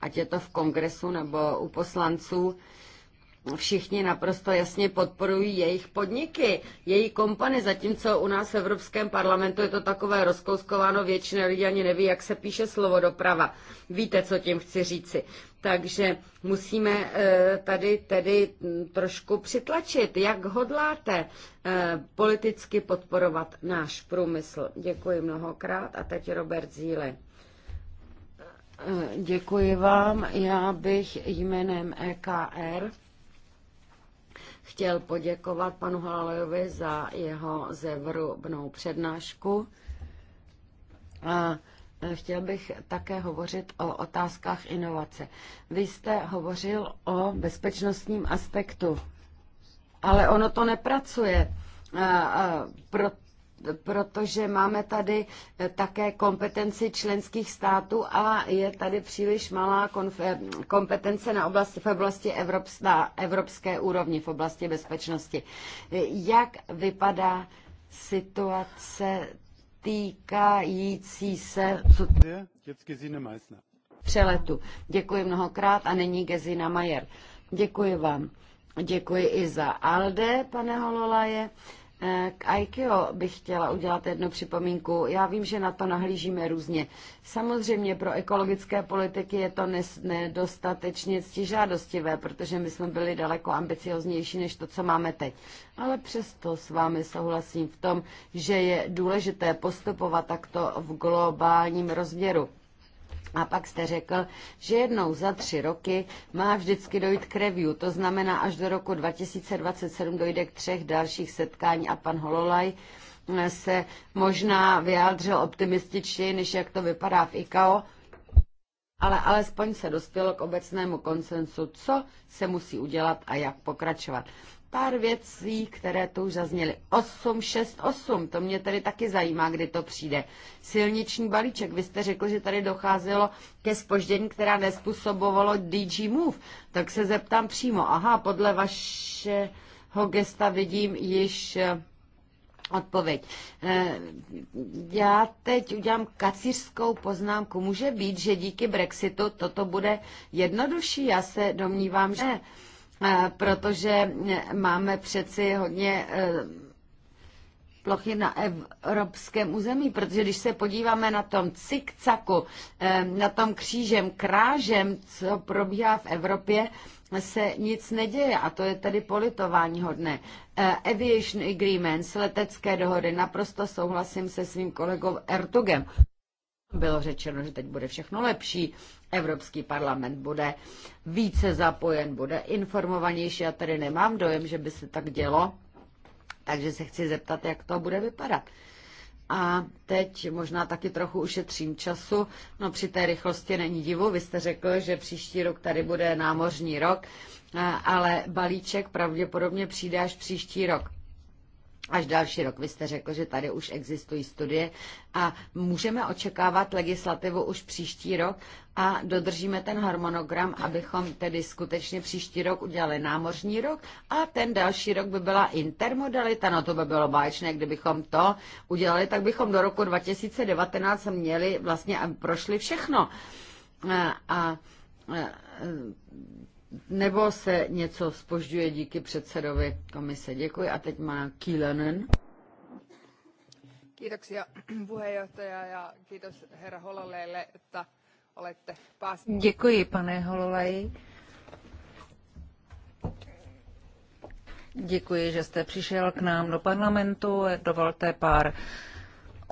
ať je to v kongresu nebo u poslanců, všichni naprosto jasně podporují jejich podniky, jejich kompany, zatímco u nás v Evropském parlamentu je to takové rozkouskováno, většina lidí ani neví, jak se píše slovo doprava. Víte, co tím chci říci. Takže musíme eh, tady tedy hm, trošku přitlačit, jak hodláte eh, politicky podporovat náš průmysl. Děkuji mnohokrát a teď Robert Zíle. Eh, děkuji vám. Já bych jménem EKR chtěl poděkovat panu Halalejovi za jeho zevrubnou přednášku. A e, chtěl bych také hovořit o otázkách inovace. Vy jste hovořil o bezpečnostním aspektu, ale ono to nepracuje, proto protože máme tady eh, také kompetenci členských států a je tady příliš malá eh, kompetence na oblasti, v oblasti evropské, evropské úrovni, v oblasti bezpečnosti. Jak vypadá situace týkající se přeletu. Děkuji mnohokrát a nyní Gezina Majer. Děkuji vám. Děkuji i za Alde, pane Hololaje. K IKEA bych chtěla udělat jednu připomínku. Já vím, že na to nahlížíme různě. Samozřejmě pro ekologické politiky je to nedostatečně ctižádostivé, protože my jsme byli daleko ambicioznější než to, co máme teď. Ale přesto s vámi souhlasím v tom, že je důležité postupovat takto v globálním rozměru. A pak jste řekl, že jednou za tři roky má vždycky dojít k review, to znamená až do roku 2027 dojde k třech dalších setkání a pan Hololaj eh, se možná vyjádřil optimističtěji, než jak to vypadá v ICAO, ale alespoň se dospělo k obecnému konsensu, co se musí udělat a jak pokračovat pár věcí, které tu už zazněly. 8, to mě tady taky zajímá, kdy to přijde. Silniční balíček, vy jste řekl, že tady docházelo ke spoždění, která nespůsobovalo DG Move. Tak se zeptám přímo, aha, podle vašeho gesta vidím již eh, odpověď. Eh, já teď udělám kacířskou poznámku. Může být, že díky Brexitu toto bude jednodušší? Já se domnívám, že ne protože máme přeci hodně e, plochy na evropském území, protože když se podíváme na tom cikcaku, e, na tom křížem, krážem, co probíhá v Evropě, se nic neděje a to je tedy politování hodné. E, aviation agreements, letecké dohody, naprosto souhlasím se svým kolegou Ertugem. Bylo řečeno, že teď bude všechno lepší, Evropský parlament bude více zapojen, bude informovanější. Já tady nemám dojem, že by se tak dělo, takže se chci zeptat, jak to bude vypadat. A teď možná taky trochu ušetřím času. No při té rychlosti není divu. Vy jste řekl, že příští rok tady bude námořní rok, ale balíček pravděpodobně přijde až příští rok až další rok. Vy jste řekl, že tady už existují studie a můžeme očekávat legislativu už příští rok a dodržíme ten harmonogram, abychom tedy skutečně příští rok udělali námořní rok a ten další rok by byla intermodalita. No to by bylo báječné, kdybychom to udělali, tak bychom do roku 2019 měli vlastně a prošli všechno. A, a, a nebo se něco spožďuje díky předsedovi komise. Děkuji a teď má Kielenen. Kiitoksia puheenjohtaja ja kiitos herra Hololeille, että olette päässeet. Děkuji, pane Hololej. Děkuji, že jste přišel k nám do parlamentu. Dovolte pár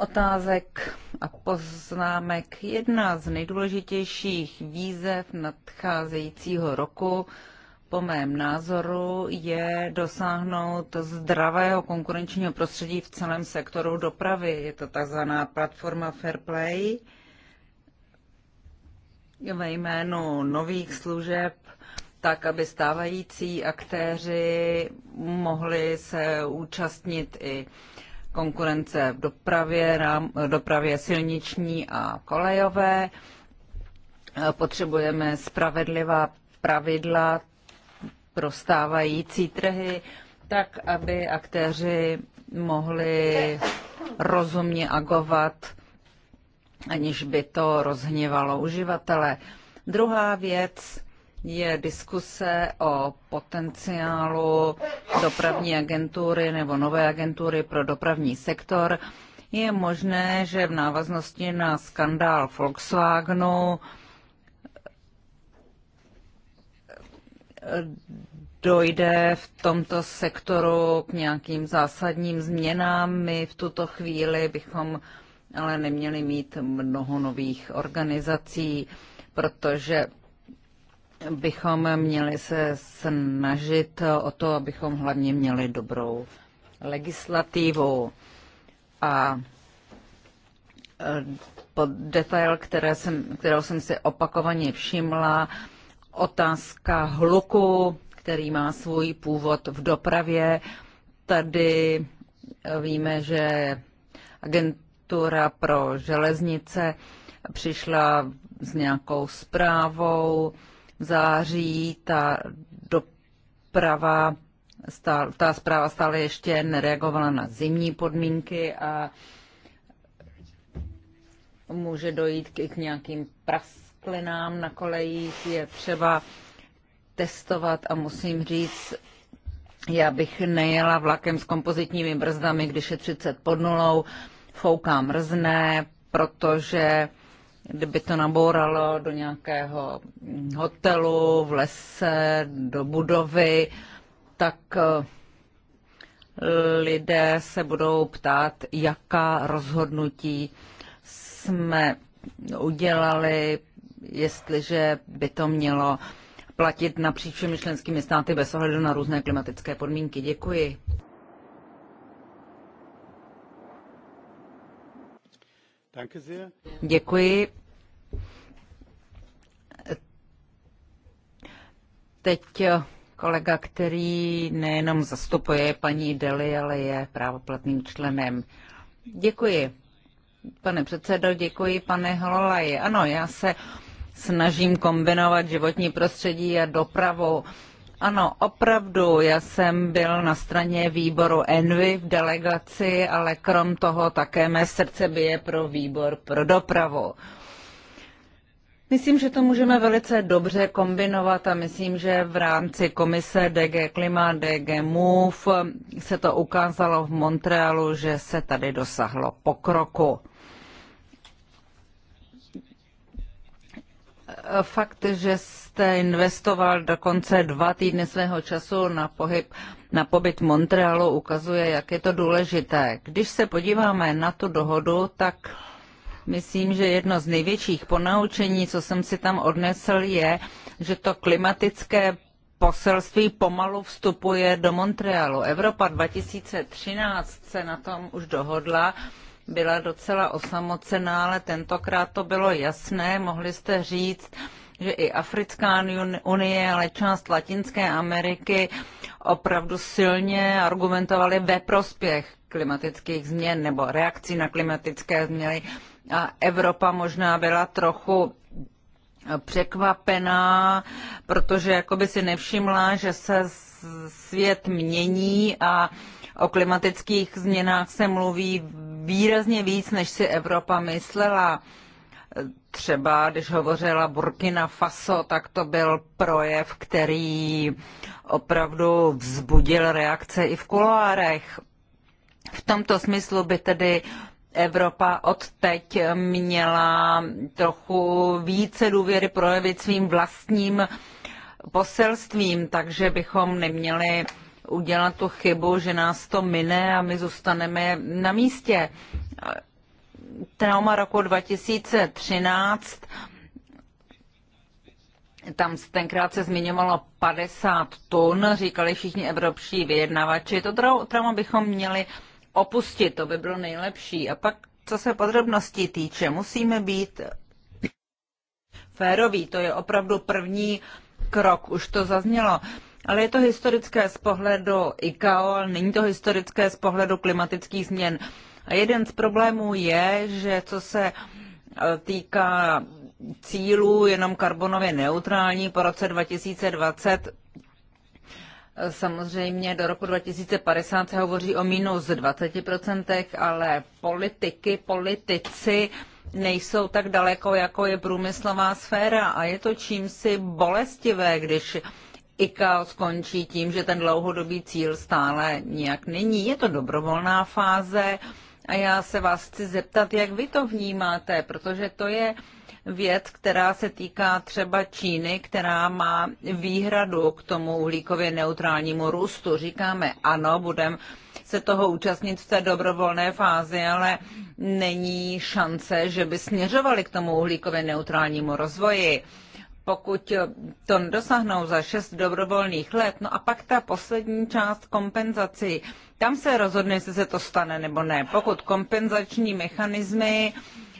otázek a poznámek. Jedna z nejdůležitějších výzev nadcházejícího roku po mém názoru je dosáhnout zdravého konkurenčního prostředí v celém sektoru dopravy. Je to takzvaná platforma Fair Play ve jménu nových služeb, tak aby stávající aktéři mohli se účastnit i konkurence v dopravě, rám, dopravě silniční a kolejové. E, potřebujeme spravedlivá pravidla pro stávající trhy, tak aby aktéři mohli rozumně agovat, aniž by to rozhněvalo uživatele. Druhá věc, je diskuse o potenciálu dopravní agentury nebo nové agentury pro dopravní sektor. Je možné, že v návaznosti na skandál Volkswagenu dojde v tomto sektoru k nějakým zásadním změnám. My v tuto chvíli bychom ale neměli mít mnoho nových organizací, protože bychom měli se snažit o to, abychom hlavně měli dobrou legislativu. A eh, pod detail, které jsem, kterého jsem si opakovaně všimla, otázka hluku, který má svůj původ v dopravě. Tady eh, víme, že agentura pro železnice přišla s nějakou zprávou, září ta doprava, stál, ta zpráva stále ještě nereagovala na zimní podmínky a může dojít k, k nějakým prasklinám na kolejích, je třeba testovat a musím říct, já bych nejela vlakem s kompozitními brzdami, když je 30 pod nulou, fouká mrzne, protože kdyby to nabouralo do nějakého hotelu, v lese, do budovy, tak eh, lidé se budou ptát, jaká rozhodnutí jsme udělali, jestliže by to mělo platit napříč všemi členskými státy bez ohledu na různé klimatické podmínky. Děkuji. Děkuji. Teď kolega, který nejenom zastupuje paní Deli, ale je právoplatným členem. Děkuji. Pane předsedo, děkuji, pane Hololaji. Ano, já se snažím kombinovat životní prostředí a dopravu. Ano, opravdu, já jsem byl na straně výboru Envy v delegaci, ale krom toho také mé srdce bije pro výbor pro dopravu. Myslím, že to můžeme velice dobře kombinovat a myslím, že v rámci komise DG Klima, DG MOVE se to ukázalo v Montrealu, že se tady dosahlo pokroku. fakt, že jste investoval dokonce dva týdny svého času na pohyb na pobyt v Montrealu ukazuje, jak je to důležité. Když se podíváme na tu dohodu, tak myslím, že jedno z největších ponaučení, co jsem si tam odnesl, je, že to klimatické poselství pomalu vstupuje do Montrealu. Evropa 2013 se na tom už dohodla byla docela osamocená, ale tentokrát to bylo jasné. Mohli jste říct, že i Africká unie, ale část Latinské Ameriky opravdu silně argumentovali ve prospěch klimatických změn nebo reakcí na klimatické změny. A Evropa možná byla trochu překvapená, protože jakoby si nevšimla, že se svět mění a O klimatických změnách se mluví výrazně víc, než si Evropa myslela. Třeba když hovořila Burkina Faso, tak to byl projev, který opravdu vzbudil reakce i v kuloárech. V tomto smyslu by tedy Evropa od teď měla trochu více důvěry projevit svým vlastním poselstvím, takže bychom neměli udělat tu chybu, že nás to mine a my zůstaneme na místě. Trauma roku 2013, tam tenkrát se zmiňovalo 50 tun, říkali všichni evropští vyjednavači. To trauma bychom měli opustit, to by bylo nejlepší. A pak, co se podrobností týče, musíme být férový, To je opravdu první krok, už to zaznělo. Ale je to historické z pohledu ICAO, ale není to historické z pohledu klimatických změn. A jeden z problémů je, že co se e, týká cílů jenom karbonově neutrální po roce 2020, Samozřejmě do roku 2050 se hovoří o minus 20%, ale politiky, politici nejsou tak daleko, jako je průmyslová sféra a je to čímsi bolestivé, když ICAO skončí tím, že ten dlouhodobý cíl stále nijak není. Je to dobrovolná fáze a já se vás chci zeptat, jak vy to vnímáte, protože to je věc, která se týká třeba Číny, která má výhradu k tomu uhlíkově neutrálnímu růstu. Říkáme, ano, budeme se toho účastnit v té dobrovolné fázi, ale není šance, že by směřovali k tomu uhlíkově neutrálnímu rozvoji pokud to dosáhnou za šest dobrovolných let, no a pak ta poslední část kompenzací, tam se rozhodne, jestli se to stane nebo ne. Pokud kompenzační mechanismy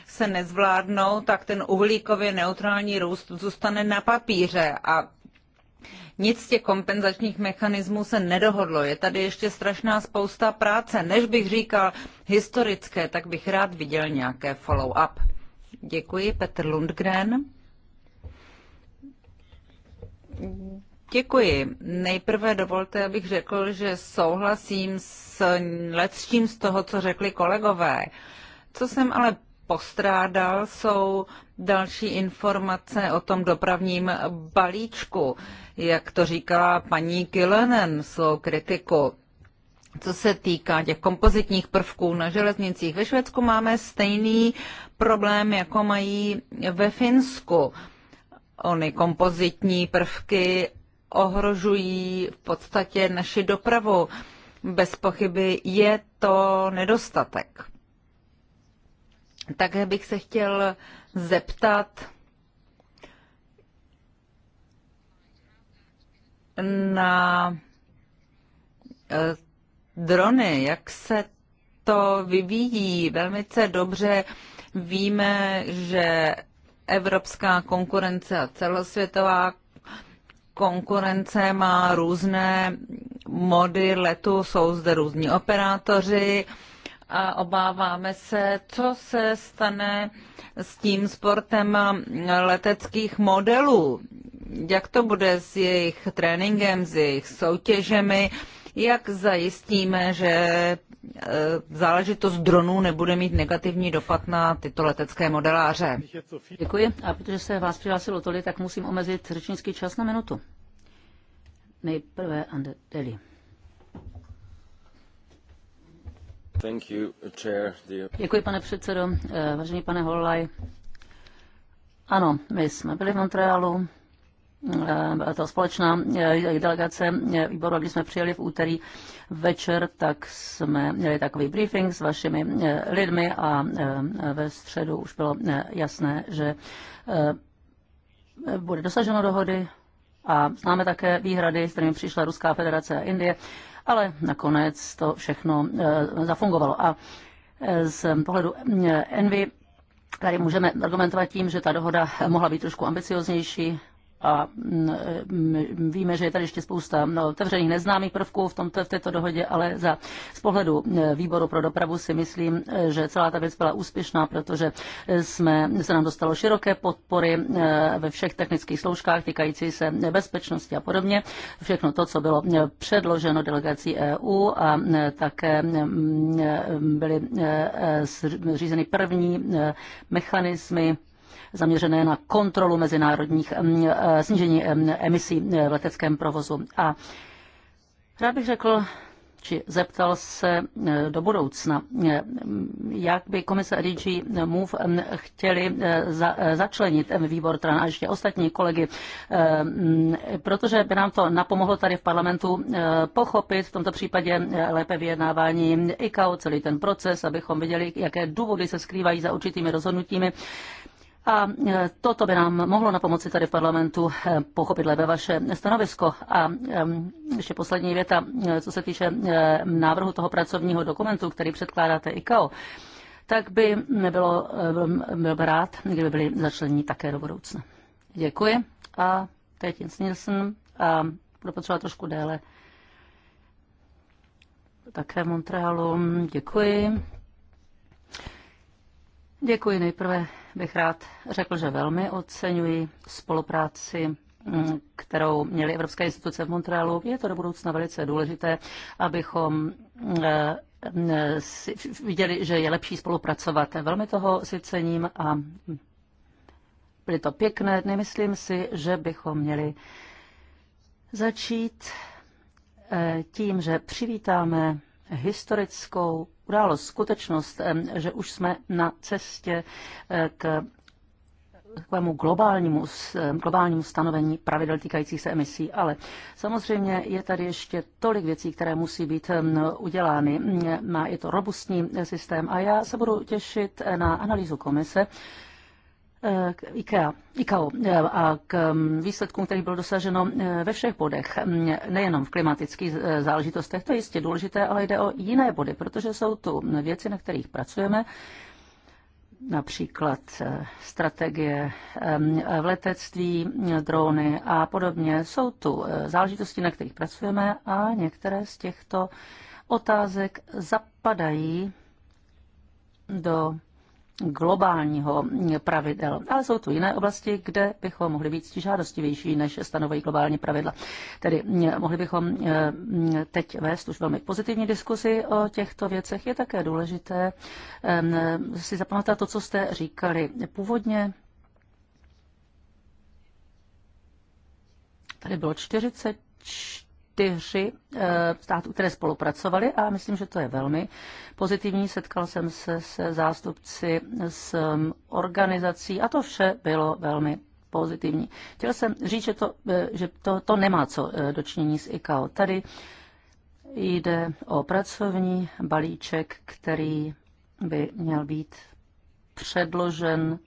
se nezvládnou, tak ten uhlíkově neutrální růst zůstane na papíře a nic z těch kompenzačních mechanismů se nedohodlo. Je tady ještě strašná spousta práce. Než bych říkal historické, tak bych rád viděl nějaké follow-up. Děkuji, Petr Lundgren. Děkuji. Nejprve dovolte, abych řekl, že souhlasím s lecčím z toho, co řekli kolegové. Co jsem ale postrádal, jsou další informace o tom dopravním balíčku, jak to říkala paní Kilenen svou kritiku. Co se týká těch kompozitních prvků na železnicích, ve Švédsku máme stejný problém, jako mají ve Finsku ony kompozitní prvky ohrožují v podstatě naši dopravu. Bez pochyby je to nedostatek. Také bych se chtěl zeptat na eh, drony, jak se to vyvíjí. Velmi dobře víme, že evropská konkurence a celosvětová konkurence má různé mody letu, jsou zde různí operátoři a obáváme se, co se stane s tím sportem leteckých modelů. Jak to bude s jejich tréninkem, s jejich soutěžemi, jak zajistíme, že eh, záležitost dronů nebude mít negativní dopad na tyto letecké modeláře? Děkuji. A protože se vás přihlásilo tolik, tak musím omezit řečnický čas na minutu. Nejprve Ander Deli. You, chair, Děkuji, pane předsedo. Eh, vážený pane Hollaj, ano, my jsme byli v Montrealu Eh, to společná eh, delegace eh, výboru, když jsme přijeli v úterý večer, tak jsme měli takový briefing s vašimi lidmi a ve středu už bylo jasné, že bude dosaženo dohody a známe také výhrady, s kterými přišla Ruská federace a Indie, ale nakonec to všechno zafungovalo. A z pohledu Envy tady můžeme argumentovat tím, že ta dohoda mohla být trošku ambicioznější, a mm, mm, víme, že je tady ještě spousta no, otevřených neznámých prvků v, tomto, v této dohodě, ale za, z pohledu eh, výboru pro dopravu si myslím, eh, že celá ta věc byla úspěšná, protože jsme, se nám dostalo široké podpory eh, ve všech technických složkách týkající se bezpečnosti a podobně. Všechno to, co bylo předloženo delegací EU a také mm, byly zřízeny první mechanismy zaměřené na kontrolu mezinárodních e, snížení emisí e, v leteckém provozu. A rád bych řekl, či zeptal se e, do budoucna, jak by komise DG MOVE chtěli za, začlenit výbor TRAN a ještě ostatní kolegy, protože by nám to napomohlo tady v parlamentu pochopit v tomto případě lépe vyjednávání ICAO, celý ten proces, abychom viděli, jaké důvody se skrývají za určitými rozhodnutími a e, toto by nám mohlo na pomoci tady v parlamentu e, pochopit lépe vaše stanovisko. A e, ještě poslední věta, co se týče návrhu toho pracovního dokumentu, který předkládáte ICAO, tak by nebylo, byl by rád, kdyby byli začleněni také do budoucna. Děkuji. A teď Jens Nielsen a budu potřebovat trošku déle. Také Montrealu. Děkuji. Děkuji nejprve bych rád řekl, že velmi oceňuji spolupráci mm, kterou měly evropské instituce v Montrealu. Je to do budoucna velice důležité, abychom mm, e, mm, viděli, že je lepší spolupracovat. Velmi toho si cením a byly to pěkné dny. Myslím si, že bychom měli začít e, tím, že přivítáme historickou událost, skutečnost, že už jsme na cestě eh, k takovému globálnímu, globálnímu stanovení pravidel týkajících se emisí. Ale samozřejmě je tady ještě tolik věcí, které musí být udělány. Má je to robustní systém a já se budu těšit eh, na analýzu komise, Eh, IKEA, eh, a k mm, výsledkům, který bylo dosaženo eh, ve všech bodech, mm, nejenom v klimatických záležitostech, to je jistě důležité, ale jde o jiné body, protože jsou tu věci, na kterých pracujeme, například strategie v letectví, drony a podobně. Jsou tu záležitosti, na kterých pracujeme a některé z těchto otázek zapadají do globálního pravidel. Ale jsou tu jiné oblasti, kde bychom mohli být žádostivější, než stanovují globální pravidla. Tedy eh, mohli bychom eh, mm, teď vést už velmi pozitivní diskusi o těchto věcech. Je také důležité ehm, si zapamatovat to, co jste říkali původně. Tady bylo 44 čtyři eh, států, které spolupracovaly a myslím, že to je velmi pozitivní. Setkal jsem se se zástupci s mm, organizací a to vše bylo velmi pozitivní. Chtěl jsem říct, že to, eh, že to, to nemá co eh, dočinění s ICAO. Tady jde o pracovní balíček, který by měl být předložen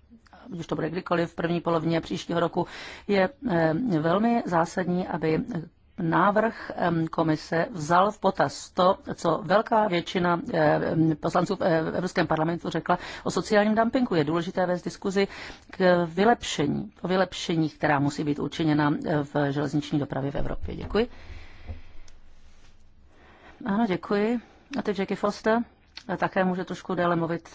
když to bude kdykoliv v první polovině příštího roku, je velmi zásadní, aby návrh komise vzal v potaz to, co velká většina poslanců v Evropském parlamentu řekla o sociálním dumpingu. Je důležité vést diskuzi k vylepšení, o vylepšení, která musí být učiněna v železniční dopravě v Evropě. Děkuji. Ano, děkuji. A teď Jackie Foster také může trošku déle mluvit,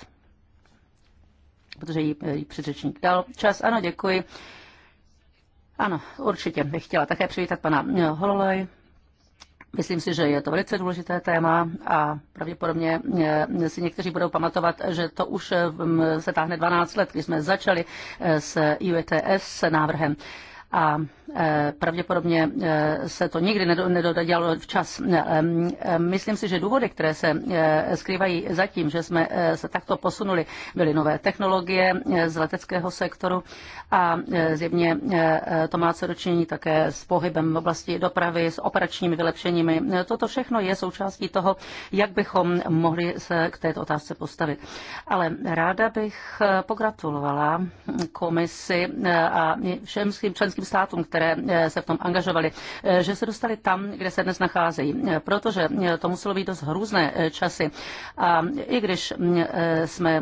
protože jí, jí předřečník dal čas. Ano, děkuji. Ano, určitě bych chtěla také přivítat pana eh, Hololej. Myslím si, že je to velice důležité téma a pravděpodobně eh, si někteří budou pamatovat, že to už eh, se táhne 12 let, když jsme začali s s návrhem. A Eh, pravděpodobně eh, se to nikdy nedodělalo včas. Eh, myslím si, že důvody, které se skrývají za tím, že jsme se takto posunuli, byly nové technologie z leteckého sektoru a zjevně to má co dočinění také s pohybem v oblasti dopravy, s operačními vylepšeními. Toto všechno je součástí toho, jak bychom mohli se k této otázce postavit. Ale ráda bych pogratulovala komisi a všem členským státům, které které eh, se v tom angažovali, eh, že se dostali tam, kde se dnes nacházejí. Eh, protože to muselo být dost hrůzné časy. A i když mm, jsme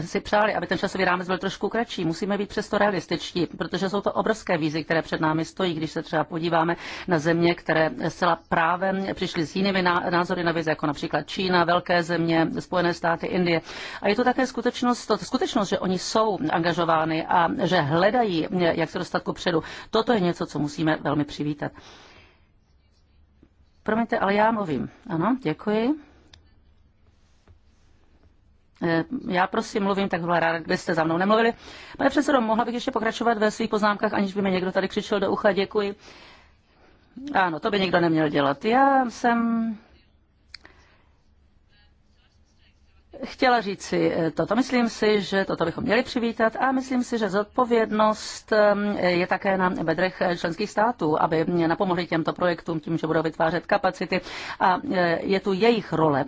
si přáli, aby ten časový rámec byl trošku kratší, musíme být přesto realističtí, protože jsou to obrovské výzvy, které před námi stojí, když se třeba podíváme na země, které zcela právem přišly s jinými názory na vize, jako například Čína, velké země, Spojené státy, Indie. A je to také skutečnost, to, skutečnost, že oni jsou angažovány a že hledají, jak se dostat ku předu. Toto je něco, něco, co musíme velmi přivítat. Promiňte, ale já mluvím. Ano, děkuji. Eh, já prosím mluvím, tak byla ráda, kdybyste za mnou nemluvili. Pane předsedo, mohla bych ještě pokračovat ve svých poznámkách, aniž by mi někdo tady křičel do ucha, děkuji. Ano, to by někdo neměl dělat. Já jsem chtěla říci, eh, toto. Myslím si, že toto bychom měli přivítat a myslím si, že zodpovědnost ehm, je také na bedrech eh, členských států, aby napomohli těmto projektům tím, že budou vytvářet kapacity a eh, je tu jejich role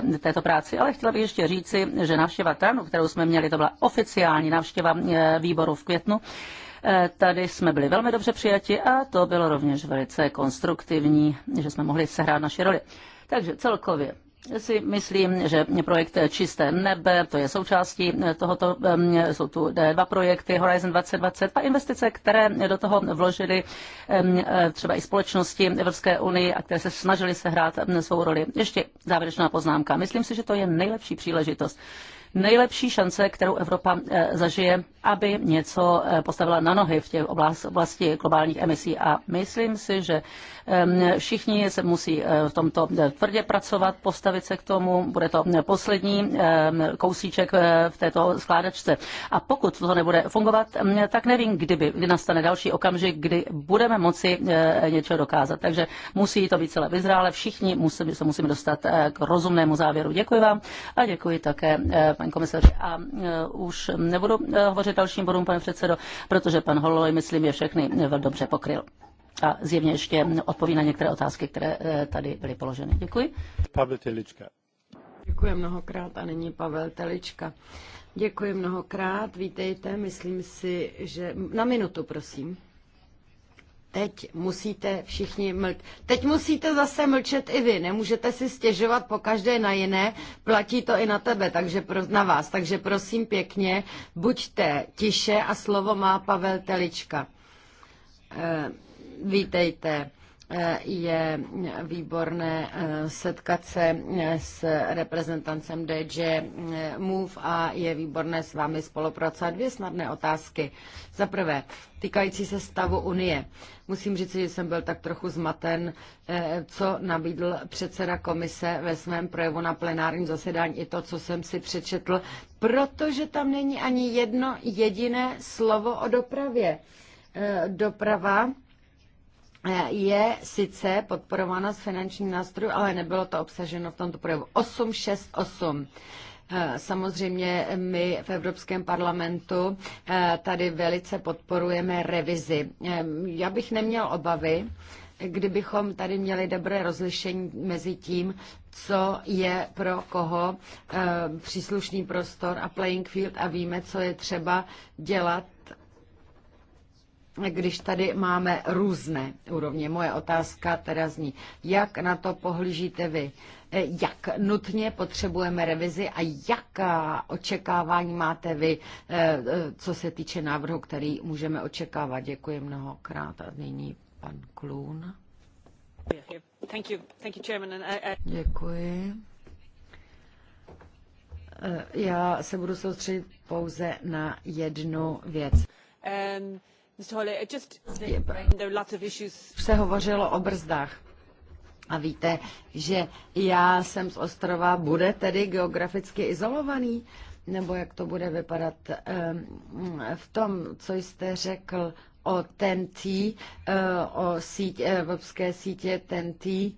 v této práci. Ale chtěla bych ještě říci, že návštěva Tranu, kterou jsme měli, to byla oficiální návštěva výboru v květnu, Tady jsme byli velmi dobře přijati a to bylo rovněž velice konstruktivní, že jsme mohli sehrát naši roli. Takže celkově si myslím, že projekt Čisté nebe, to je součástí tohoto, jsou tu dva projekty Horizon 2020 a investice, které do toho vložili třeba i společnosti Evropské unie a které se snažily sehrát svou roli. Ještě závěrečná poznámka. Myslím si, že to je nejlepší příležitost nejlepší šance, kterou Evropa eh, zažije, aby něco eh, postavila na nohy v těch oblasti globálních emisí. A myslím si, že ehm, všichni se musí eh, v tomto tvrdě pracovat, postavit se k tomu. Bude to poslední ehm, kousíček v této skládačce. A pokud to nebude fungovat, mm, tak nevím, kdyby, kdy nastane další okamžik, kdy budeme moci něčeho dokázat. Takže musí to být celé vyzrále. Všichni musí, se musíme dostat k rozumnému závěru. Děkuji vám a děkuji také paní komisaři. A e, už nebudu e, hovořit dalším bodům, pane předsedo, protože pan Holloj myslím, je všechny velmi dobře pokryl. A zjevně ještě odpoví na některé otázky, které e, tady byly položeny. Děkuji. Pavel Telička. Děkuji mnohokrát a nyní Pavel Telička. Děkuji mnohokrát, vítejte, myslím si, že na minutu, prosím. Teď musíte všichni mlčet. Teď musíte zase mlčet i vy. Nemůžete si stěžovat po každé na jiné. Platí to i na tebe, takže pro, na vás. Takže prosím pěkně, buďte tiše a slovo má Pavel Telička. E, vítejte je výborné eh, setkat se eh, s reprezentancem DJ eh, Move a je výborné s vámi spolupracovat. Dvě snadné otázky. Za prvé, týkající se stavu Unie. Musím říct, že jsem byl tak trochu zmaten, co nabídl předseda komise ve svém projevu na plenárním zasedání i to, co jsem si přečetl, protože tam není ani jedno jediné slovo o dopravě. Doprava je sice podporována z finančních nástrojů, ale nebylo to obsaženo v tomto projevu. 868. Eh, samozřejmě my v Evropském parlamentu eh, tady velice podporujeme revizi. Eh, já bych neměl obavy, kdybychom tady měli dobré rozlišení mezi tím, co je pro koho příslušný prostor a playing field a víme, co je třeba dělat když tady máme různé úrovně. Moje otázka teda zní, jak na to pohlížíte vy? Eh, jak nutně potřebujeme revizi a jaká očekávání máte vy, eh, eh, co se týče návrhu, který můžeme očekávat? Děkuji mnohokrát. A nyní pan Klún. Děkuji. Já se budu soustředit pouze na jednu věc. Um, se hovořilo o brzdách. A víte, že já jsem z ostrova, bude tedy geograficky izolovaný? Nebo jak to bude vypadat v tom, co jste řekl o TNT, eh, o síť, evropské sítě TNT?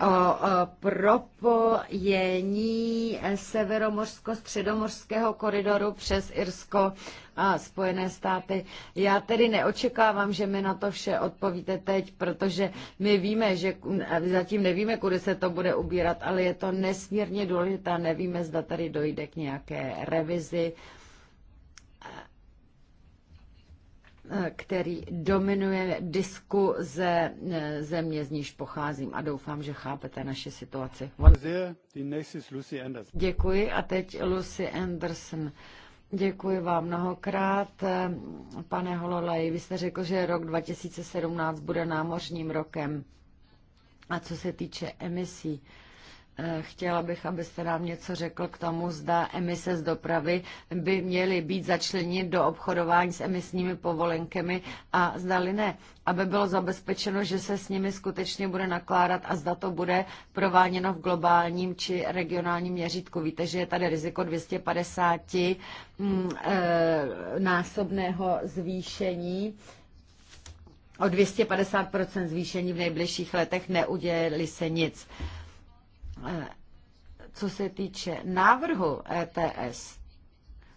o propojení severomorsko-středomorského koridoru přes Irsko a Spojené státy. Já tedy neočekávám, že mi na to vše odpovíte teď, protože my víme, že zatím nevíme, kudy se to bude ubírat, ale je to nesmírně důležité. Nevíme, zda tady dojde k nějaké revizi který dominuje disku ze eh, země, z níž pocházím a doufám, že chápete naši situaci. Děkuji a teď Lucy Anderson. Děkuji vám mnohokrát. Eh, pane Hololej, vy jste řekl, že rok 2017 bude námořním rokem. A co se týče emisí, Eh, chtěla bych, abyste nám něco řekl k tomu, zda emise z dopravy by měly být začleněny do obchodování s emisními povolenkami a li ne, aby bylo zabezpečeno, že se s nimi skutečně bude nakládat a zda to bude prováděno v globálním či regionálním měřítku. Víte, že je tady riziko 250 mm, eh, násobného zvýšení o 250 zvýšení v nejbližších letech neudělali se nic. Eh, co se týče návrhu ETS,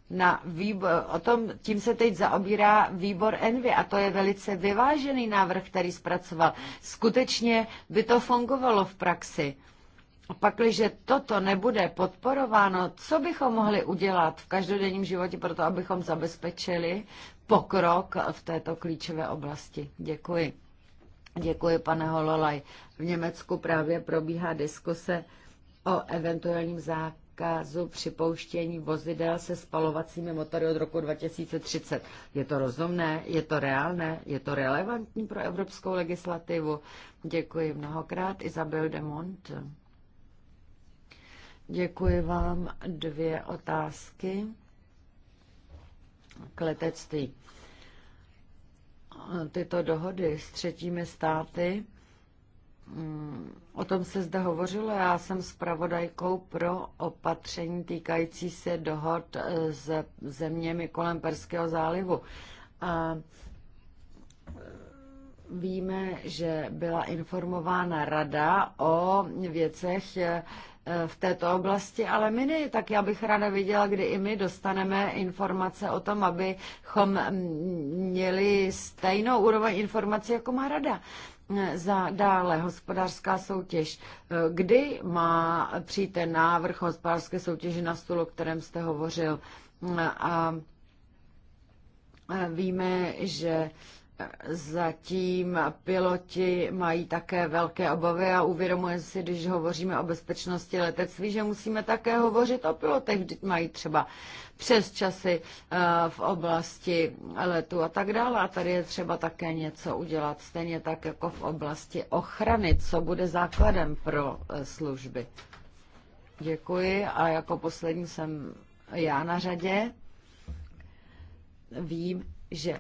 na výbor, o tom, tím se teď zaobírá výbor Envy a to je velice vyvážený návrh, který zpracoval. Skutečně by to fungovalo v praxi. A pakliže toto nebude podporováno, co bychom mohli udělat v každodenním životě pro to, abychom zabezpečili pokrok v této klíčové oblasti? Děkuji. Děkuji, pane Hololaj. V Německu právě probíhá diskuse o eventuálním zákazu připouštění vozidel se spalovacími motory od roku 2030. Je to rozumné? Je to reálné? Je to relevantní pro evropskou legislativu? Děkuji mnohokrát. Isabel de Mont. Děkuji vám. Dvě otázky k letectví tyto dohody s třetími státy, mm, o tom se zde hovořilo. Já jsem zpravodajkou pro opatření týkající se dohod eh, s zeměmi kolem Perského zálivu. A eh, víme, že byla informována rada o věcech, eh, Eh, v této oblasti, ale my ne, tak já bych ráda viděla, kdy i my dostaneme informace o tom, abychom mm, měli stejnou úroveň informací, jako má rada. Eh, za dále hospodářská soutěž. Eh, kdy má přijít ten návrh hospodářské soutěže na stůl, o kterém jste hovořil? A víme, že Zatím piloti mají také velké obavy a uvědomuje si, když hovoříme o bezpečnosti letectví, že musíme také hovořit o pilotech, když mají třeba přes časy eh, v oblasti letu a tak dále. A tady je třeba také něco udělat, stejně tak jako v oblasti ochrany, co bude základem pro eh, služby. Děkuji a jako poslední jsem já na řadě. Vím, že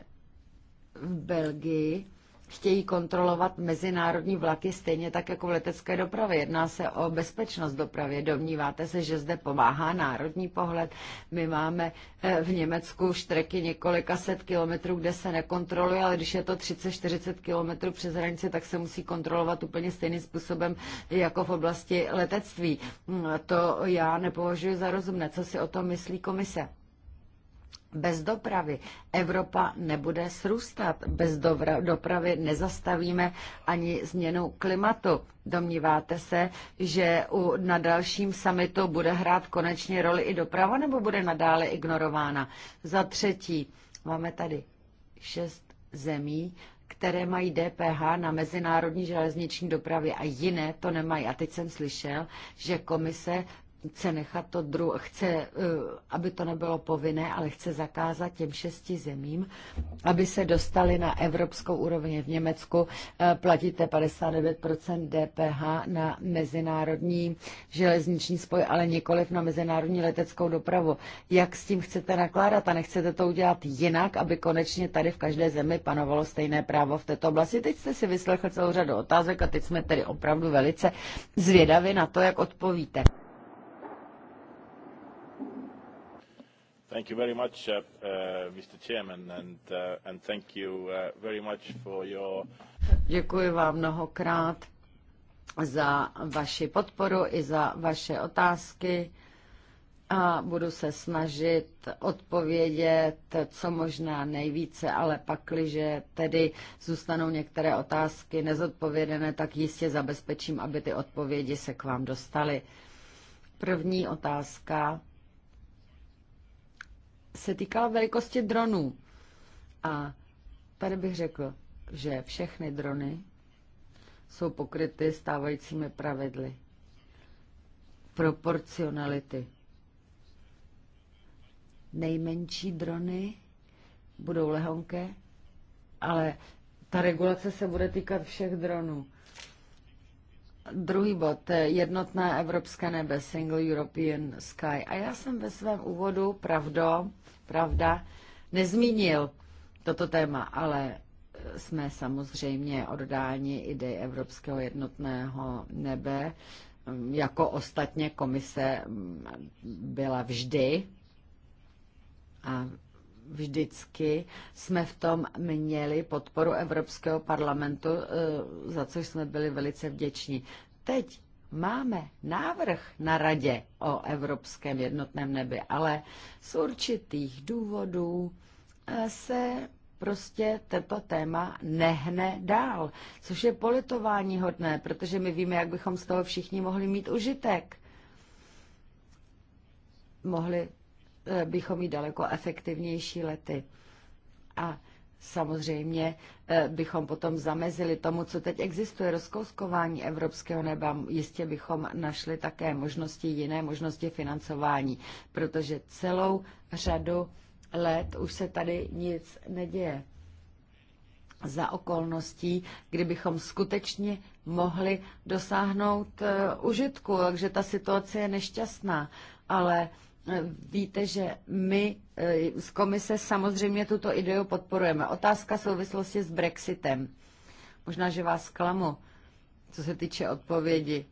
v Belgii chtějí kontrolovat mezinárodní vlaky stejně tak jako v letecké dopravě. Jedná se o bezpečnost dopravy. Domníváte se, že zde pomáhá národní pohled? My máme eh, v Německu štreky několika set kilometrů, kde se nekontroluje, ale když je to 30-40 kilometrů přes hranici, tak se musí kontrolovat úplně stejným způsobem jako v oblasti letectví. Hmm, to já nepovažuji za rozumné. Co si o tom myslí komise? bez dopravy Evropa nebude srůstat. Bez dopravy nezastavíme ani změnu klimatu. Domníváte se, že u, na dalším summitu bude hrát konečně roli i doprava, nebo bude nadále ignorována? Za třetí, máme tady šest zemí, které mají DPH na mezinárodní železniční dopravě a jiné to nemají. A teď jsem slyšel, že komise chce nechat to dru- chce, eh, aby to nebylo povinné, ale chce zakázat těm šesti zemím, aby se dostali na evropskou úroveň. V Německu eh, platíte 59% DPH na mezinárodní železniční spoj, ale nikoliv na mezinárodní leteckou dopravu. Jak s tím chcete nakládat a nechcete to udělat jinak, aby konečně tady v každé zemi panovalo stejné právo v této oblasti? Teď jste si vyslechl celou řadu otázek a teď jsme tedy opravdu velice zvědavi na to, jak odpovíte. Thank you very much, uh, uh, Mr. Chairman, and, uh, and thank you uh, very much for your... Děkuji vám mnohokrát za vaši podporu i za vaše otázky a budu se snažit odpovědět co možná nejvíce, ale pakliže tedy zůstanou některé otázky nezodpovědené, tak jistě zabezpečím, aby ty odpovědi se k vám dostaly. První otázka se týkala velikosti dronů. A tady bych řekl, že všechny drony jsou pokryty stávajícími pravidly proporcionality. Nejmenší drony budou lehonké, ale ta regulace se bude týkat všech dronů. Druhý bod, jednotné evropské nebe, Single European Sky. A já jsem ve svém úvodu, pravdo, pravda, nezmínil toto téma, ale jsme samozřejmě oddáni idei Evropského jednotného nebe, jako ostatně komise byla vždy a vždycky jsme v tom měli podporu Evropského parlamentu, eh, za což jsme byli velice vděční. Teď máme návrh na radě o Evropském jednotném nebi, ale z určitých důvodů eh, se prostě toto téma nehne dál, což je politování hodné, protože my víme, jak bychom z toho všichni mohli mít užitek. Mohli bychom mít daleko efektivnější lety. A samozřejmě eh, bychom potom zamezili tomu, co teď existuje, rozkouskování evropského neba. Jistě bychom našli také možnosti, jiné možnosti financování, protože celou řadu let už se tady nic neděje za okolností, kdybychom skutečně mohli dosáhnout eh, užitku, takže ta situace je nešťastná, ale Víte, že my eh, z komise samozřejmě tuto ideu podporujeme. Otázka v souvislosti s Brexitem. Možná, že vás klamu, co se týče odpovědi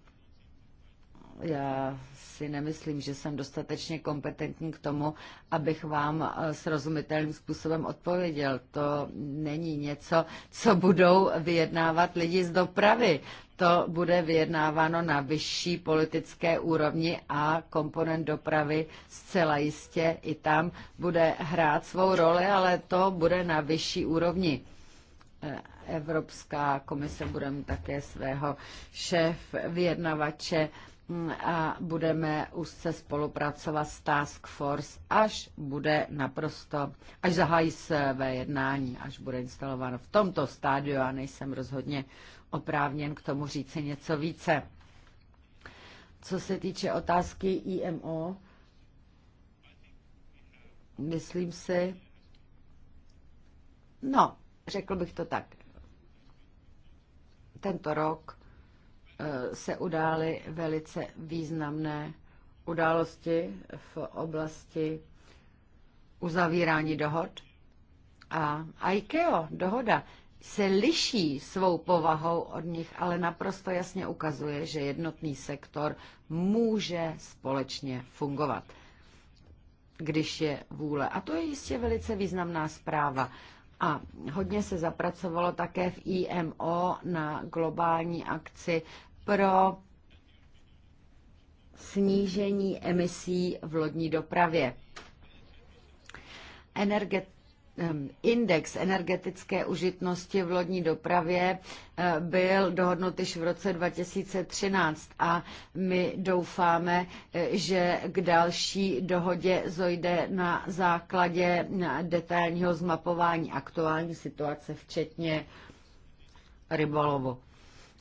já si nemyslím, že jsem dostatečně kompetentní k tomu, abych vám eh, srozumitelným způsobem odpověděl. To není něco, co budou vyjednávat lidi z dopravy. To bude vyjednáváno na vyšší politické úrovni a komponent dopravy zcela jistě i tam bude hrát svou roli, ale to bude na vyšší úrovni. Eh, Evropská komise bude mít také svého šéf vyjednavače a budeme úzce spolupracovat s Task Force, až bude naprosto, až zahájí své jednání, až bude instalováno v tomto stádiu a nejsem rozhodně oprávněn k tomu říci něco více. Co se týče otázky IMO, myslím si, no, řekl bych to tak, tento rok Eh, se udály velice významné události v oblasti uzavírání dohod. A IKEA, dohoda, se liší svou povahou od nich, ale naprosto jasně ukazuje, že jednotný sektor může společně fungovat, když je vůle. A to je jistě velice významná zpráva. A hodně se zapracovalo také v IMO na globální akci pro snížení emisí v lodní dopravě. Energe- index energetické užitnosti v lodní dopravě eh, byl dohodnut již v roce 2013 a my doufáme, eh, že k další dohodě zojde na základě detailního zmapování aktuální situace, včetně rybolovu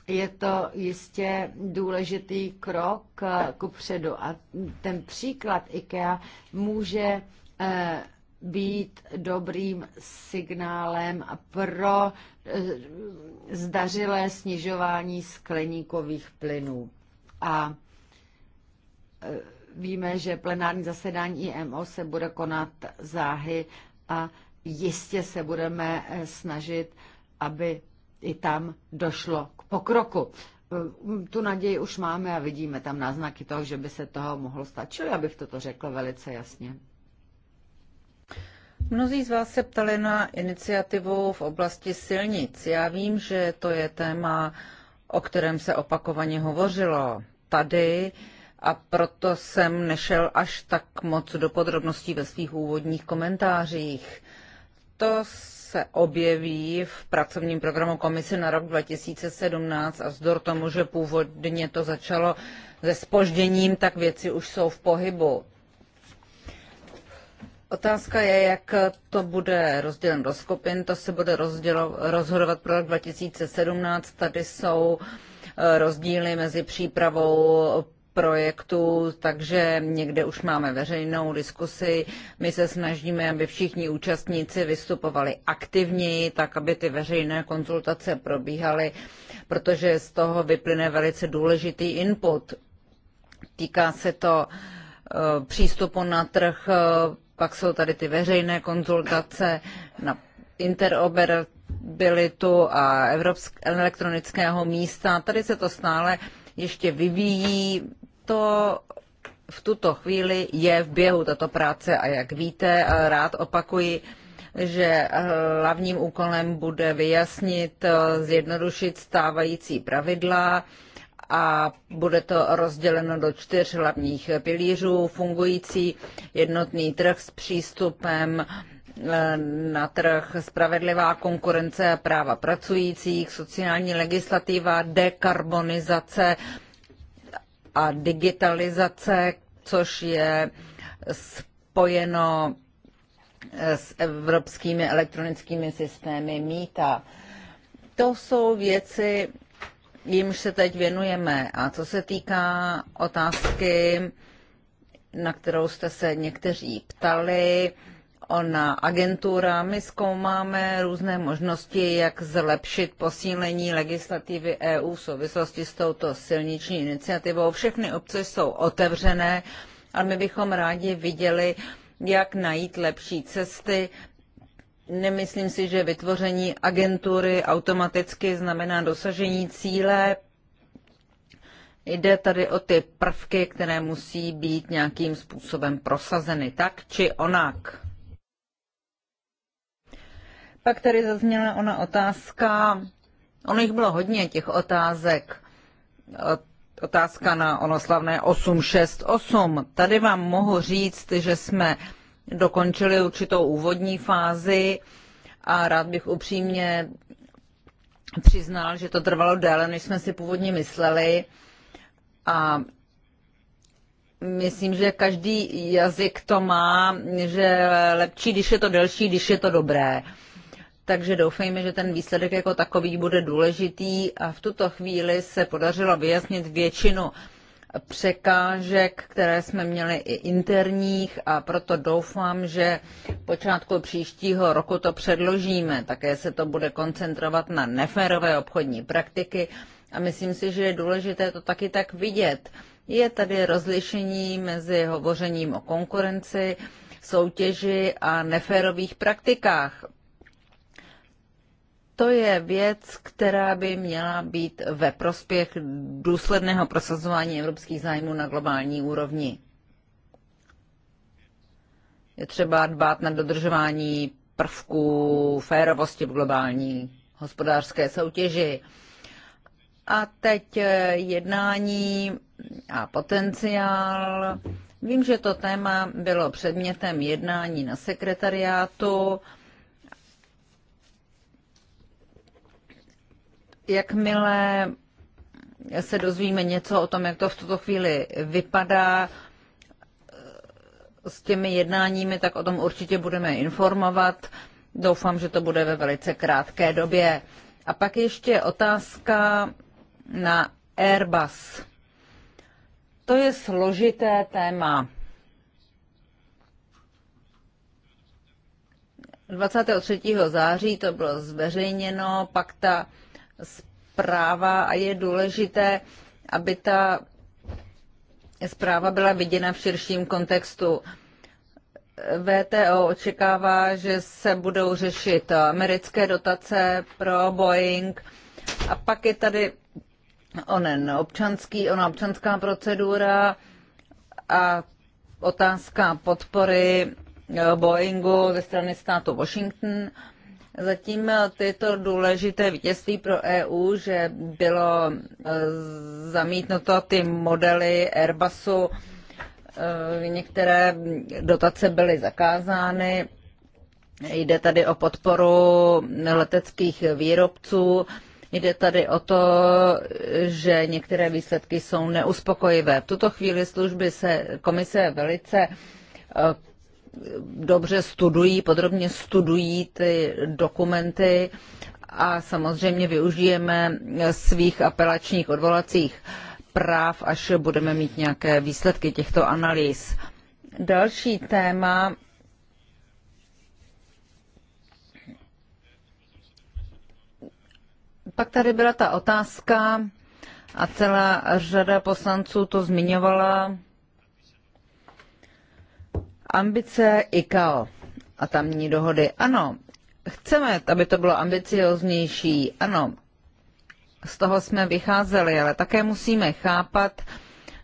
je to jistě důležitý krok eh, ku předu. A ten příklad IKEA může eh, být dobrým signálem pro eh, zdařilé snižování skleníkových plynů. A víme, že plenární zasedání IMO se bude konat záhy a jistě se budeme snažit, aby i tam došlo pokroku. Ehm, tu naději už máme a vidíme tam náznaky toho, že by se toho mohlo stát. Čili abych toto řekl velice jasně. Mnozí z vás se ptali na iniciativu v oblasti silnic. Já vím, že to je téma, o kterém se opakovaně hovořilo tady a proto jsem nešel až tak moc do podrobností ve svých úvodních komentářích. To se objeví v pracovním programu komise na rok 2017 a vzdor tomu, že původně to začalo se spožděním, tak věci už jsou v pohybu. Otázka je, jak to bude rozdělen do skupin. To se bude rozhodovat pro rok 2017. Tady jsou eh, rozdíly mezi přípravou projektu, takže někde už máme veřejnou diskusi. My se snažíme, aby všichni účastníci vystupovali aktivněji, tak aby ty veřejné konzultace probíhaly, protože z toho vyplyne velice důležitý input. Týká se to eh, přístupu na trh, eh, pak jsou tady ty veřejné konzultace na interoperabilitu a evropské elektronického místa. Tady se to stále ještě vyvíjí, to v tuto chvíli je v běhu tato práce a jak víte, rád opakuji, že hlavním úkolem bude vyjasnit, zjednodušit stávající pravidla a bude to rozděleno do čtyř hlavních pilířů. Fungující jednotný trh s přístupem eh, na trh, spravedlivá konkurence a práva pracujících, sociální legislativa, dekarbonizace, a digitalizace, což je spojeno s evropskými elektronickými systémy mýta. To jsou věci, jimž se teď věnujeme. A co se týká otázky, na kterou jste se někteří ptali, ona agentura. My zkoumáme různé možnosti, jak zlepšit posílení legislativy EU v souvislosti s touto silniční iniciativou. Všechny obce jsou otevřené a my bychom rádi viděli, jak najít lepší cesty. Nemyslím si, že vytvoření agentury automaticky znamená dosažení cíle. Jde tady o ty prvky, které musí být nějakým způsobem prosazeny tak či onak. Pak tady zazněla ona otázka, ono jich bylo hodně těch otázek, otázka na ono slavné 868. Tady vám mohu říct, že jsme dokončili určitou úvodní fázi a rád bych upřímně přiznal, že to trvalo déle, než jsme si původně mysleli. A myslím, že každý jazyk to má, že lepší, když je to delší, když je to dobré takže doufejme, že ten výsledek jako takový bude důležitý a v tuto chvíli se podařilo vyjasnit většinu překážek, které jsme měli i interních a proto doufám, že počátku příštího roku to předložíme. Také se to bude koncentrovat na neférové obchodní praktiky a myslím si, že je důležité to taky tak vidět. Je tady rozlišení mezi hovořením o konkurenci, soutěži a neférových praktikách to je věc, která by měla být ve prospěch důsledného prosazování evropských zájmů na globální úrovni. Je třeba dbát na dodržování prvků férovosti v globální hospodářské soutěži. A teď eh, jednání a potenciál. Vím, že to téma bylo předmětem jednání na sekretariátu. jakmile se dozvíme něco o tom, jak to v tuto chvíli vypadá eh, s těmi jednáními, tak o tom určitě budeme informovat. Doufám, že to bude ve velice krátké době. A pak ještě otázka na Airbus. To je složité téma. 23. září to bylo zveřejněno, pak ta zpráva a je důležité, aby ta zpráva byla viděna v širším kontextu. VTO očekává, že se budou řešit americké dotace pro Boeing a pak je tady onen občanský, ona občanská procedura a otázka podpory Boeingu ze strany státu Washington. Zatím eh, tyto důležité vítězství pro EU, že bylo eh, zamítnuto ty modely Airbusu, eh, některé dotace byly zakázány, jde tady o podporu leteckých výrobců, Jde tady o to, že některé výsledky jsou neuspokojivé. V tuto chvíli služby se komise velice dobře studují, podrobně studují ty dokumenty a samozřejmě využijeme svých apelačních odvolacích práv, až budeme mít nějaké výsledky těchto analýz. Další téma pak tady byla ta otázka a celá řada poslanců to zmiňovala Ambice ICAO a tamní dohody. Ano, chceme, aby to bylo ambicioznější. Ano, z toho jsme vycházeli, ale také musíme chápat,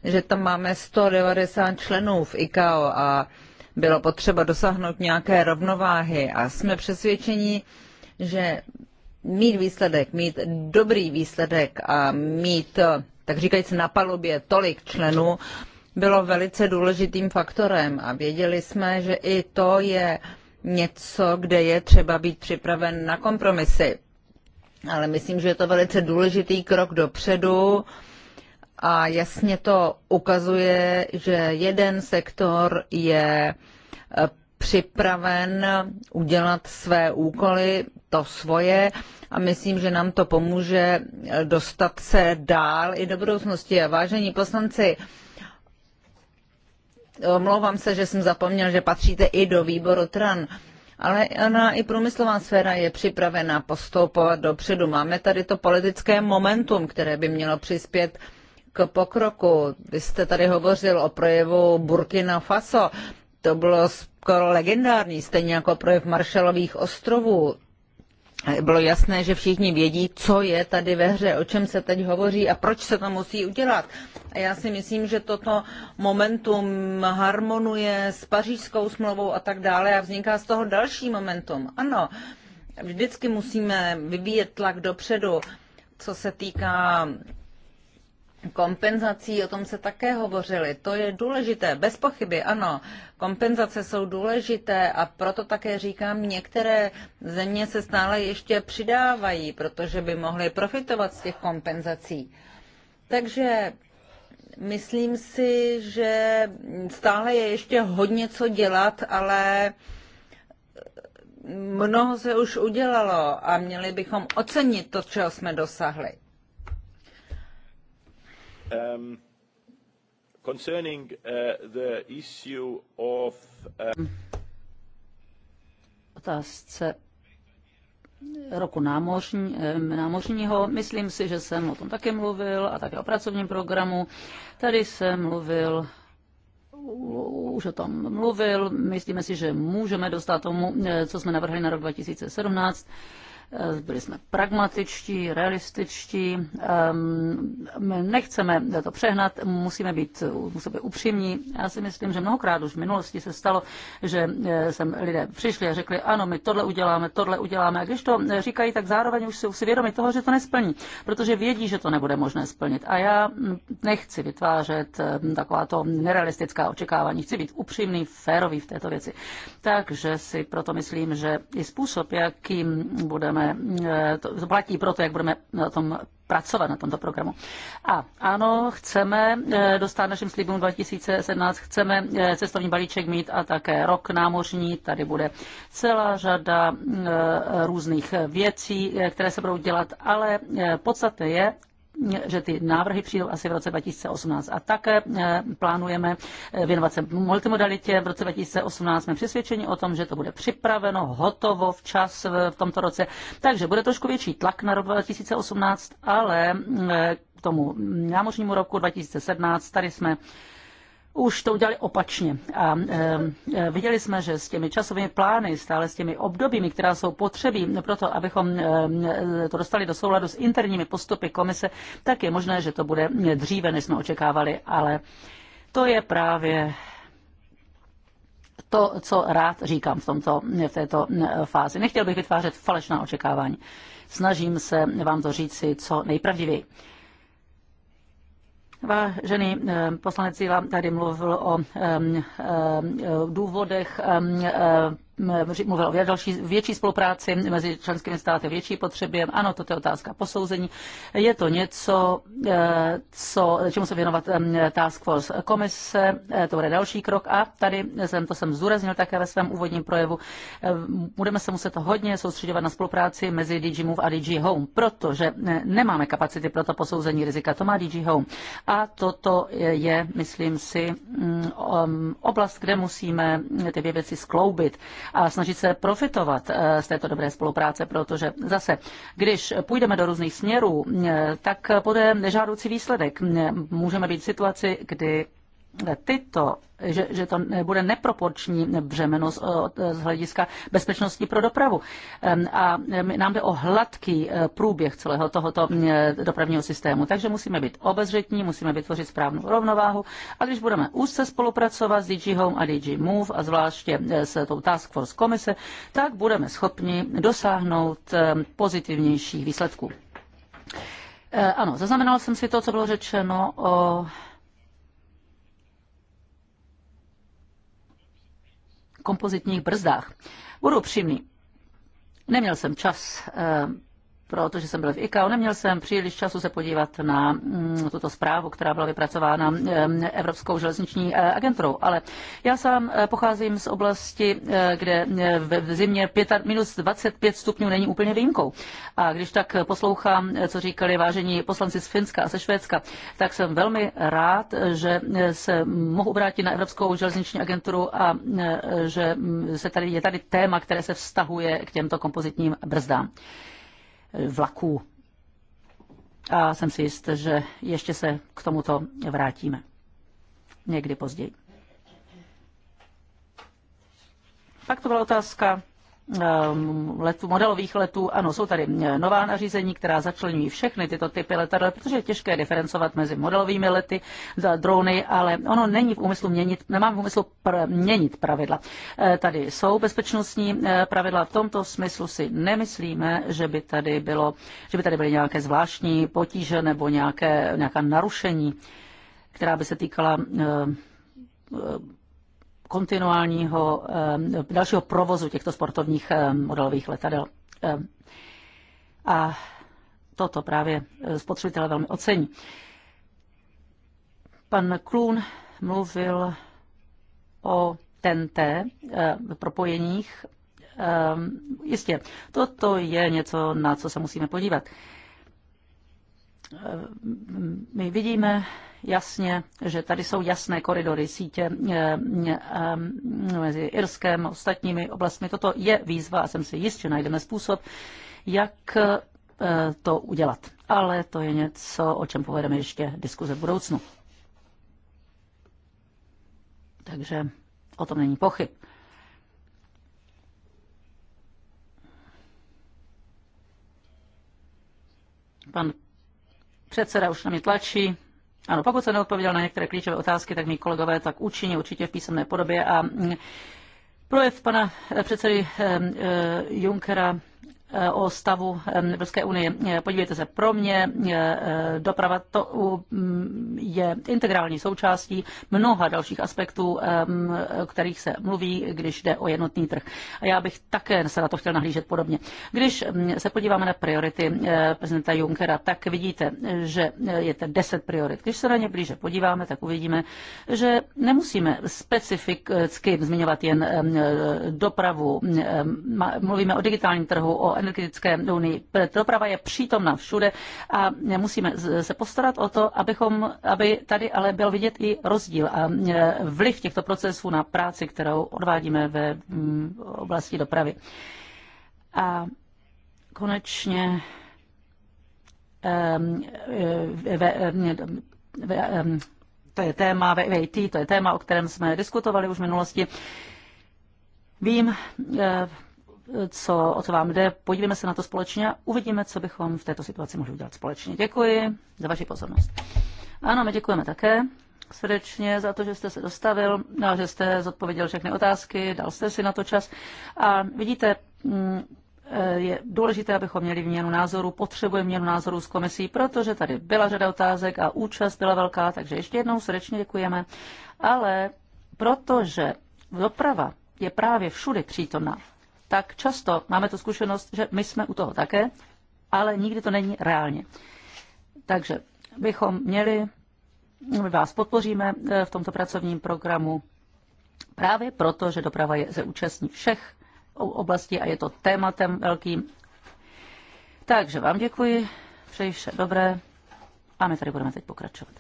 že tam máme 190 členů v ICAO a bylo potřeba dosáhnout nějaké rovnováhy a jsme přesvědčeni, že mít výsledek, mít dobrý výsledek a mít, tak říkajíc, na palubě tolik členů, bylo velice důležitým faktorem a věděli jsme, že i to je něco, kde je třeba být připraven na kompromisy. Ale myslím, že je to velice důležitý krok dopředu a jasně to ukazuje, že jeden sektor je eh, připraven udělat své úkoly, to svoje a myslím, že nám to pomůže eh, dostat se dál i do budoucnosti. A vážení poslanci, Omlouvám se, že jsem zapomněl, že patříte i do výboru TRAN. Ale ona i průmyslová sféra je připravena postoupovat dopředu. Máme tady to politické momentum, které by mělo přispět k pokroku. Vy jste tady hovořil o projevu Burkina Faso. To bylo skoro legendární, stejně jako projev Marshallových ostrovů bylo jasné, že všichni vědí, co je tady ve hře, o čem se teď hovoří a proč se to musí udělat. A já si myslím, že toto momentum harmonuje s pařížskou smlouvou a tak dále a vzniká z toho další momentum. Ano, vždycky musíme vyvíjet tlak dopředu, co se týká Kompenzací, o tom se také hovořili, to je důležité, bez pochyby, ano, kompenzace jsou důležité a proto také říkám, některé země se stále ještě přidávají, protože by mohly profitovat z těch kompenzací. Takže myslím si, že stále je ještě hodně co dělat, ale mnoho se už udělalo a měli bychom ocenit to, čeho jsme dosahli. Um, concerning uh, the issue of uh... otázce roku námořní, námořního. Myslím si, že jsem o tom také mluvil a také o pracovním programu. Tady jsem mluvil už o tom mluvil. Myslíme si, že můžeme dostat tomu, eh, co jsme navrhli na rok 2017. Eh, byli jsme pragmatičtí, realističtí, ehm, My nechceme to přehnat, musíme být, musíme být upřímní. Já si myslím, že mnohokrát už v minulosti se stalo, že eh, sem lidé přišli a řekli, ano, my tohle uděláme, tohle uděláme. A když to eh, říkají, tak zároveň už jsou si vědomi toho, že to nesplní, protože vědí, že to nebude možné splnit. A já hm, nechci vytvářet hm, takováto nerealistická očekávání. Chci být upřímný, férový v této věci. Takže si proto myslím, že i způsob, jakým budeme budeme, e, to platí pro to, jak budeme na tom pracovat na tomto programu. A ano, chceme e, dostat našim slibům 2017, chceme e, cestovní balíček mít a také rok námořní. Tady bude celá řada různých věcí, které se budou dělat, ale podstatné je, že ty návrhy přijdou asi v roce 2018. A také eh, plánujeme eh, věnovat se multimodalitě. V roce 2018 jsme přesvědčeni o tom, že to bude připraveno, hotovo, včas v tomto roce. Takže bude trošku větší tlak na rok 2018, ale eh, k tomu námořnímu roku 2017 tady jsme už to udělali opačně. A e, viděli jsme, že s těmi časovými plány, stále s těmi obdobími, která jsou potřebí pro to, abychom e, to dostali do souladu s interními postupy komise, tak je možné, že to bude dříve, než jsme očekávali, ale to je právě to, co rád říkám v, tomto, v této fázi. Nechtěl bych vytvářet falešná očekávání. Snažím se vám to říci co nejpravdivěji. Vážený eh, poslanec Cíla tady mluvil o eh, důvodech eh, mluvil o další, větší spolupráci mezi členskými státy, větší potřeby. Ano, toto je otázka posouzení. Je to něco, e, co, čemu se věnovat Task Force komise, e, to bude další krok a tady jsem to jsem zúraznil také ve svém úvodním projevu. E, budeme se muset hodně soustředovat na spolupráci mezi DG Move a DG Home, protože nemáme kapacity pro to posouzení rizika. To má DG Home. A toto je, myslím si, oblast, kde musíme ty dvě věci skloubit a snažit se profitovat eh, z této dobré spolupráce, protože zase, když půjdeme do různých směrů, eh, tak bude nežádoucí výsledek. Můžeme být v situaci, kdy tyto, že, že to bude neproporční břemeno z, z hlediska bezpečnosti pro dopravu. A nám jde o hladký eh, průběh celého tohoto eh, dopravního systému. Takže musíme být obezřetní, musíme vytvořit správnou rovnováhu. A když budeme úzce spolupracovat s DG Home a DG Move a zvláště eh, s tou Task Force komise, tak budeme schopni dosáhnout pozitivnějších výsledků. Ano, zaznamenal jsem si to, co bylo řečeno o kompozitních brzdách. Budu upřímný. Neměl jsem čas eh, protože jsem byl v ICAO, neměl jsem příliš času se podívat na mm, tuto zprávu, která byla vypracována mm, Evropskou železniční eh, agenturou. Ale já sám eh, pocházím z oblasti, eh, kde v zimě 5, minus 25 stupňů není úplně výjimkou. A když tak poslouchám, co říkali vážení poslanci z Finska a ze Švédska, tak jsem velmi rád, že se mohu obrátit na Evropskou železniční agenturu a že mm, se tady, je tady téma, které se vztahuje k těmto kompozitním brzdám vlaků. A jsem si jist, že ještě se k tomuto vrátíme někdy později. Pak to byla otázka Ehm, letů, modelových letů. Ano, jsou tady eh, nová nařízení, která začlenují všechny tyto typy letadel, protože je těžké diferencovat mezi modelovými lety, za drony, ale ono není v úmyslu měnit, nemám v úmyslu pr- měnit pravidla. Eh, tady jsou bezpečnostní eh, pravidla. V tomto smyslu si nemyslíme, že by tady, bylo, že by tady byly nějaké zvláštní potíže nebo nějaké, nějaká narušení, která by se týkala kontinuálního eh, dalšího provozu těchto sportovních eh, modelových letadel. Eh, a toto právě spotřebitelé velmi ocení. Pan Klun mluvil o TNT propojeních. Jistě, toto je něco, na co se musíme podívat. My vidíme, jasně, že tady jsou jasné koridory sítě eh, eh, eh, mezi Irskem a ostatními oblastmi. Toto je výzva a jsem si jist, že najdeme způsob, jak to udělat. Ale to je něco, o čem povedeme ještě diskuze v budoucnu. Takže o tom není pochyb. Pan předseda už na mě tlačí, ano, pokud jsem neodpověděl na některé klíčové otázky, tak mý kolegové tak učiní určitě v písemné podobě. A mm, projev pana eh, předsedy eh, eh, Junckera Eh, o stavu eh, Evropské unie. Eh, podívejte se, pro mě doprava to mm, je integrální součástí mnoha dalších aspektů, o kterých se mluví, když jde o jednotný trh. A já bych také se na to chtěl nahlížet podobně. Když mm, se podíváme na priority prezidenta Junckera, tak vidíte, že je to 10 priorit. Když se na ně blíže podíváme, tak uvidíme, že nemusíme specificky zmiňovat jen dopravu. Mluvíme o digitálním trhu, o energetické unii. Doprava je přítomna všude a musíme se postarat o to, abychom, aby tady ale byl vidět i rozdíl a e, vliv těchto procesů na práci, kterou odvádíme ve mm, oblasti dopravy. A konečně e, e, to je téma VAT, to je téma, o kterém jsme diskutovali už v minulosti. Vím, co, o co vám jde. Podívejme se na to společně a uvidíme, co bychom v této situaci mohli udělat společně. Děkuji za vaši pozornost. Ano, my děkujeme také srdečně za to, že jste se dostavil, a že jste zodpověděl všechny otázky, dal jste si na to čas. A vidíte, mm, eh, je důležité, abychom měli měnu názoru, potřebujeme měnu názoru z komisí, protože tady byla řada otázek a účast byla velká, takže ještě jednou srdečně děkujeme. Ale protože doprava je právě všude přítomná, tak často máme tu zkušenost, že my jsme u toho také, ale nikdy to není reálně. Takže bychom měli, my vás podpoříme eh, v tomto pracovním programu právě proto, že doprava je ze účastní všech oblastí a je to tématem velkým. Takže vám děkuji, přeji vše dobré a my tady budeme teď pokračovat.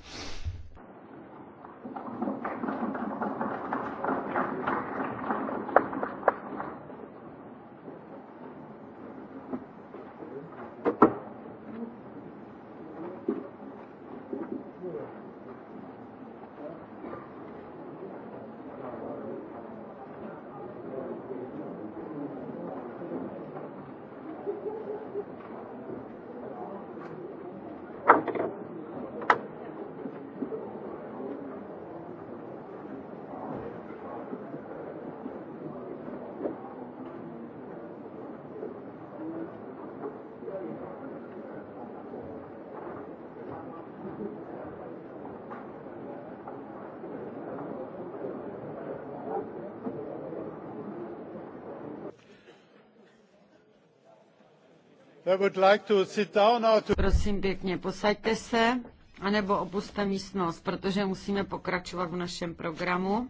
Prosím pěkně, posaďte se, anebo opuste místnost, protože musíme pokračovat v našem programu.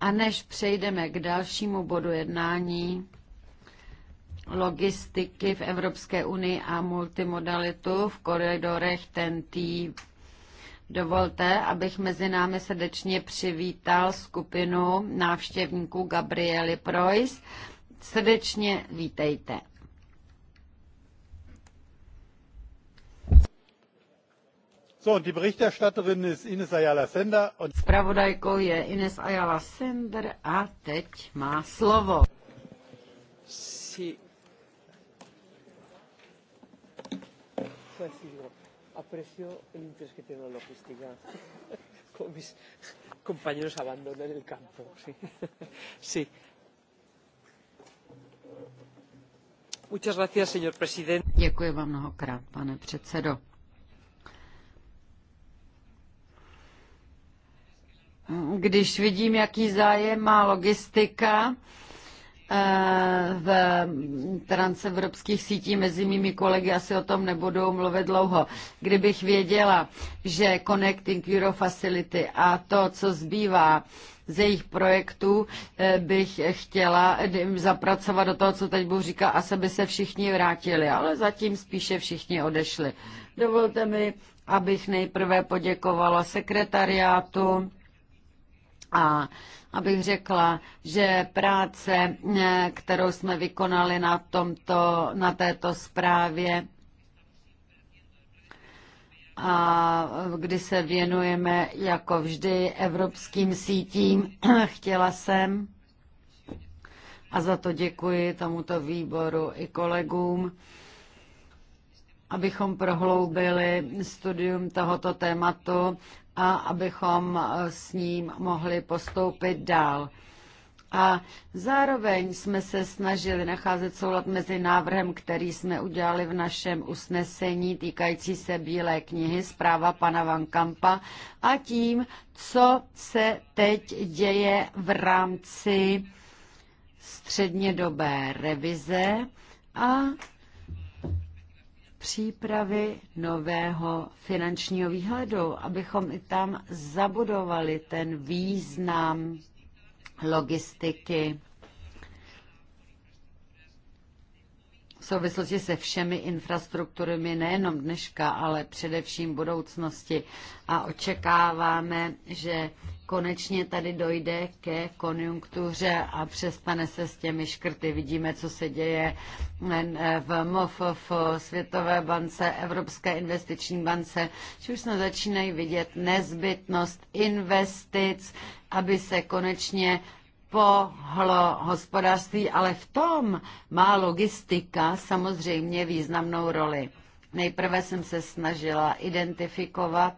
A než přejdeme k dalšímu bodu jednání, logistiky v Evropské unii a multimodalitu v koridorech TNT. Dovolte, abych mezi námi srdečně přivítal skupinu návštěvníků Gabriely Preuss, Srdečně vítejte. So, die Berichterstatterin ist Ines Ayala Sender. Und Spravodajkou je Ines Ayala Sender a teď má slovo. Si. Aprecio el interés que tiene la logística. Como mis compañeros abandonan el campo. Sí. sí. Děkuji vám mnohokrát, pane předsedo. Když vidím, jaký zájem má logistika eh, v transevropských sítí mezi mými kolegy, asi o tom nebudu mluvit dlouho. Kdybych věděla, že Connecting Euro Facility a to, co zbývá, z jejich projektů eh, bych chtěla zapracovat do toho, co teď budu říkat, a se by se všichni vrátili, ale zatím spíše všichni odešli. Dovolte mi, abych nejprve poděkovala sekretariátu a abych řekla, že práce, eh, kterou jsme vykonali na, tomto, na této zprávě, a kdy se věnujeme jako vždy evropským sítím. Chtěla jsem a za to děkuji tomuto výboru i kolegům, abychom prohloubili studium tohoto tématu a abychom s ním mohli postoupit dál. A zároveň jsme se snažili nacházet soulad mezi návrhem, který jsme udělali v našem usnesení týkající se Bílé knihy, zpráva pana Van Kampa, a tím, co se teď děje v rámci střednědobé revize a přípravy nového finančního výhledu, abychom i tam zabudovali ten význam logistiky, v souvislosti se všemi infrastrukturami nejenom dneška, ale především budoucnosti. A očekáváme, že konečně tady dojde ke konjunktuře a přestane se s těmi škrty. Vidíme, co se děje eh, v MFF, Světové bance, Evropské investiční bance, že už jsme začínají vidět nezbytnost investic, aby se konečně pohlo hospodářství, ale v tom má logistika samozřejmě významnou roli. Nejprve jsem se snažila identifikovat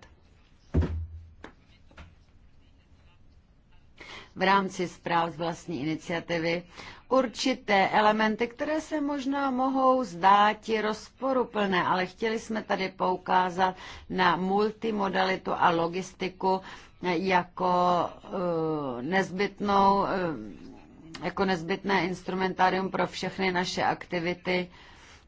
v rámci zpráv z vlastní iniciativy určité elementy, které se možná mohou zdát rozporuplné, ale chtěli jsme tady poukázat na multimodalitu a logistiku jako eh, nezbytnou eh, jako nezbytné instrumentárium pro všechny naše aktivity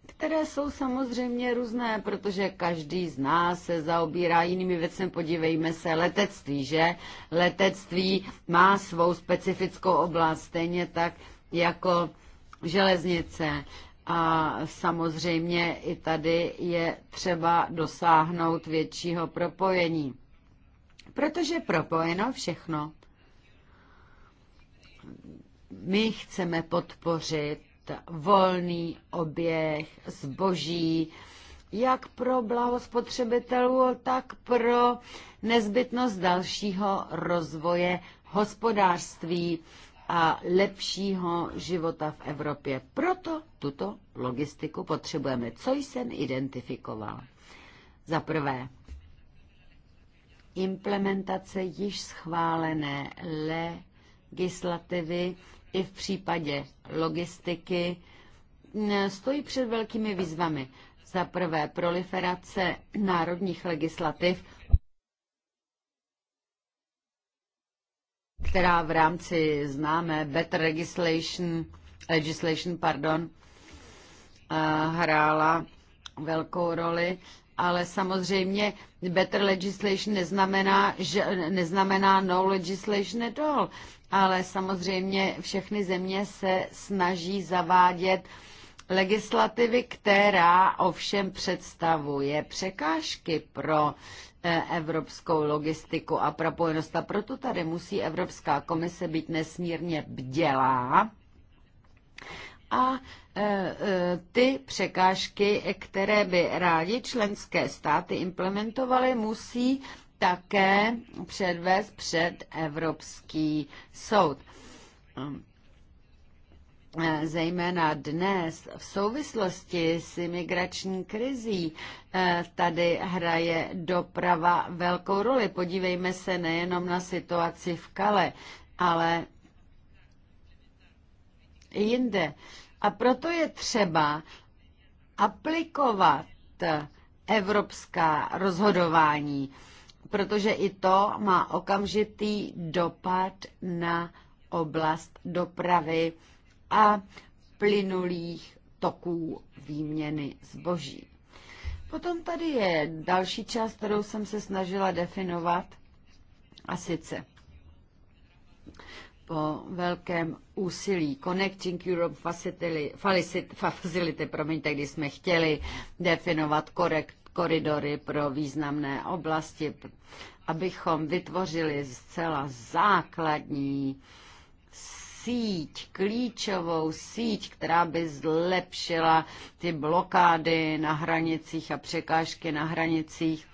které jsou samozřejmě různé, protože každý z nás se zaobírá jinými věcem. Podívejme se, letectví, že? Letectví má svou specifickou oblast, stejně tak jako železnice. A samozřejmě i tady je třeba dosáhnout většího propojení. Protože propojeno všechno. My chceme podpořit volný oběh zboží, jak pro blaho spotřebitelů, tak pro nezbytnost dalšího rozvoje hospodářství a lepšího života v Evropě. Proto tuto logistiku potřebujeme. Co jsem identifikoval? Za prvé, implementace již schválené legislativy i v případě logistiky stojí před velkými výzvami. Za prvé proliferace národních legislativ, která v rámci známé Better Legislation, legislation pardon, eh, hrála velkou roli ale samozřejmě better legislation neznamená, že, neznamená no legislation at all. Ale samozřejmě všechny země se snaží zavádět legislativy, která ovšem představuje překážky pro eh, evropskou logistiku a propojenost. A proto tady musí Evropská komise být nesmírně bdělá a Eh, eh, ty překážky, které by rádi členské státy implementovaly, musí také předvést před Evropský soud. Hm. Eh, zejména dnes v souvislosti s imigrační krizí tady hraje doprava velkou roli. Podívejme se nejenom na situaci v Kale, ale jinde. A proto je třeba aplikovat evropská rozhodování, protože i to má okamžitý dopad na oblast dopravy a plynulých toků výměny zboží. Potom tady je další část, kterou jsem se snažila definovat, a sice po velkém úsilí Connecting Europe Facility, facility promiňte, kdy jsme chtěli definovat korekt, koridory pro významné oblasti, abychom vytvořili zcela základní síť, klíčovou síť, která by zlepšila ty blokády na hranicích a překážky na hranicích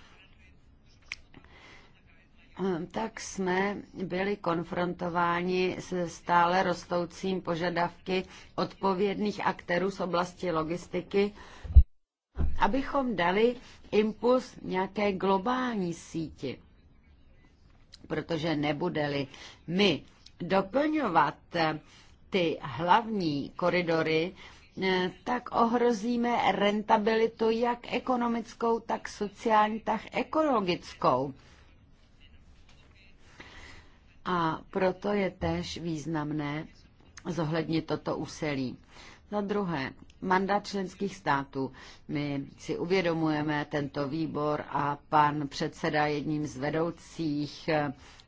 Hm, tak jsme byli konfrontováni s stále rostoucím požadavky odpovědných aktérů z oblasti logistiky, abychom dali impuls nějaké globální síti. Protože nebudeli my doplňovat ty hlavní koridory, eh, tak ohrozíme rentabilitu jak ekonomickou, tak sociální, tak ekologickou. A proto je též významné zohlednit toto úsilí. Za druhé, mandát členských států. My si uvědomujeme tento výbor a pan předseda jedním z vedoucích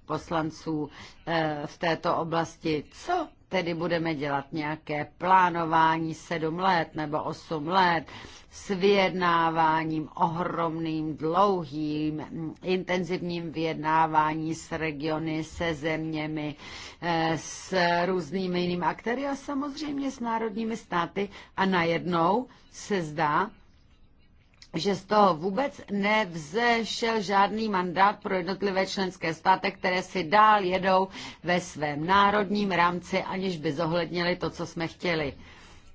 poslanců eh, v této oblasti. Co tedy budeme dělat nějaké plánování sedm let nebo osm let s vyjednáváním ohromným, dlouhým, intenzivním vyjednávání s regiony, se zeměmi, eh, s různými jinými aktéry a samozřejmě s národními státy a najednou se zdá, že z toho vůbec nevzešel žádný mandát pro jednotlivé členské státy, které si dál jedou ve svém národním rámci, aniž by zohlednili to, co jsme chtěli.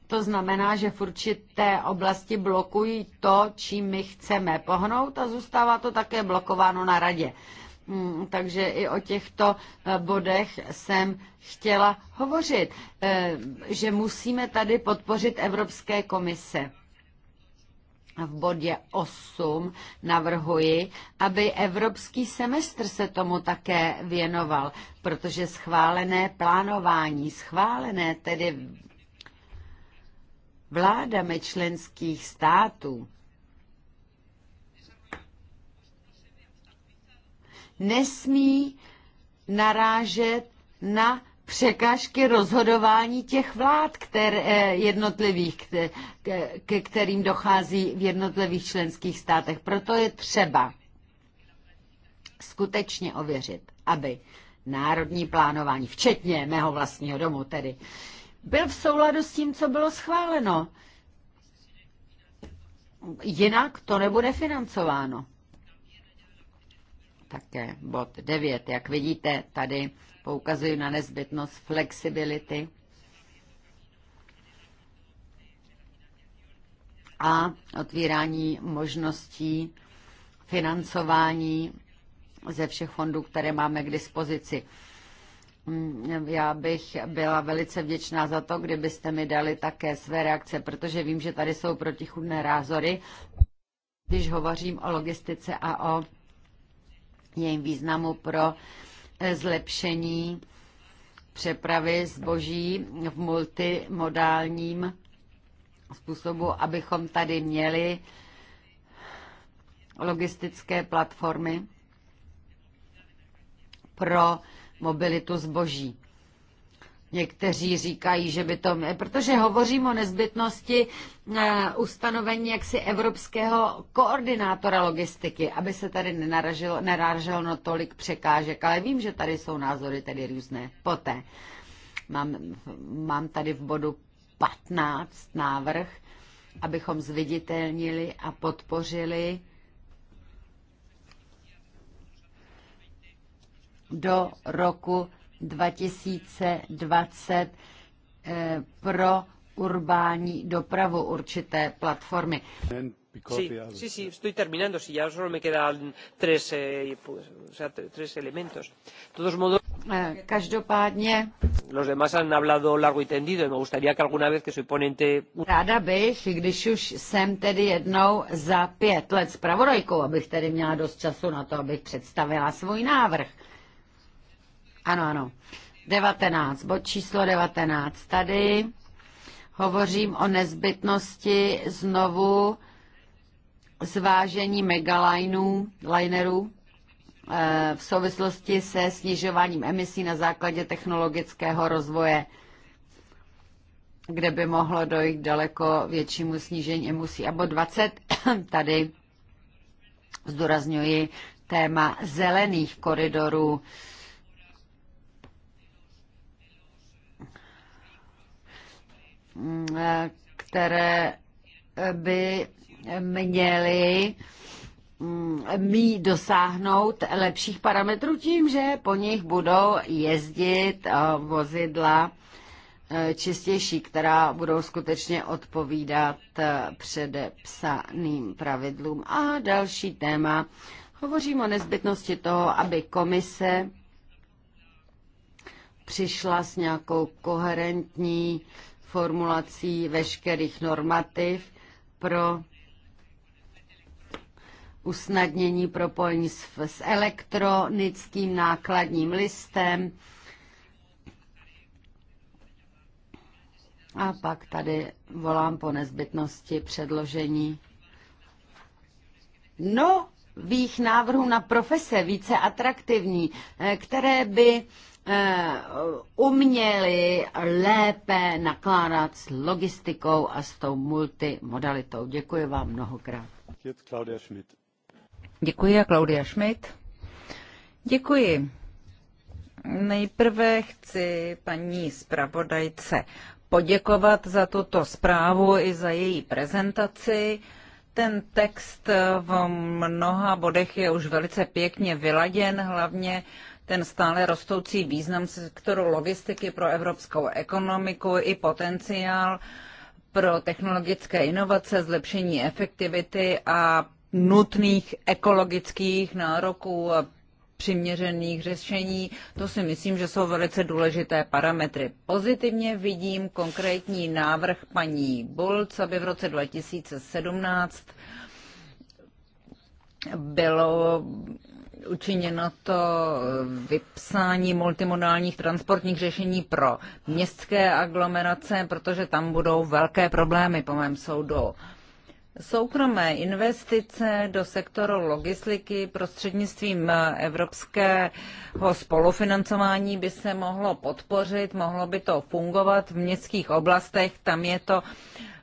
To znamená, že v určité oblasti blokují to, čím my chceme pohnout a zůstává to také blokováno na radě. Hmm, takže i o těchto eh, bodech jsem chtěla hovořit, eh, že musíme tady podpořit Evropské komise v bodě 8 navrhuji, aby evropský semestr se tomu také věnoval, protože schválené plánování, schválené tedy vládami členských států, nesmí narážet na překážky rozhodování těch vlád které, eh, jednotlivých, ke kterým dochází v jednotlivých členských státech. Proto je třeba skutečně ověřit, aby národní plánování, včetně mého vlastního domu tedy, byl v souladu s tím, co bylo schváleno. Jinak to nebude financováno. Také bod 9. Jak vidíte, tady poukazují na nezbytnost flexibility a otvírání možností financování ze všech fondů, které máme k dispozici. Mm, já bych byla velice vděčná za to, kdybyste mi dali také své reakce, protože vím, že tady jsou protichudné rázory, když hovořím o logistice a o jejím významu pro zlepšení přepravy zboží v multimodálním způsobu, abychom tady měli logistické platformy pro mobilitu zboží. Někteří říkají, že by to... Protože hovořím o nezbytnosti eh, ustanovení jaksi evropského koordinátora logistiky, aby se tady nenaražilo, nenaraželo na tolik překážek. Ale vím, že tady jsou názory tedy různé. Poté mám, mám tady v bodu 15 návrh, abychom zviditelnili a podpořili do roku 2020 eh, pro urbání dopravu určité platformy. Sí, sí, sí, estoy terminando. Si ya solo me quedan tres, eh, pues, o sea, tres elementos. De todos modos. Eh, každopádně. Los demás han hablado largo y tendido y me gustaría que alguna vez que soy ponente. Ráda bych, když už jsem tedy jednou za pět let s pravodajkou, abych tedy měla dost času na to, abych představila svůj návrh. Ano, ano. 19, bod číslo 19. Tady hovořím o nezbytnosti znovu zvážení megalajnů, linerů, eh, v souvislosti se snižováním emisí na základě technologického rozvoje, kde by mohlo dojít daleko většímu snížení emisí. A bod 20, tady zdůrazňuji téma zelených koridorů, které by měly mít mm, dosáhnout lepších parametrů tím, že po nich budou jezdit eh, vozidla eh, čistější, která budou skutečně odpovídat eh, předepsaným pravidlům. A další téma. Hovořím o nezbytnosti toho, aby komise přišla s nějakou koherentní formulací veškerých normativ pro usnadnění propojení s, s elektronickým nákladním listem. A pak tady volám po nezbytnosti předložení nových návrhů na profese, více atraktivní, eh, které by Eh, uměli lépe nakládat s logistikou a s tou multimodalitou. Děkuji vám mnohokrát. Claudia Schmidt. Děkuji a Klaudia Schmidt. Děkuji. Nejprve chci paní zpravodajce poděkovat za tuto zprávu i za její prezentaci. Ten text v mnoha bodech je už velice pěkně vyladěn, hlavně ten stále rostoucí význam sektoru logistiky pro evropskou ekonomiku i potenciál pro technologické inovace, zlepšení efektivity a nutných ekologických nároků a přiměřených řešení. To si myslím, že jsou velice důležité parametry. Pozitivně vidím konkrétní návrh paní Bulc, aby v roce 2017 bylo učiněno to eh, vypsání multimodálních transportních řešení pro městské aglomerace, protože tam budou velké problémy, po mém soudu. Soukromé investice do sektoru logistiky prostřednictvím evropského spolufinancování by se mohlo podpořit, mohlo by to fungovat v městských oblastech, tam je to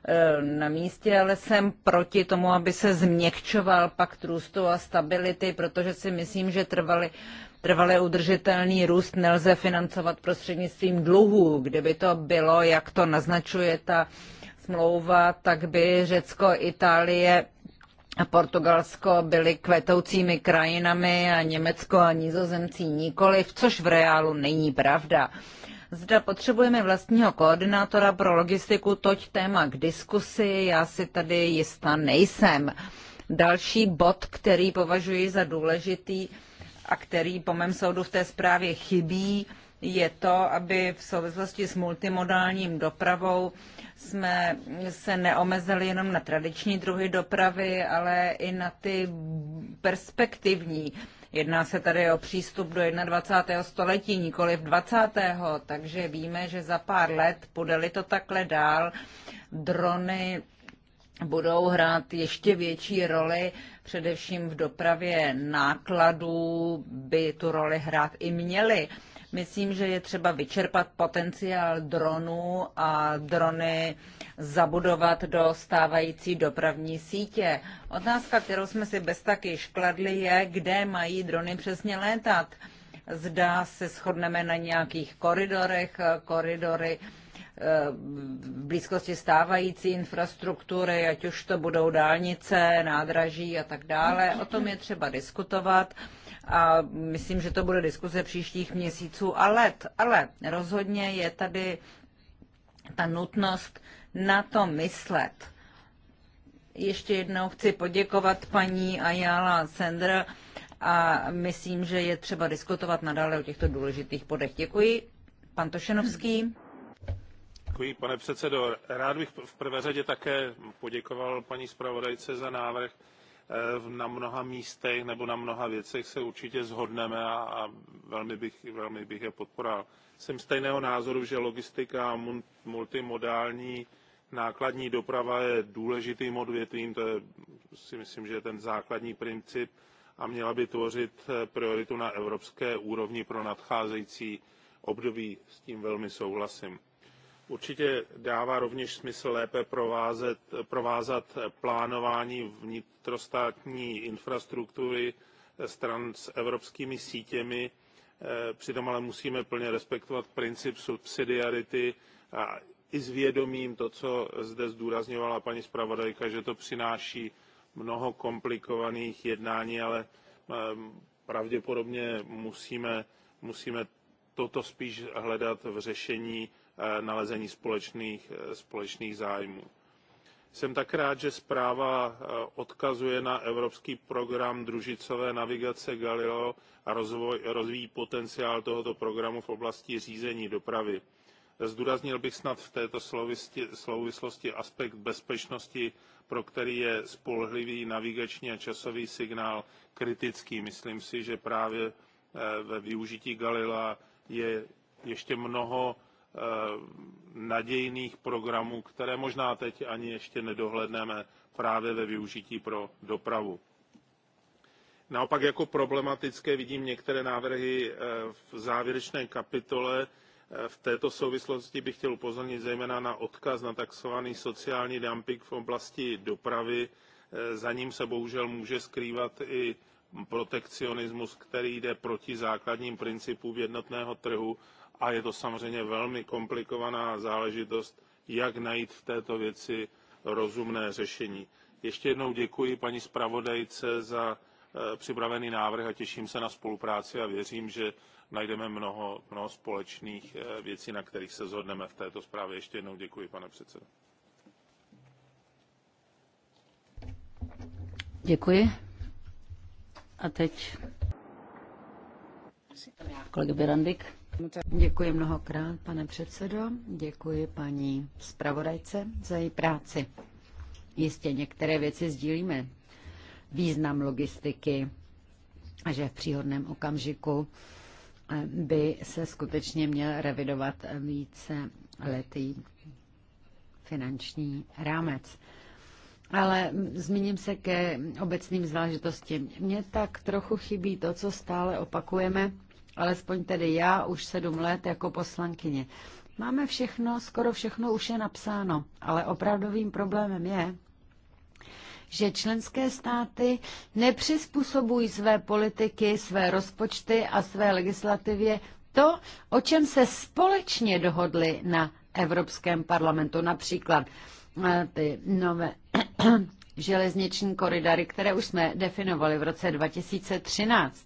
eh, na místě, ale jsem proti tomu, aby se změkčoval pakt růstu a stability, protože si myslím, že trvalý trvalý udržitelný růst nelze financovat prostřednictvím dluhů. Kdyby to bylo, jak to naznačuje ta smlouva, tak by Řecko, Itálie a Portugalsko byly kvetoucími krajinami a Německo a Nizozemcí nikoli, což v reálu není pravda. Zda potřebujeme vlastního koordinátora pro logistiku, toť téma k diskusi, já si tady jistá nejsem. Další bod, který považuji za důležitý a který po mém soudu v té zprávě chybí, je to, aby v souvislosti s multimodálním dopravou jsme se neomezili jenom na tradiční druhy dopravy, ale i na ty perspektivní. Jedná se tady o přístup do 21. století, nikoli v 20. Takže víme, že za pár let, bude-li to takhle dál, drony budou hrát ještě větší roli, především v dopravě nákladů by tu roli hrát i měly. Myslím, že je třeba vyčerpat potenciál dronů a drony zabudovat do stávající dopravní sítě. Otázka, kterou jsme si bez taky škladli, je, kde mají drony přesně létat. Zdá se shodneme na nějakých koridorech, koridory eh, v blízkosti stávající infrastruktury, ať už to budou dálnice, nádraží a tak dále. O tom je třeba diskutovat a myslím, že to bude diskuze příštích měsíců a let. Ale rozhodně je tady ta nutnost na to myslet. Ještě jednou chci poděkovat paní Ayala Sender a myslím, že je třeba diskutovat nadále o těchto důležitých podech. Děkuji. Pan Tošenovský. Děkuji, pane předsedo. Rád bych v prvé řadě také poděkoval paní zpravodajce za návrh Eh, na mnoha místech nebo na mnoha věcech se určitě shodneme a, a velmi, bych, velmi bych je podporoval. Jsem stejného názoru, že logistika multimodální nákladní doprava je důležitým odvětvím, to je, si myslím, že je ten základní princip a měla by tvořit eh, prioritu na evropské úrovni pro nadcházející období. S tím velmi souhlasím Určitě dává rovněž smysl lépe provázet, provázat plánování vnitrostátní infrastruktury eh, stran s evropskými sítěmi. Eh, přitom ale musíme plně respektovat princip subsidiarity a i s vědomím to, co zde zdůrazňovala paní zpravodajka, že to přináší mnoho komplikovaných jednání, ale ehm, pravděpodobně musíme, musíme toto spíš hledat v řešení Eh, nalezení společných, eh, společných zájmů. Jsem tak rád, že zpráva eh, odkazuje na evropský program družicové navigace Galileo a rozvoj, rozvíjí potenciál tohoto programu v oblasti řízení dopravy. Zdůraznil bych snad v této souvislosti aspekt bezpečnosti, pro který je spolehlivý navigační a časový signál kritický. Myslím si, že právě ve využití Galila je ještě mnoho Eh, nadějných programů, které možná teď ani ještě nedohledneme právě ve využití pro dopravu. Naopak jako problematické vidím některé návrhy eh, v závěrečné kapitole. Eh, v této souvislosti bych chtěl upozornit zejména na odkaz na takzvaný sociální dumping v oblasti dopravy. Za ním se bohužel může skrývat i protekcionismus, který jde proti základním principům jednotného trhu a je to samozřejmě velmi komplikovaná záležitost, jak najít v této věci rozumné řešení. Ještě jednou děkuji paní zpravodajce za eh, připravený návrh a těším se na spolupráci a věřím, že najdeme mnoho, mnoho společných eh, věcí, na kterých se shodneme v této zprávě. Ještě jednou děkuji, pane předsedo. Děkuji. A teď kolega Berandik. Děkuji mnohokrát, pane předsedo. Děkuji paní zpravodajce za její práci. Jistě některé věci sdílíme. Význam logistiky a že v příhodném okamžiku eh, by se skutečně měl revidovat více letý finanční rámec. Ale zmíním se ke obecným záležitostem. Mně tak trochu chybí to, co stále opakujeme, alespoň tedy já už sedm let jako poslankyně. Máme všechno, skoro všechno už je napsáno, ale opravdovým problémem je, že členské státy nepřizpůsobují své politiky, své rozpočty a své legislativě to, o čem se společně dohodli na Evropském parlamentu. Například eh, ty nové železniční koridory, které už jsme definovali v roce 2013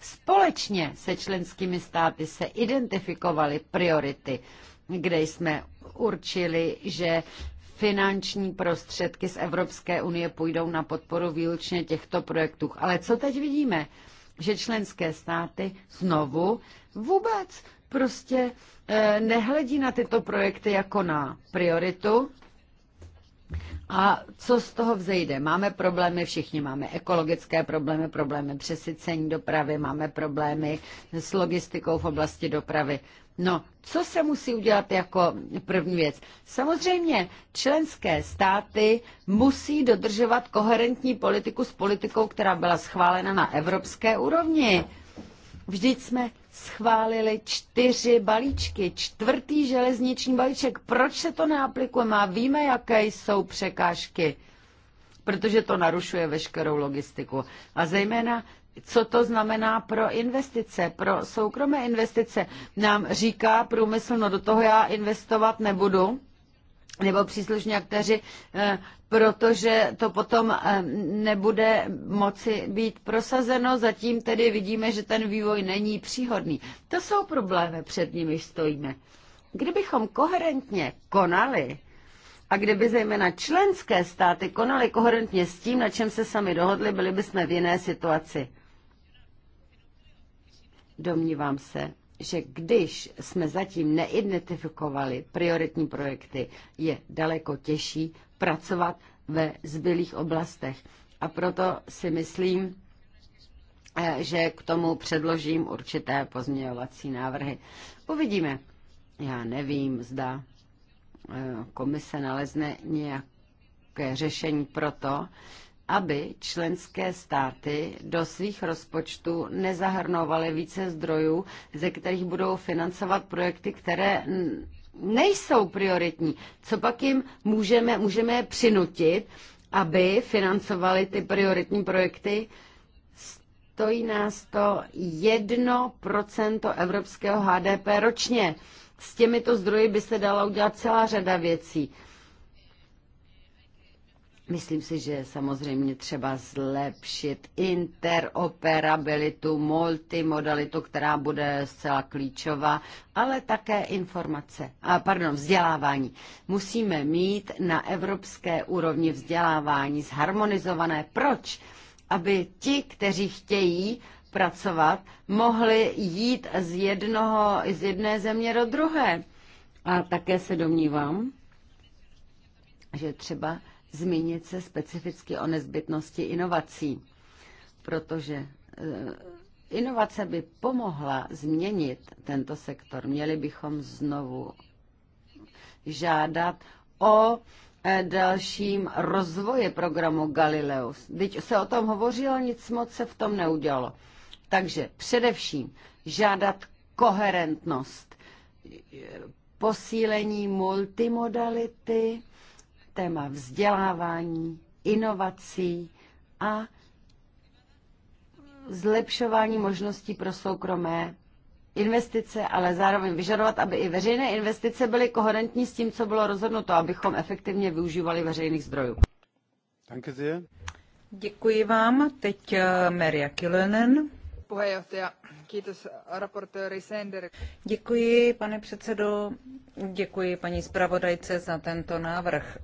Společně se členskými státy se identifikovaly priority, kde jsme určili, že finanční prostředky z Evropské unie půjdou na podporu výlučně těchto projektů. Ale co teď vidíme? Že členské státy znovu vůbec prostě eh, nehledí na tyto projekty jako na prioritu a co z toho vzejde? Máme problémy, všichni máme ekologické problémy, problémy přesycení dopravy, máme problémy s logistikou v oblasti dopravy. No, co se musí udělat jako první věc? Samozřejmě členské státy musí dodržovat koherentní politiku s politikou, která byla schválena na evropské úrovni. Vždyť jsme schválili čtyři balíčky, čtvrtý železniční balíček. Proč se to neaplikuje? A víme, jaké jsou překážky, protože to narušuje veškerou logistiku. A zejména co to znamená pro investice, pro soukromé investice. Nám říká průmysl, no do toho já investovat nebudu, nebo příslušní aktéři, eh, protože to potom eh, nebude moci být prosazeno. Zatím tedy vidíme, že ten vývoj není příhodný. To jsou problémy, před nimi stojíme. Kdybychom koherentně konali, a kdyby zejména členské státy konaly koherentně s tím, na čem se sami dohodli, byli bychom v jiné situaci. Domnívám se, že když jsme zatím neidentifikovali prioritní projekty, je daleko těžší pracovat ve zbylých oblastech. A proto si myslím, eh, že k tomu předložím určité pozměňovací návrhy. Uvidíme. Já nevím, zda eh, komise nalezne nějaké řešení pro to, aby členské státy do svých rozpočtů nezahrnovaly více zdrojů, ze kterých budou financovat projekty, které nejsou prioritní. Co pak jim můžeme, můžeme přinutit, aby financovali ty prioritní projekty? Stojí nás to 1% evropského HDP ročně. S těmito zdroji by se dala udělat celá řada věcí. Myslím si, že samozřejmě třeba zlepšit interoperabilitu, multimodalitu, která bude zcela klíčová, ale také informace, a pardon, vzdělávání. Musíme mít na evropské úrovni vzdělávání zharmonizované. Proč? Aby ti, kteří chtějí pracovat, mohli jít z, jednoho, z jedné země do druhé. A také se domnívám, že třeba zmínit se specificky o nezbytnosti inovací, protože e, inovace by pomohla změnit tento sektor. Měli bychom znovu žádat o e, dalším rozvoje programu Galileus. Teď se o tom hovořilo, nic moc se v tom neudělalo. Takže především žádat koherentnost, e, posílení multimodality, téma vzdělávání, inovací a zlepšování možností pro soukromé investice, ale zároveň vyžadovat, aby i veřejné investice byly koherentní s tím, co bylo rozhodnuto, abychom efektivně využívali veřejných zdrojů. Děkuji vám. Teď eh, Maria Kilönen. Děkuji, pane předsedo. Děkuji paní zpravodajce za tento návrh.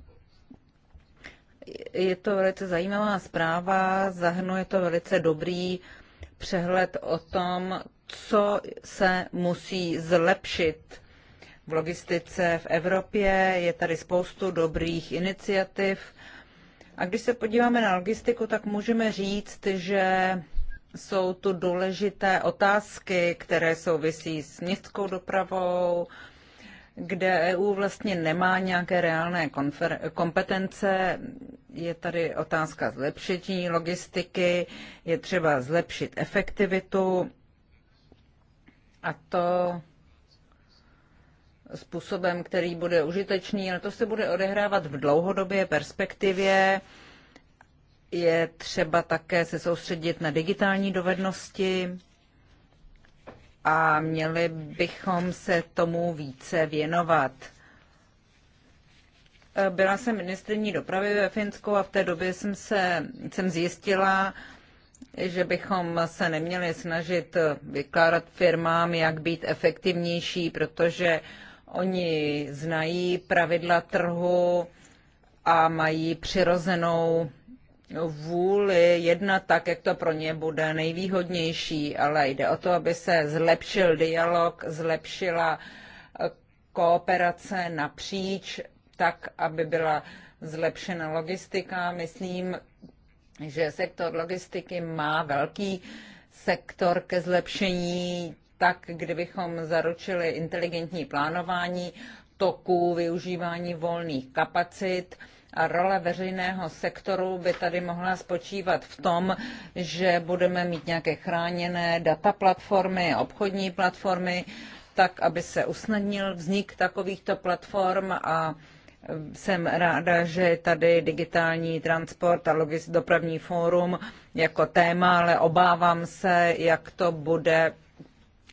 Je to velice zajímavá zpráva, zahrnuje to velice dobrý přehled o tom, co se musí zlepšit v logistice v Evropě. Je tady spoustu dobrých iniciativ. A když se podíváme na logistiku, tak můžeme říct, že jsou tu důležité otázky, které souvisí s městskou dopravou, kde EU vlastně nemá nějaké reálné kompetence. Je tady otázka zlepšení logistiky, je třeba zlepšit efektivitu a to způsobem, který bude užitečný, ale to se bude odehrávat v dlouhodobé perspektivě. Je třeba také se soustředit na digitální dovednosti a měli bychom se tomu více věnovat. Byla jsem ministrní dopravy ve Finsku a v té době jsem, se, jsem zjistila, že bychom se neměli snažit vykládat firmám, jak být efektivnější, protože oni znají pravidla trhu a mají přirozenou vůli jednat tak, jak to pro ně bude nejvýhodnější, ale jde o to, aby se zlepšil dialog, zlepšila eh, kooperace napříč, tak, aby byla zlepšena logistika. Myslím, že sektor logistiky má velký sektor ke zlepšení, tak kdybychom zaručili inteligentní plánování toků, využívání volných kapacit, a role veřejného sektoru by tady mohla spočívat v tom, že budeme mít nějaké chráněné data platformy, obchodní platformy, tak, aby se usnadnil vznik takovýchto platform a jsem ráda, že tady digitální transport a logist dopravní fórum jako téma, ale obávám se, jak to bude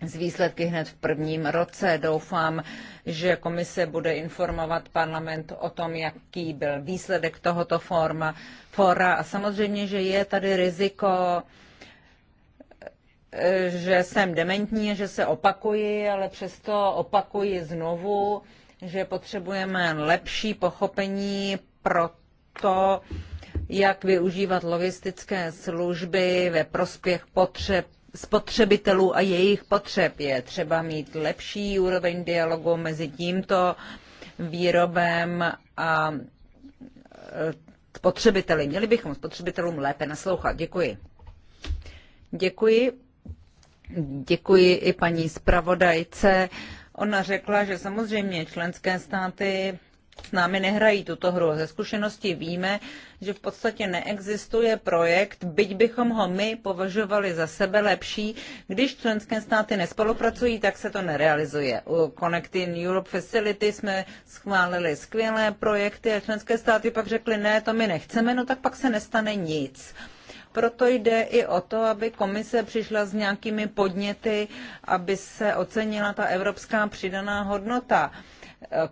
z výsledky hned v prvním roce. Doufám, že komise bude informovat parlament o tom, jaký byl výsledek tohoto forma, fora. A samozřejmě, že je tady riziko, že jsem dementní, že se opakuji, ale přesto opakuji znovu, že potřebujeme lepší pochopení pro to, jak využívat logistické služby ve prospěch potřeb spotřebitelů a jejich potřeb. Je třeba mít lepší úroveň dialogu mezi tímto výrobem a e, spotřebiteli. Měli bychom spotřebitelům lépe naslouchat. Děkuji. Děkuji. Děkuji i paní zpravodajce. Ona řekla, že samozřejmě členské státy s námi nehrají tuto hru. Ze zkušenosti víme, že v podstatě neexistuje projekt, byť bychom ho my považovali za sebe lepší. Když členské státy nespolupracují, tak se to nerealizuje. U Connecting Europe Facility jsme schválili skvělé projekty a členské státy pak řekly, ne, to my nechceme, no tak pak se nestane nic. Proto jde i o to, aby komise přišla s nějakými podněty, aby se ocenila ta evropská přidaná hodnota.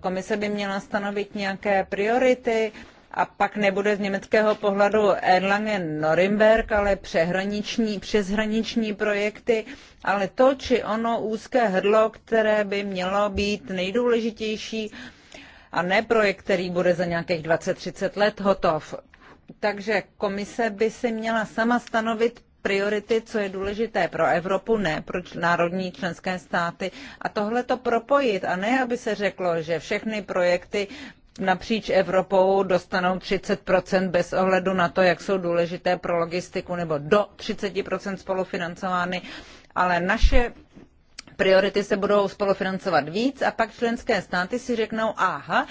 Komise by měla stanovit nějaké priority a pak nebude z německého pohledu Erlangen Norimberg, ale přehraniční, přeshraniční projekty, ale to či ono úzké hrdlo, které by mělo být nejdůležitější a ne projekt, který bude za nějakých 20-30 let hotov. Takže komise by si měla sama stanovit priority, co je důležité pro Evropu, ne pro národní členské státy. A tohle to propojit a ne, aby se řeklo, že všechny projekty napříč Evropou dostanou 30% bez ohledu na to, jak jsou důležité pro logistiku, nebo do 30% spolufinancovány, ale naše priority se budou spolufinancovat víc a pak členské státy si řeknou, aha,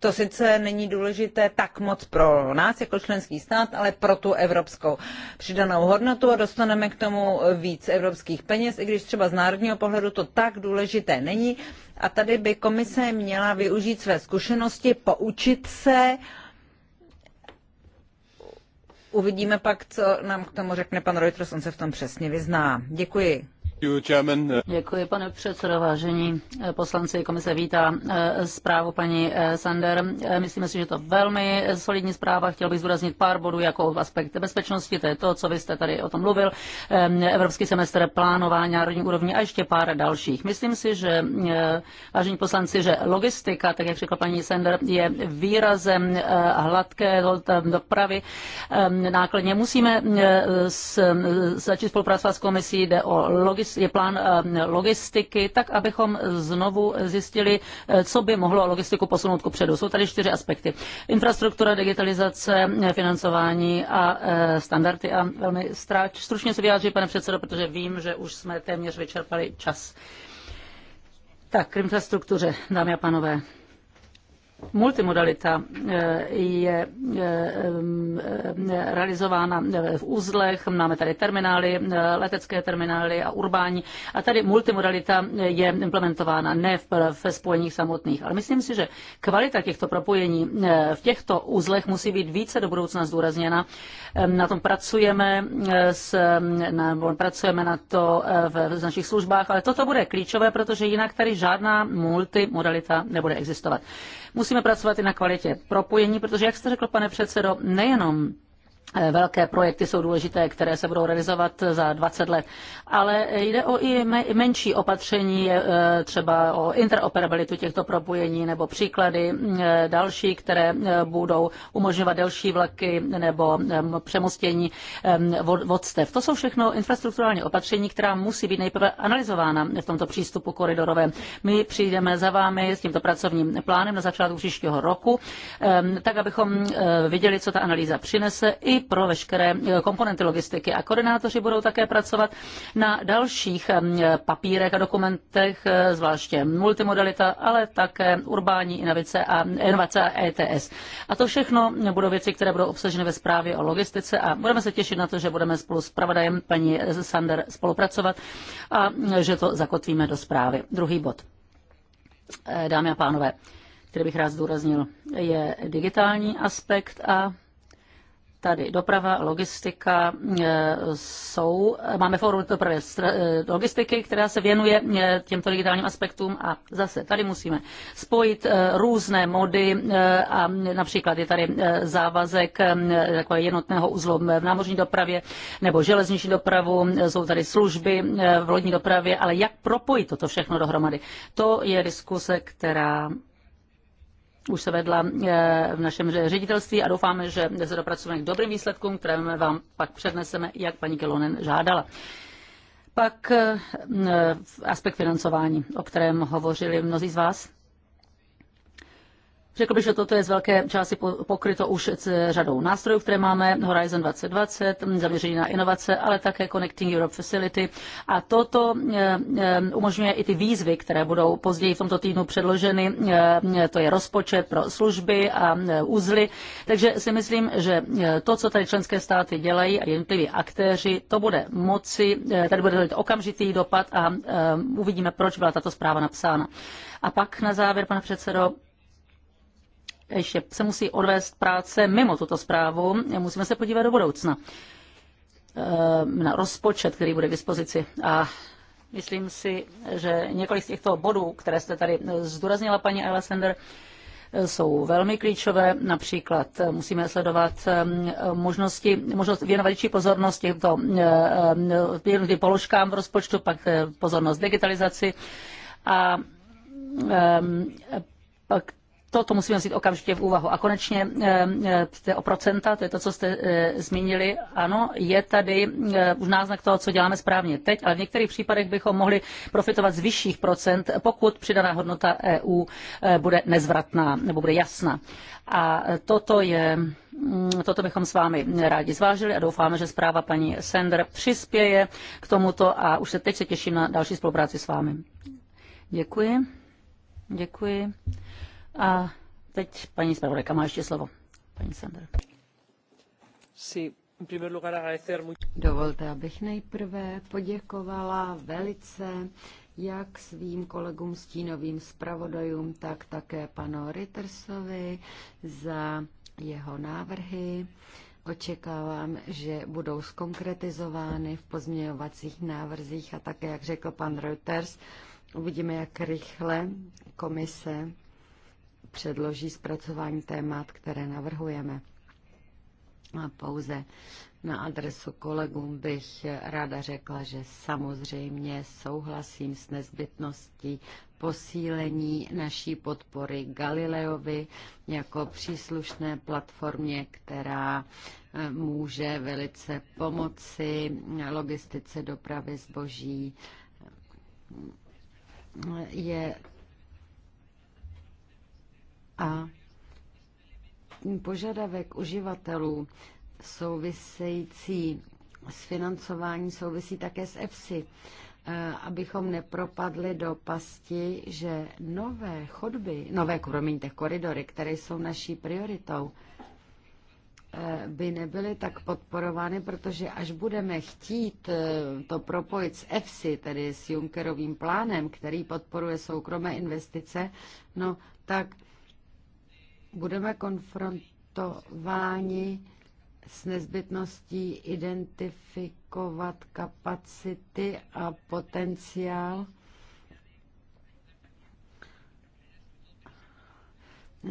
to sice není důležité tak moc pro nás jako členský stát, ale pro tu evropskou přidanou hodnotu a dostaneme k tomu víc evropských peněz, i když třeba z národního pohledu to tak důležité není. A tady by komise měla využít své zkušenosti, poučit se, Uvidíme pak, co nám k tomu řekne pan Reuters, on se v tom přesně vyzná. Děkuji. Děkuji, pane předsedo, vážení eh, poslanci. Komise vítá eh, zprávu paní eh, Sander. Myslíme si, že to velmi solidní zpráva. Chtěl bych zdůraznit pár bodů jako aspekt bezpečnosti. To je to, co vy jste tady o tom mluvil. Ehm, evropský semestr plánování národní úrovni a ještě pár dalších. Myslím si, že vážení poslanci, že logistika, tak jak řekla paní Sander, je výrazem hladké dopravy ehm, nákladně. Musíme začít spolupracovat s komisí, jde o logistiku je plán eh, logistiky, tak abychom znovu zjistili, eh, co by mohlo logistiku posunout ku předu. Jsou tady čtyři aspekty. Infrastruktura, digitalizace, eh, financování a standardy. A velmi stráč. stručně se vyjádří, pane předsedo, protože vím, že už jsme téměř vyčerpali čas. Tak, k infrastruktuře, dámy a pánové. Multimodalita eh, je eh, eh, realizována v uzlech, máme tady terminály, letecké terminály a urbání a tady multimodalita je implementována ne ve spojeních samotných. Ale myslím si, že kvalita těchto propojení v těchto uzlech musí být více do budoucna zdůrazněna. Na tom pracujeme, s, na, pracujeme na to v, v našich službách, ale toto bude klíčové, protože jinak tady žádná multimodalita nebude existovat. Musíme pracovat i na kvalitě propojení, protože, jak jste řekl, pane předsedo, nejenom Eh, velké projekty jsou důležité, které se budou realizovat za 20 let, ale jde o i menší opatření, eh, třeba o interoperabilitu těchto propojení nebo příklady eh, další, které budou umožňovat delší vlaky nebo přemostění vodstev. To jsou všechno infrastrukturální opatření, která musí být nejprve analyzována v tomto přístupu koridorovém. My přijdeme za vámi s tímto pracovním plánem na začátku příštího roku, tak abychom viděli, co ta analýza přinese i pro veškeré eh, komponenty logistiky. A koordinátoři budou také pracovat na dalších eh, papírech a dokumentech, eh, zvláště multimodalita, ale také urbání inovace a, inovace a ETS. A to všechno budou věci, které budou obsaženy ve zprávě o logistice a budeme se těšit na to, že budeme spolu s pravodajem paní Sander spolupracovat a že to zakotvíme do zprávy. Druhý bod. Dámy a pánové, který bych rád zdůraznil, je digitální aspekt a tady doprava, logistika e, jsou, máme fórum dopravy e, logistiky, která se věnuje e, těmto digitálním aspektům a zase tady musíme spojit různé mody a například je tady závazek takového jednotného uzlu v námořní dopravě nebo železniční dopravu, jsou tady služby v lodní dopravě, ale jak propojit toto všechno dohromady? To je diskuse, která už se vedla eh, v našem ředitelství a doufáme, že se dopracujeme k dobrým výsledkům, které vám pak předneseme, jak paní Kelonen žádala. Pak eh, eh, aspekt financování, o kterém hovořili mnozí z vás. Řekl bych, že toto je z velké části pokryto už s řadou nástrojů, které máme, Horizon 2020, zaměření na inovace, ale také Connecting Europe Facility. A toto umožňuje i ty výzvy, které budou později v tomto týdnu předloženy. To je rozpočet pro služby a úzly. Takže si myslím, že to, co tady členské státy dělají a jednotliví aktéři, to bude moci, e, tady bude okamžitý dopad a e, uvidíme, proč byla tato zpráva napsána. A pak na závěr, pane předsedo, ještě se musí odvést práce mimo tuto zprávu. Musíme se podívat do budoucna eh, na rozpočet, který bude k dispozici. A myslím si, že několik z těchto bodů, které jste tady zdůraznila, paní Alessander, jsou velmi klíčové. Například eh, musíme sledovat eh, možnosti, možnost věnovat větší pozornost těmto jednotlivým položkám v rozpočtu, pak pozornost digitalizaci a ehm, pak Toto musíme vzít okamžitě v úvahu. A konečně e, o procenta, to je to, co jste eh, zmínili. Ano, je tady už náznak toho, co děláme správně teď, ale v některých případech bychom mohli profitovat z vyšších procent, pokud přidaná hodnota EU bude nezvratná nebo bude jasná. A toto je mm, toto bychom s vámi rádi zvážili a doufáme, že zpráva paní Sender přispěje k tomuto a už se teď se těším na další spolupráci s vámi. Děkuji. Děkuji. A teď paní zpravodajka má ještě slovo. Paní Sander. Dovolte, abych nejprve poděkovala velice jak svým kolegům stínovým zpravodajům, tak také panu Rittersovi za jeho návrhy. Očekávám, že budou skonkretizovány v pozměňovacích návrzích a také, jak řekl pan Reuters, uvidíme, jak rychle komise předloží zpracování témat, které navrhujeme. A pouze na adresu kolegům bych ráda řekla, že samozřejmě souhlasím s nezbytností posílení naší podpory Galileovi jako příslušné platformě, která eh, může velice pomoci logistice dopravy zboží. Je a požadavek uživatelů související s financování souvisí také s EFSI, eh, abychom nepropadli do pasti, že nové chodby, nové, promiňte, koridory, které jsou naší prioritou, eh, by nebyly tak podporovány, protože až budeme chtít eh, to propojit s EFSI, tedy s Junckerovým plánem, který podporuje soukromé investice, no tak budeme konfrontováni s nezbytností identifikovat kapacity a potenciál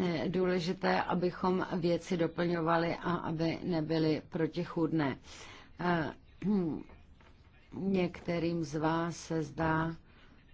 Je důležité, abychom věci doplňovali a aby nebyly protichůdné. Eh, některým z vás se zdá,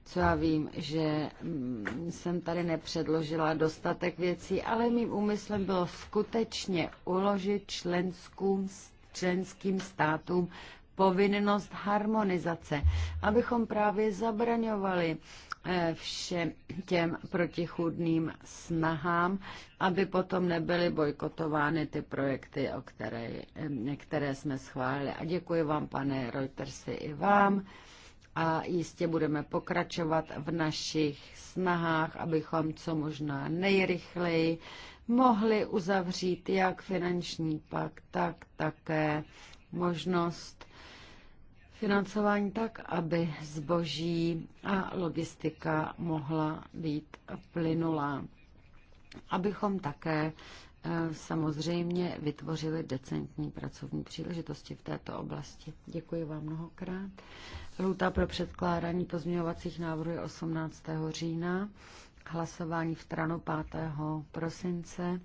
co já vím, že mm, jsem tady nepředložila dostatek věcí, ale mým úmyslem bylo skutečně uložit členským, členským státům povinnost harmonizace, abychom právě zabraňovali eh, všem těm protichůdným snahám, aby potom nebyly bojkotovány ty projekty, o které, eh, které jsme schválili. A děkuji vám, pane Reutersi, i vám a jistě budeme pokračovat v našich snahách, abychom co možná nejrychleji mohli uzavřít jak finanční pakt, tak také možnost financování tak, aby zboží a logistika mohla být plynulá. Abychom také Eh, samozřejmě vytvořili decentní pracovní příležitosti v této oblasti. Děkuji vám mnohokrát. Lhůta pro předkládání pozměňovacích návrhů je 18. října, hlasování v Tranu 5. prosince,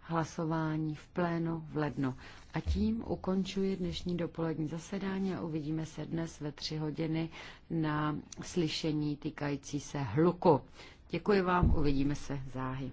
hlasování v plénu v lednu. A tím ukončuji dnešní dopolední zasedání a uvidíme se dnes ve tři hodiny na slyšení týkající se hluku. Děkuji vám, uvidíme se záhy.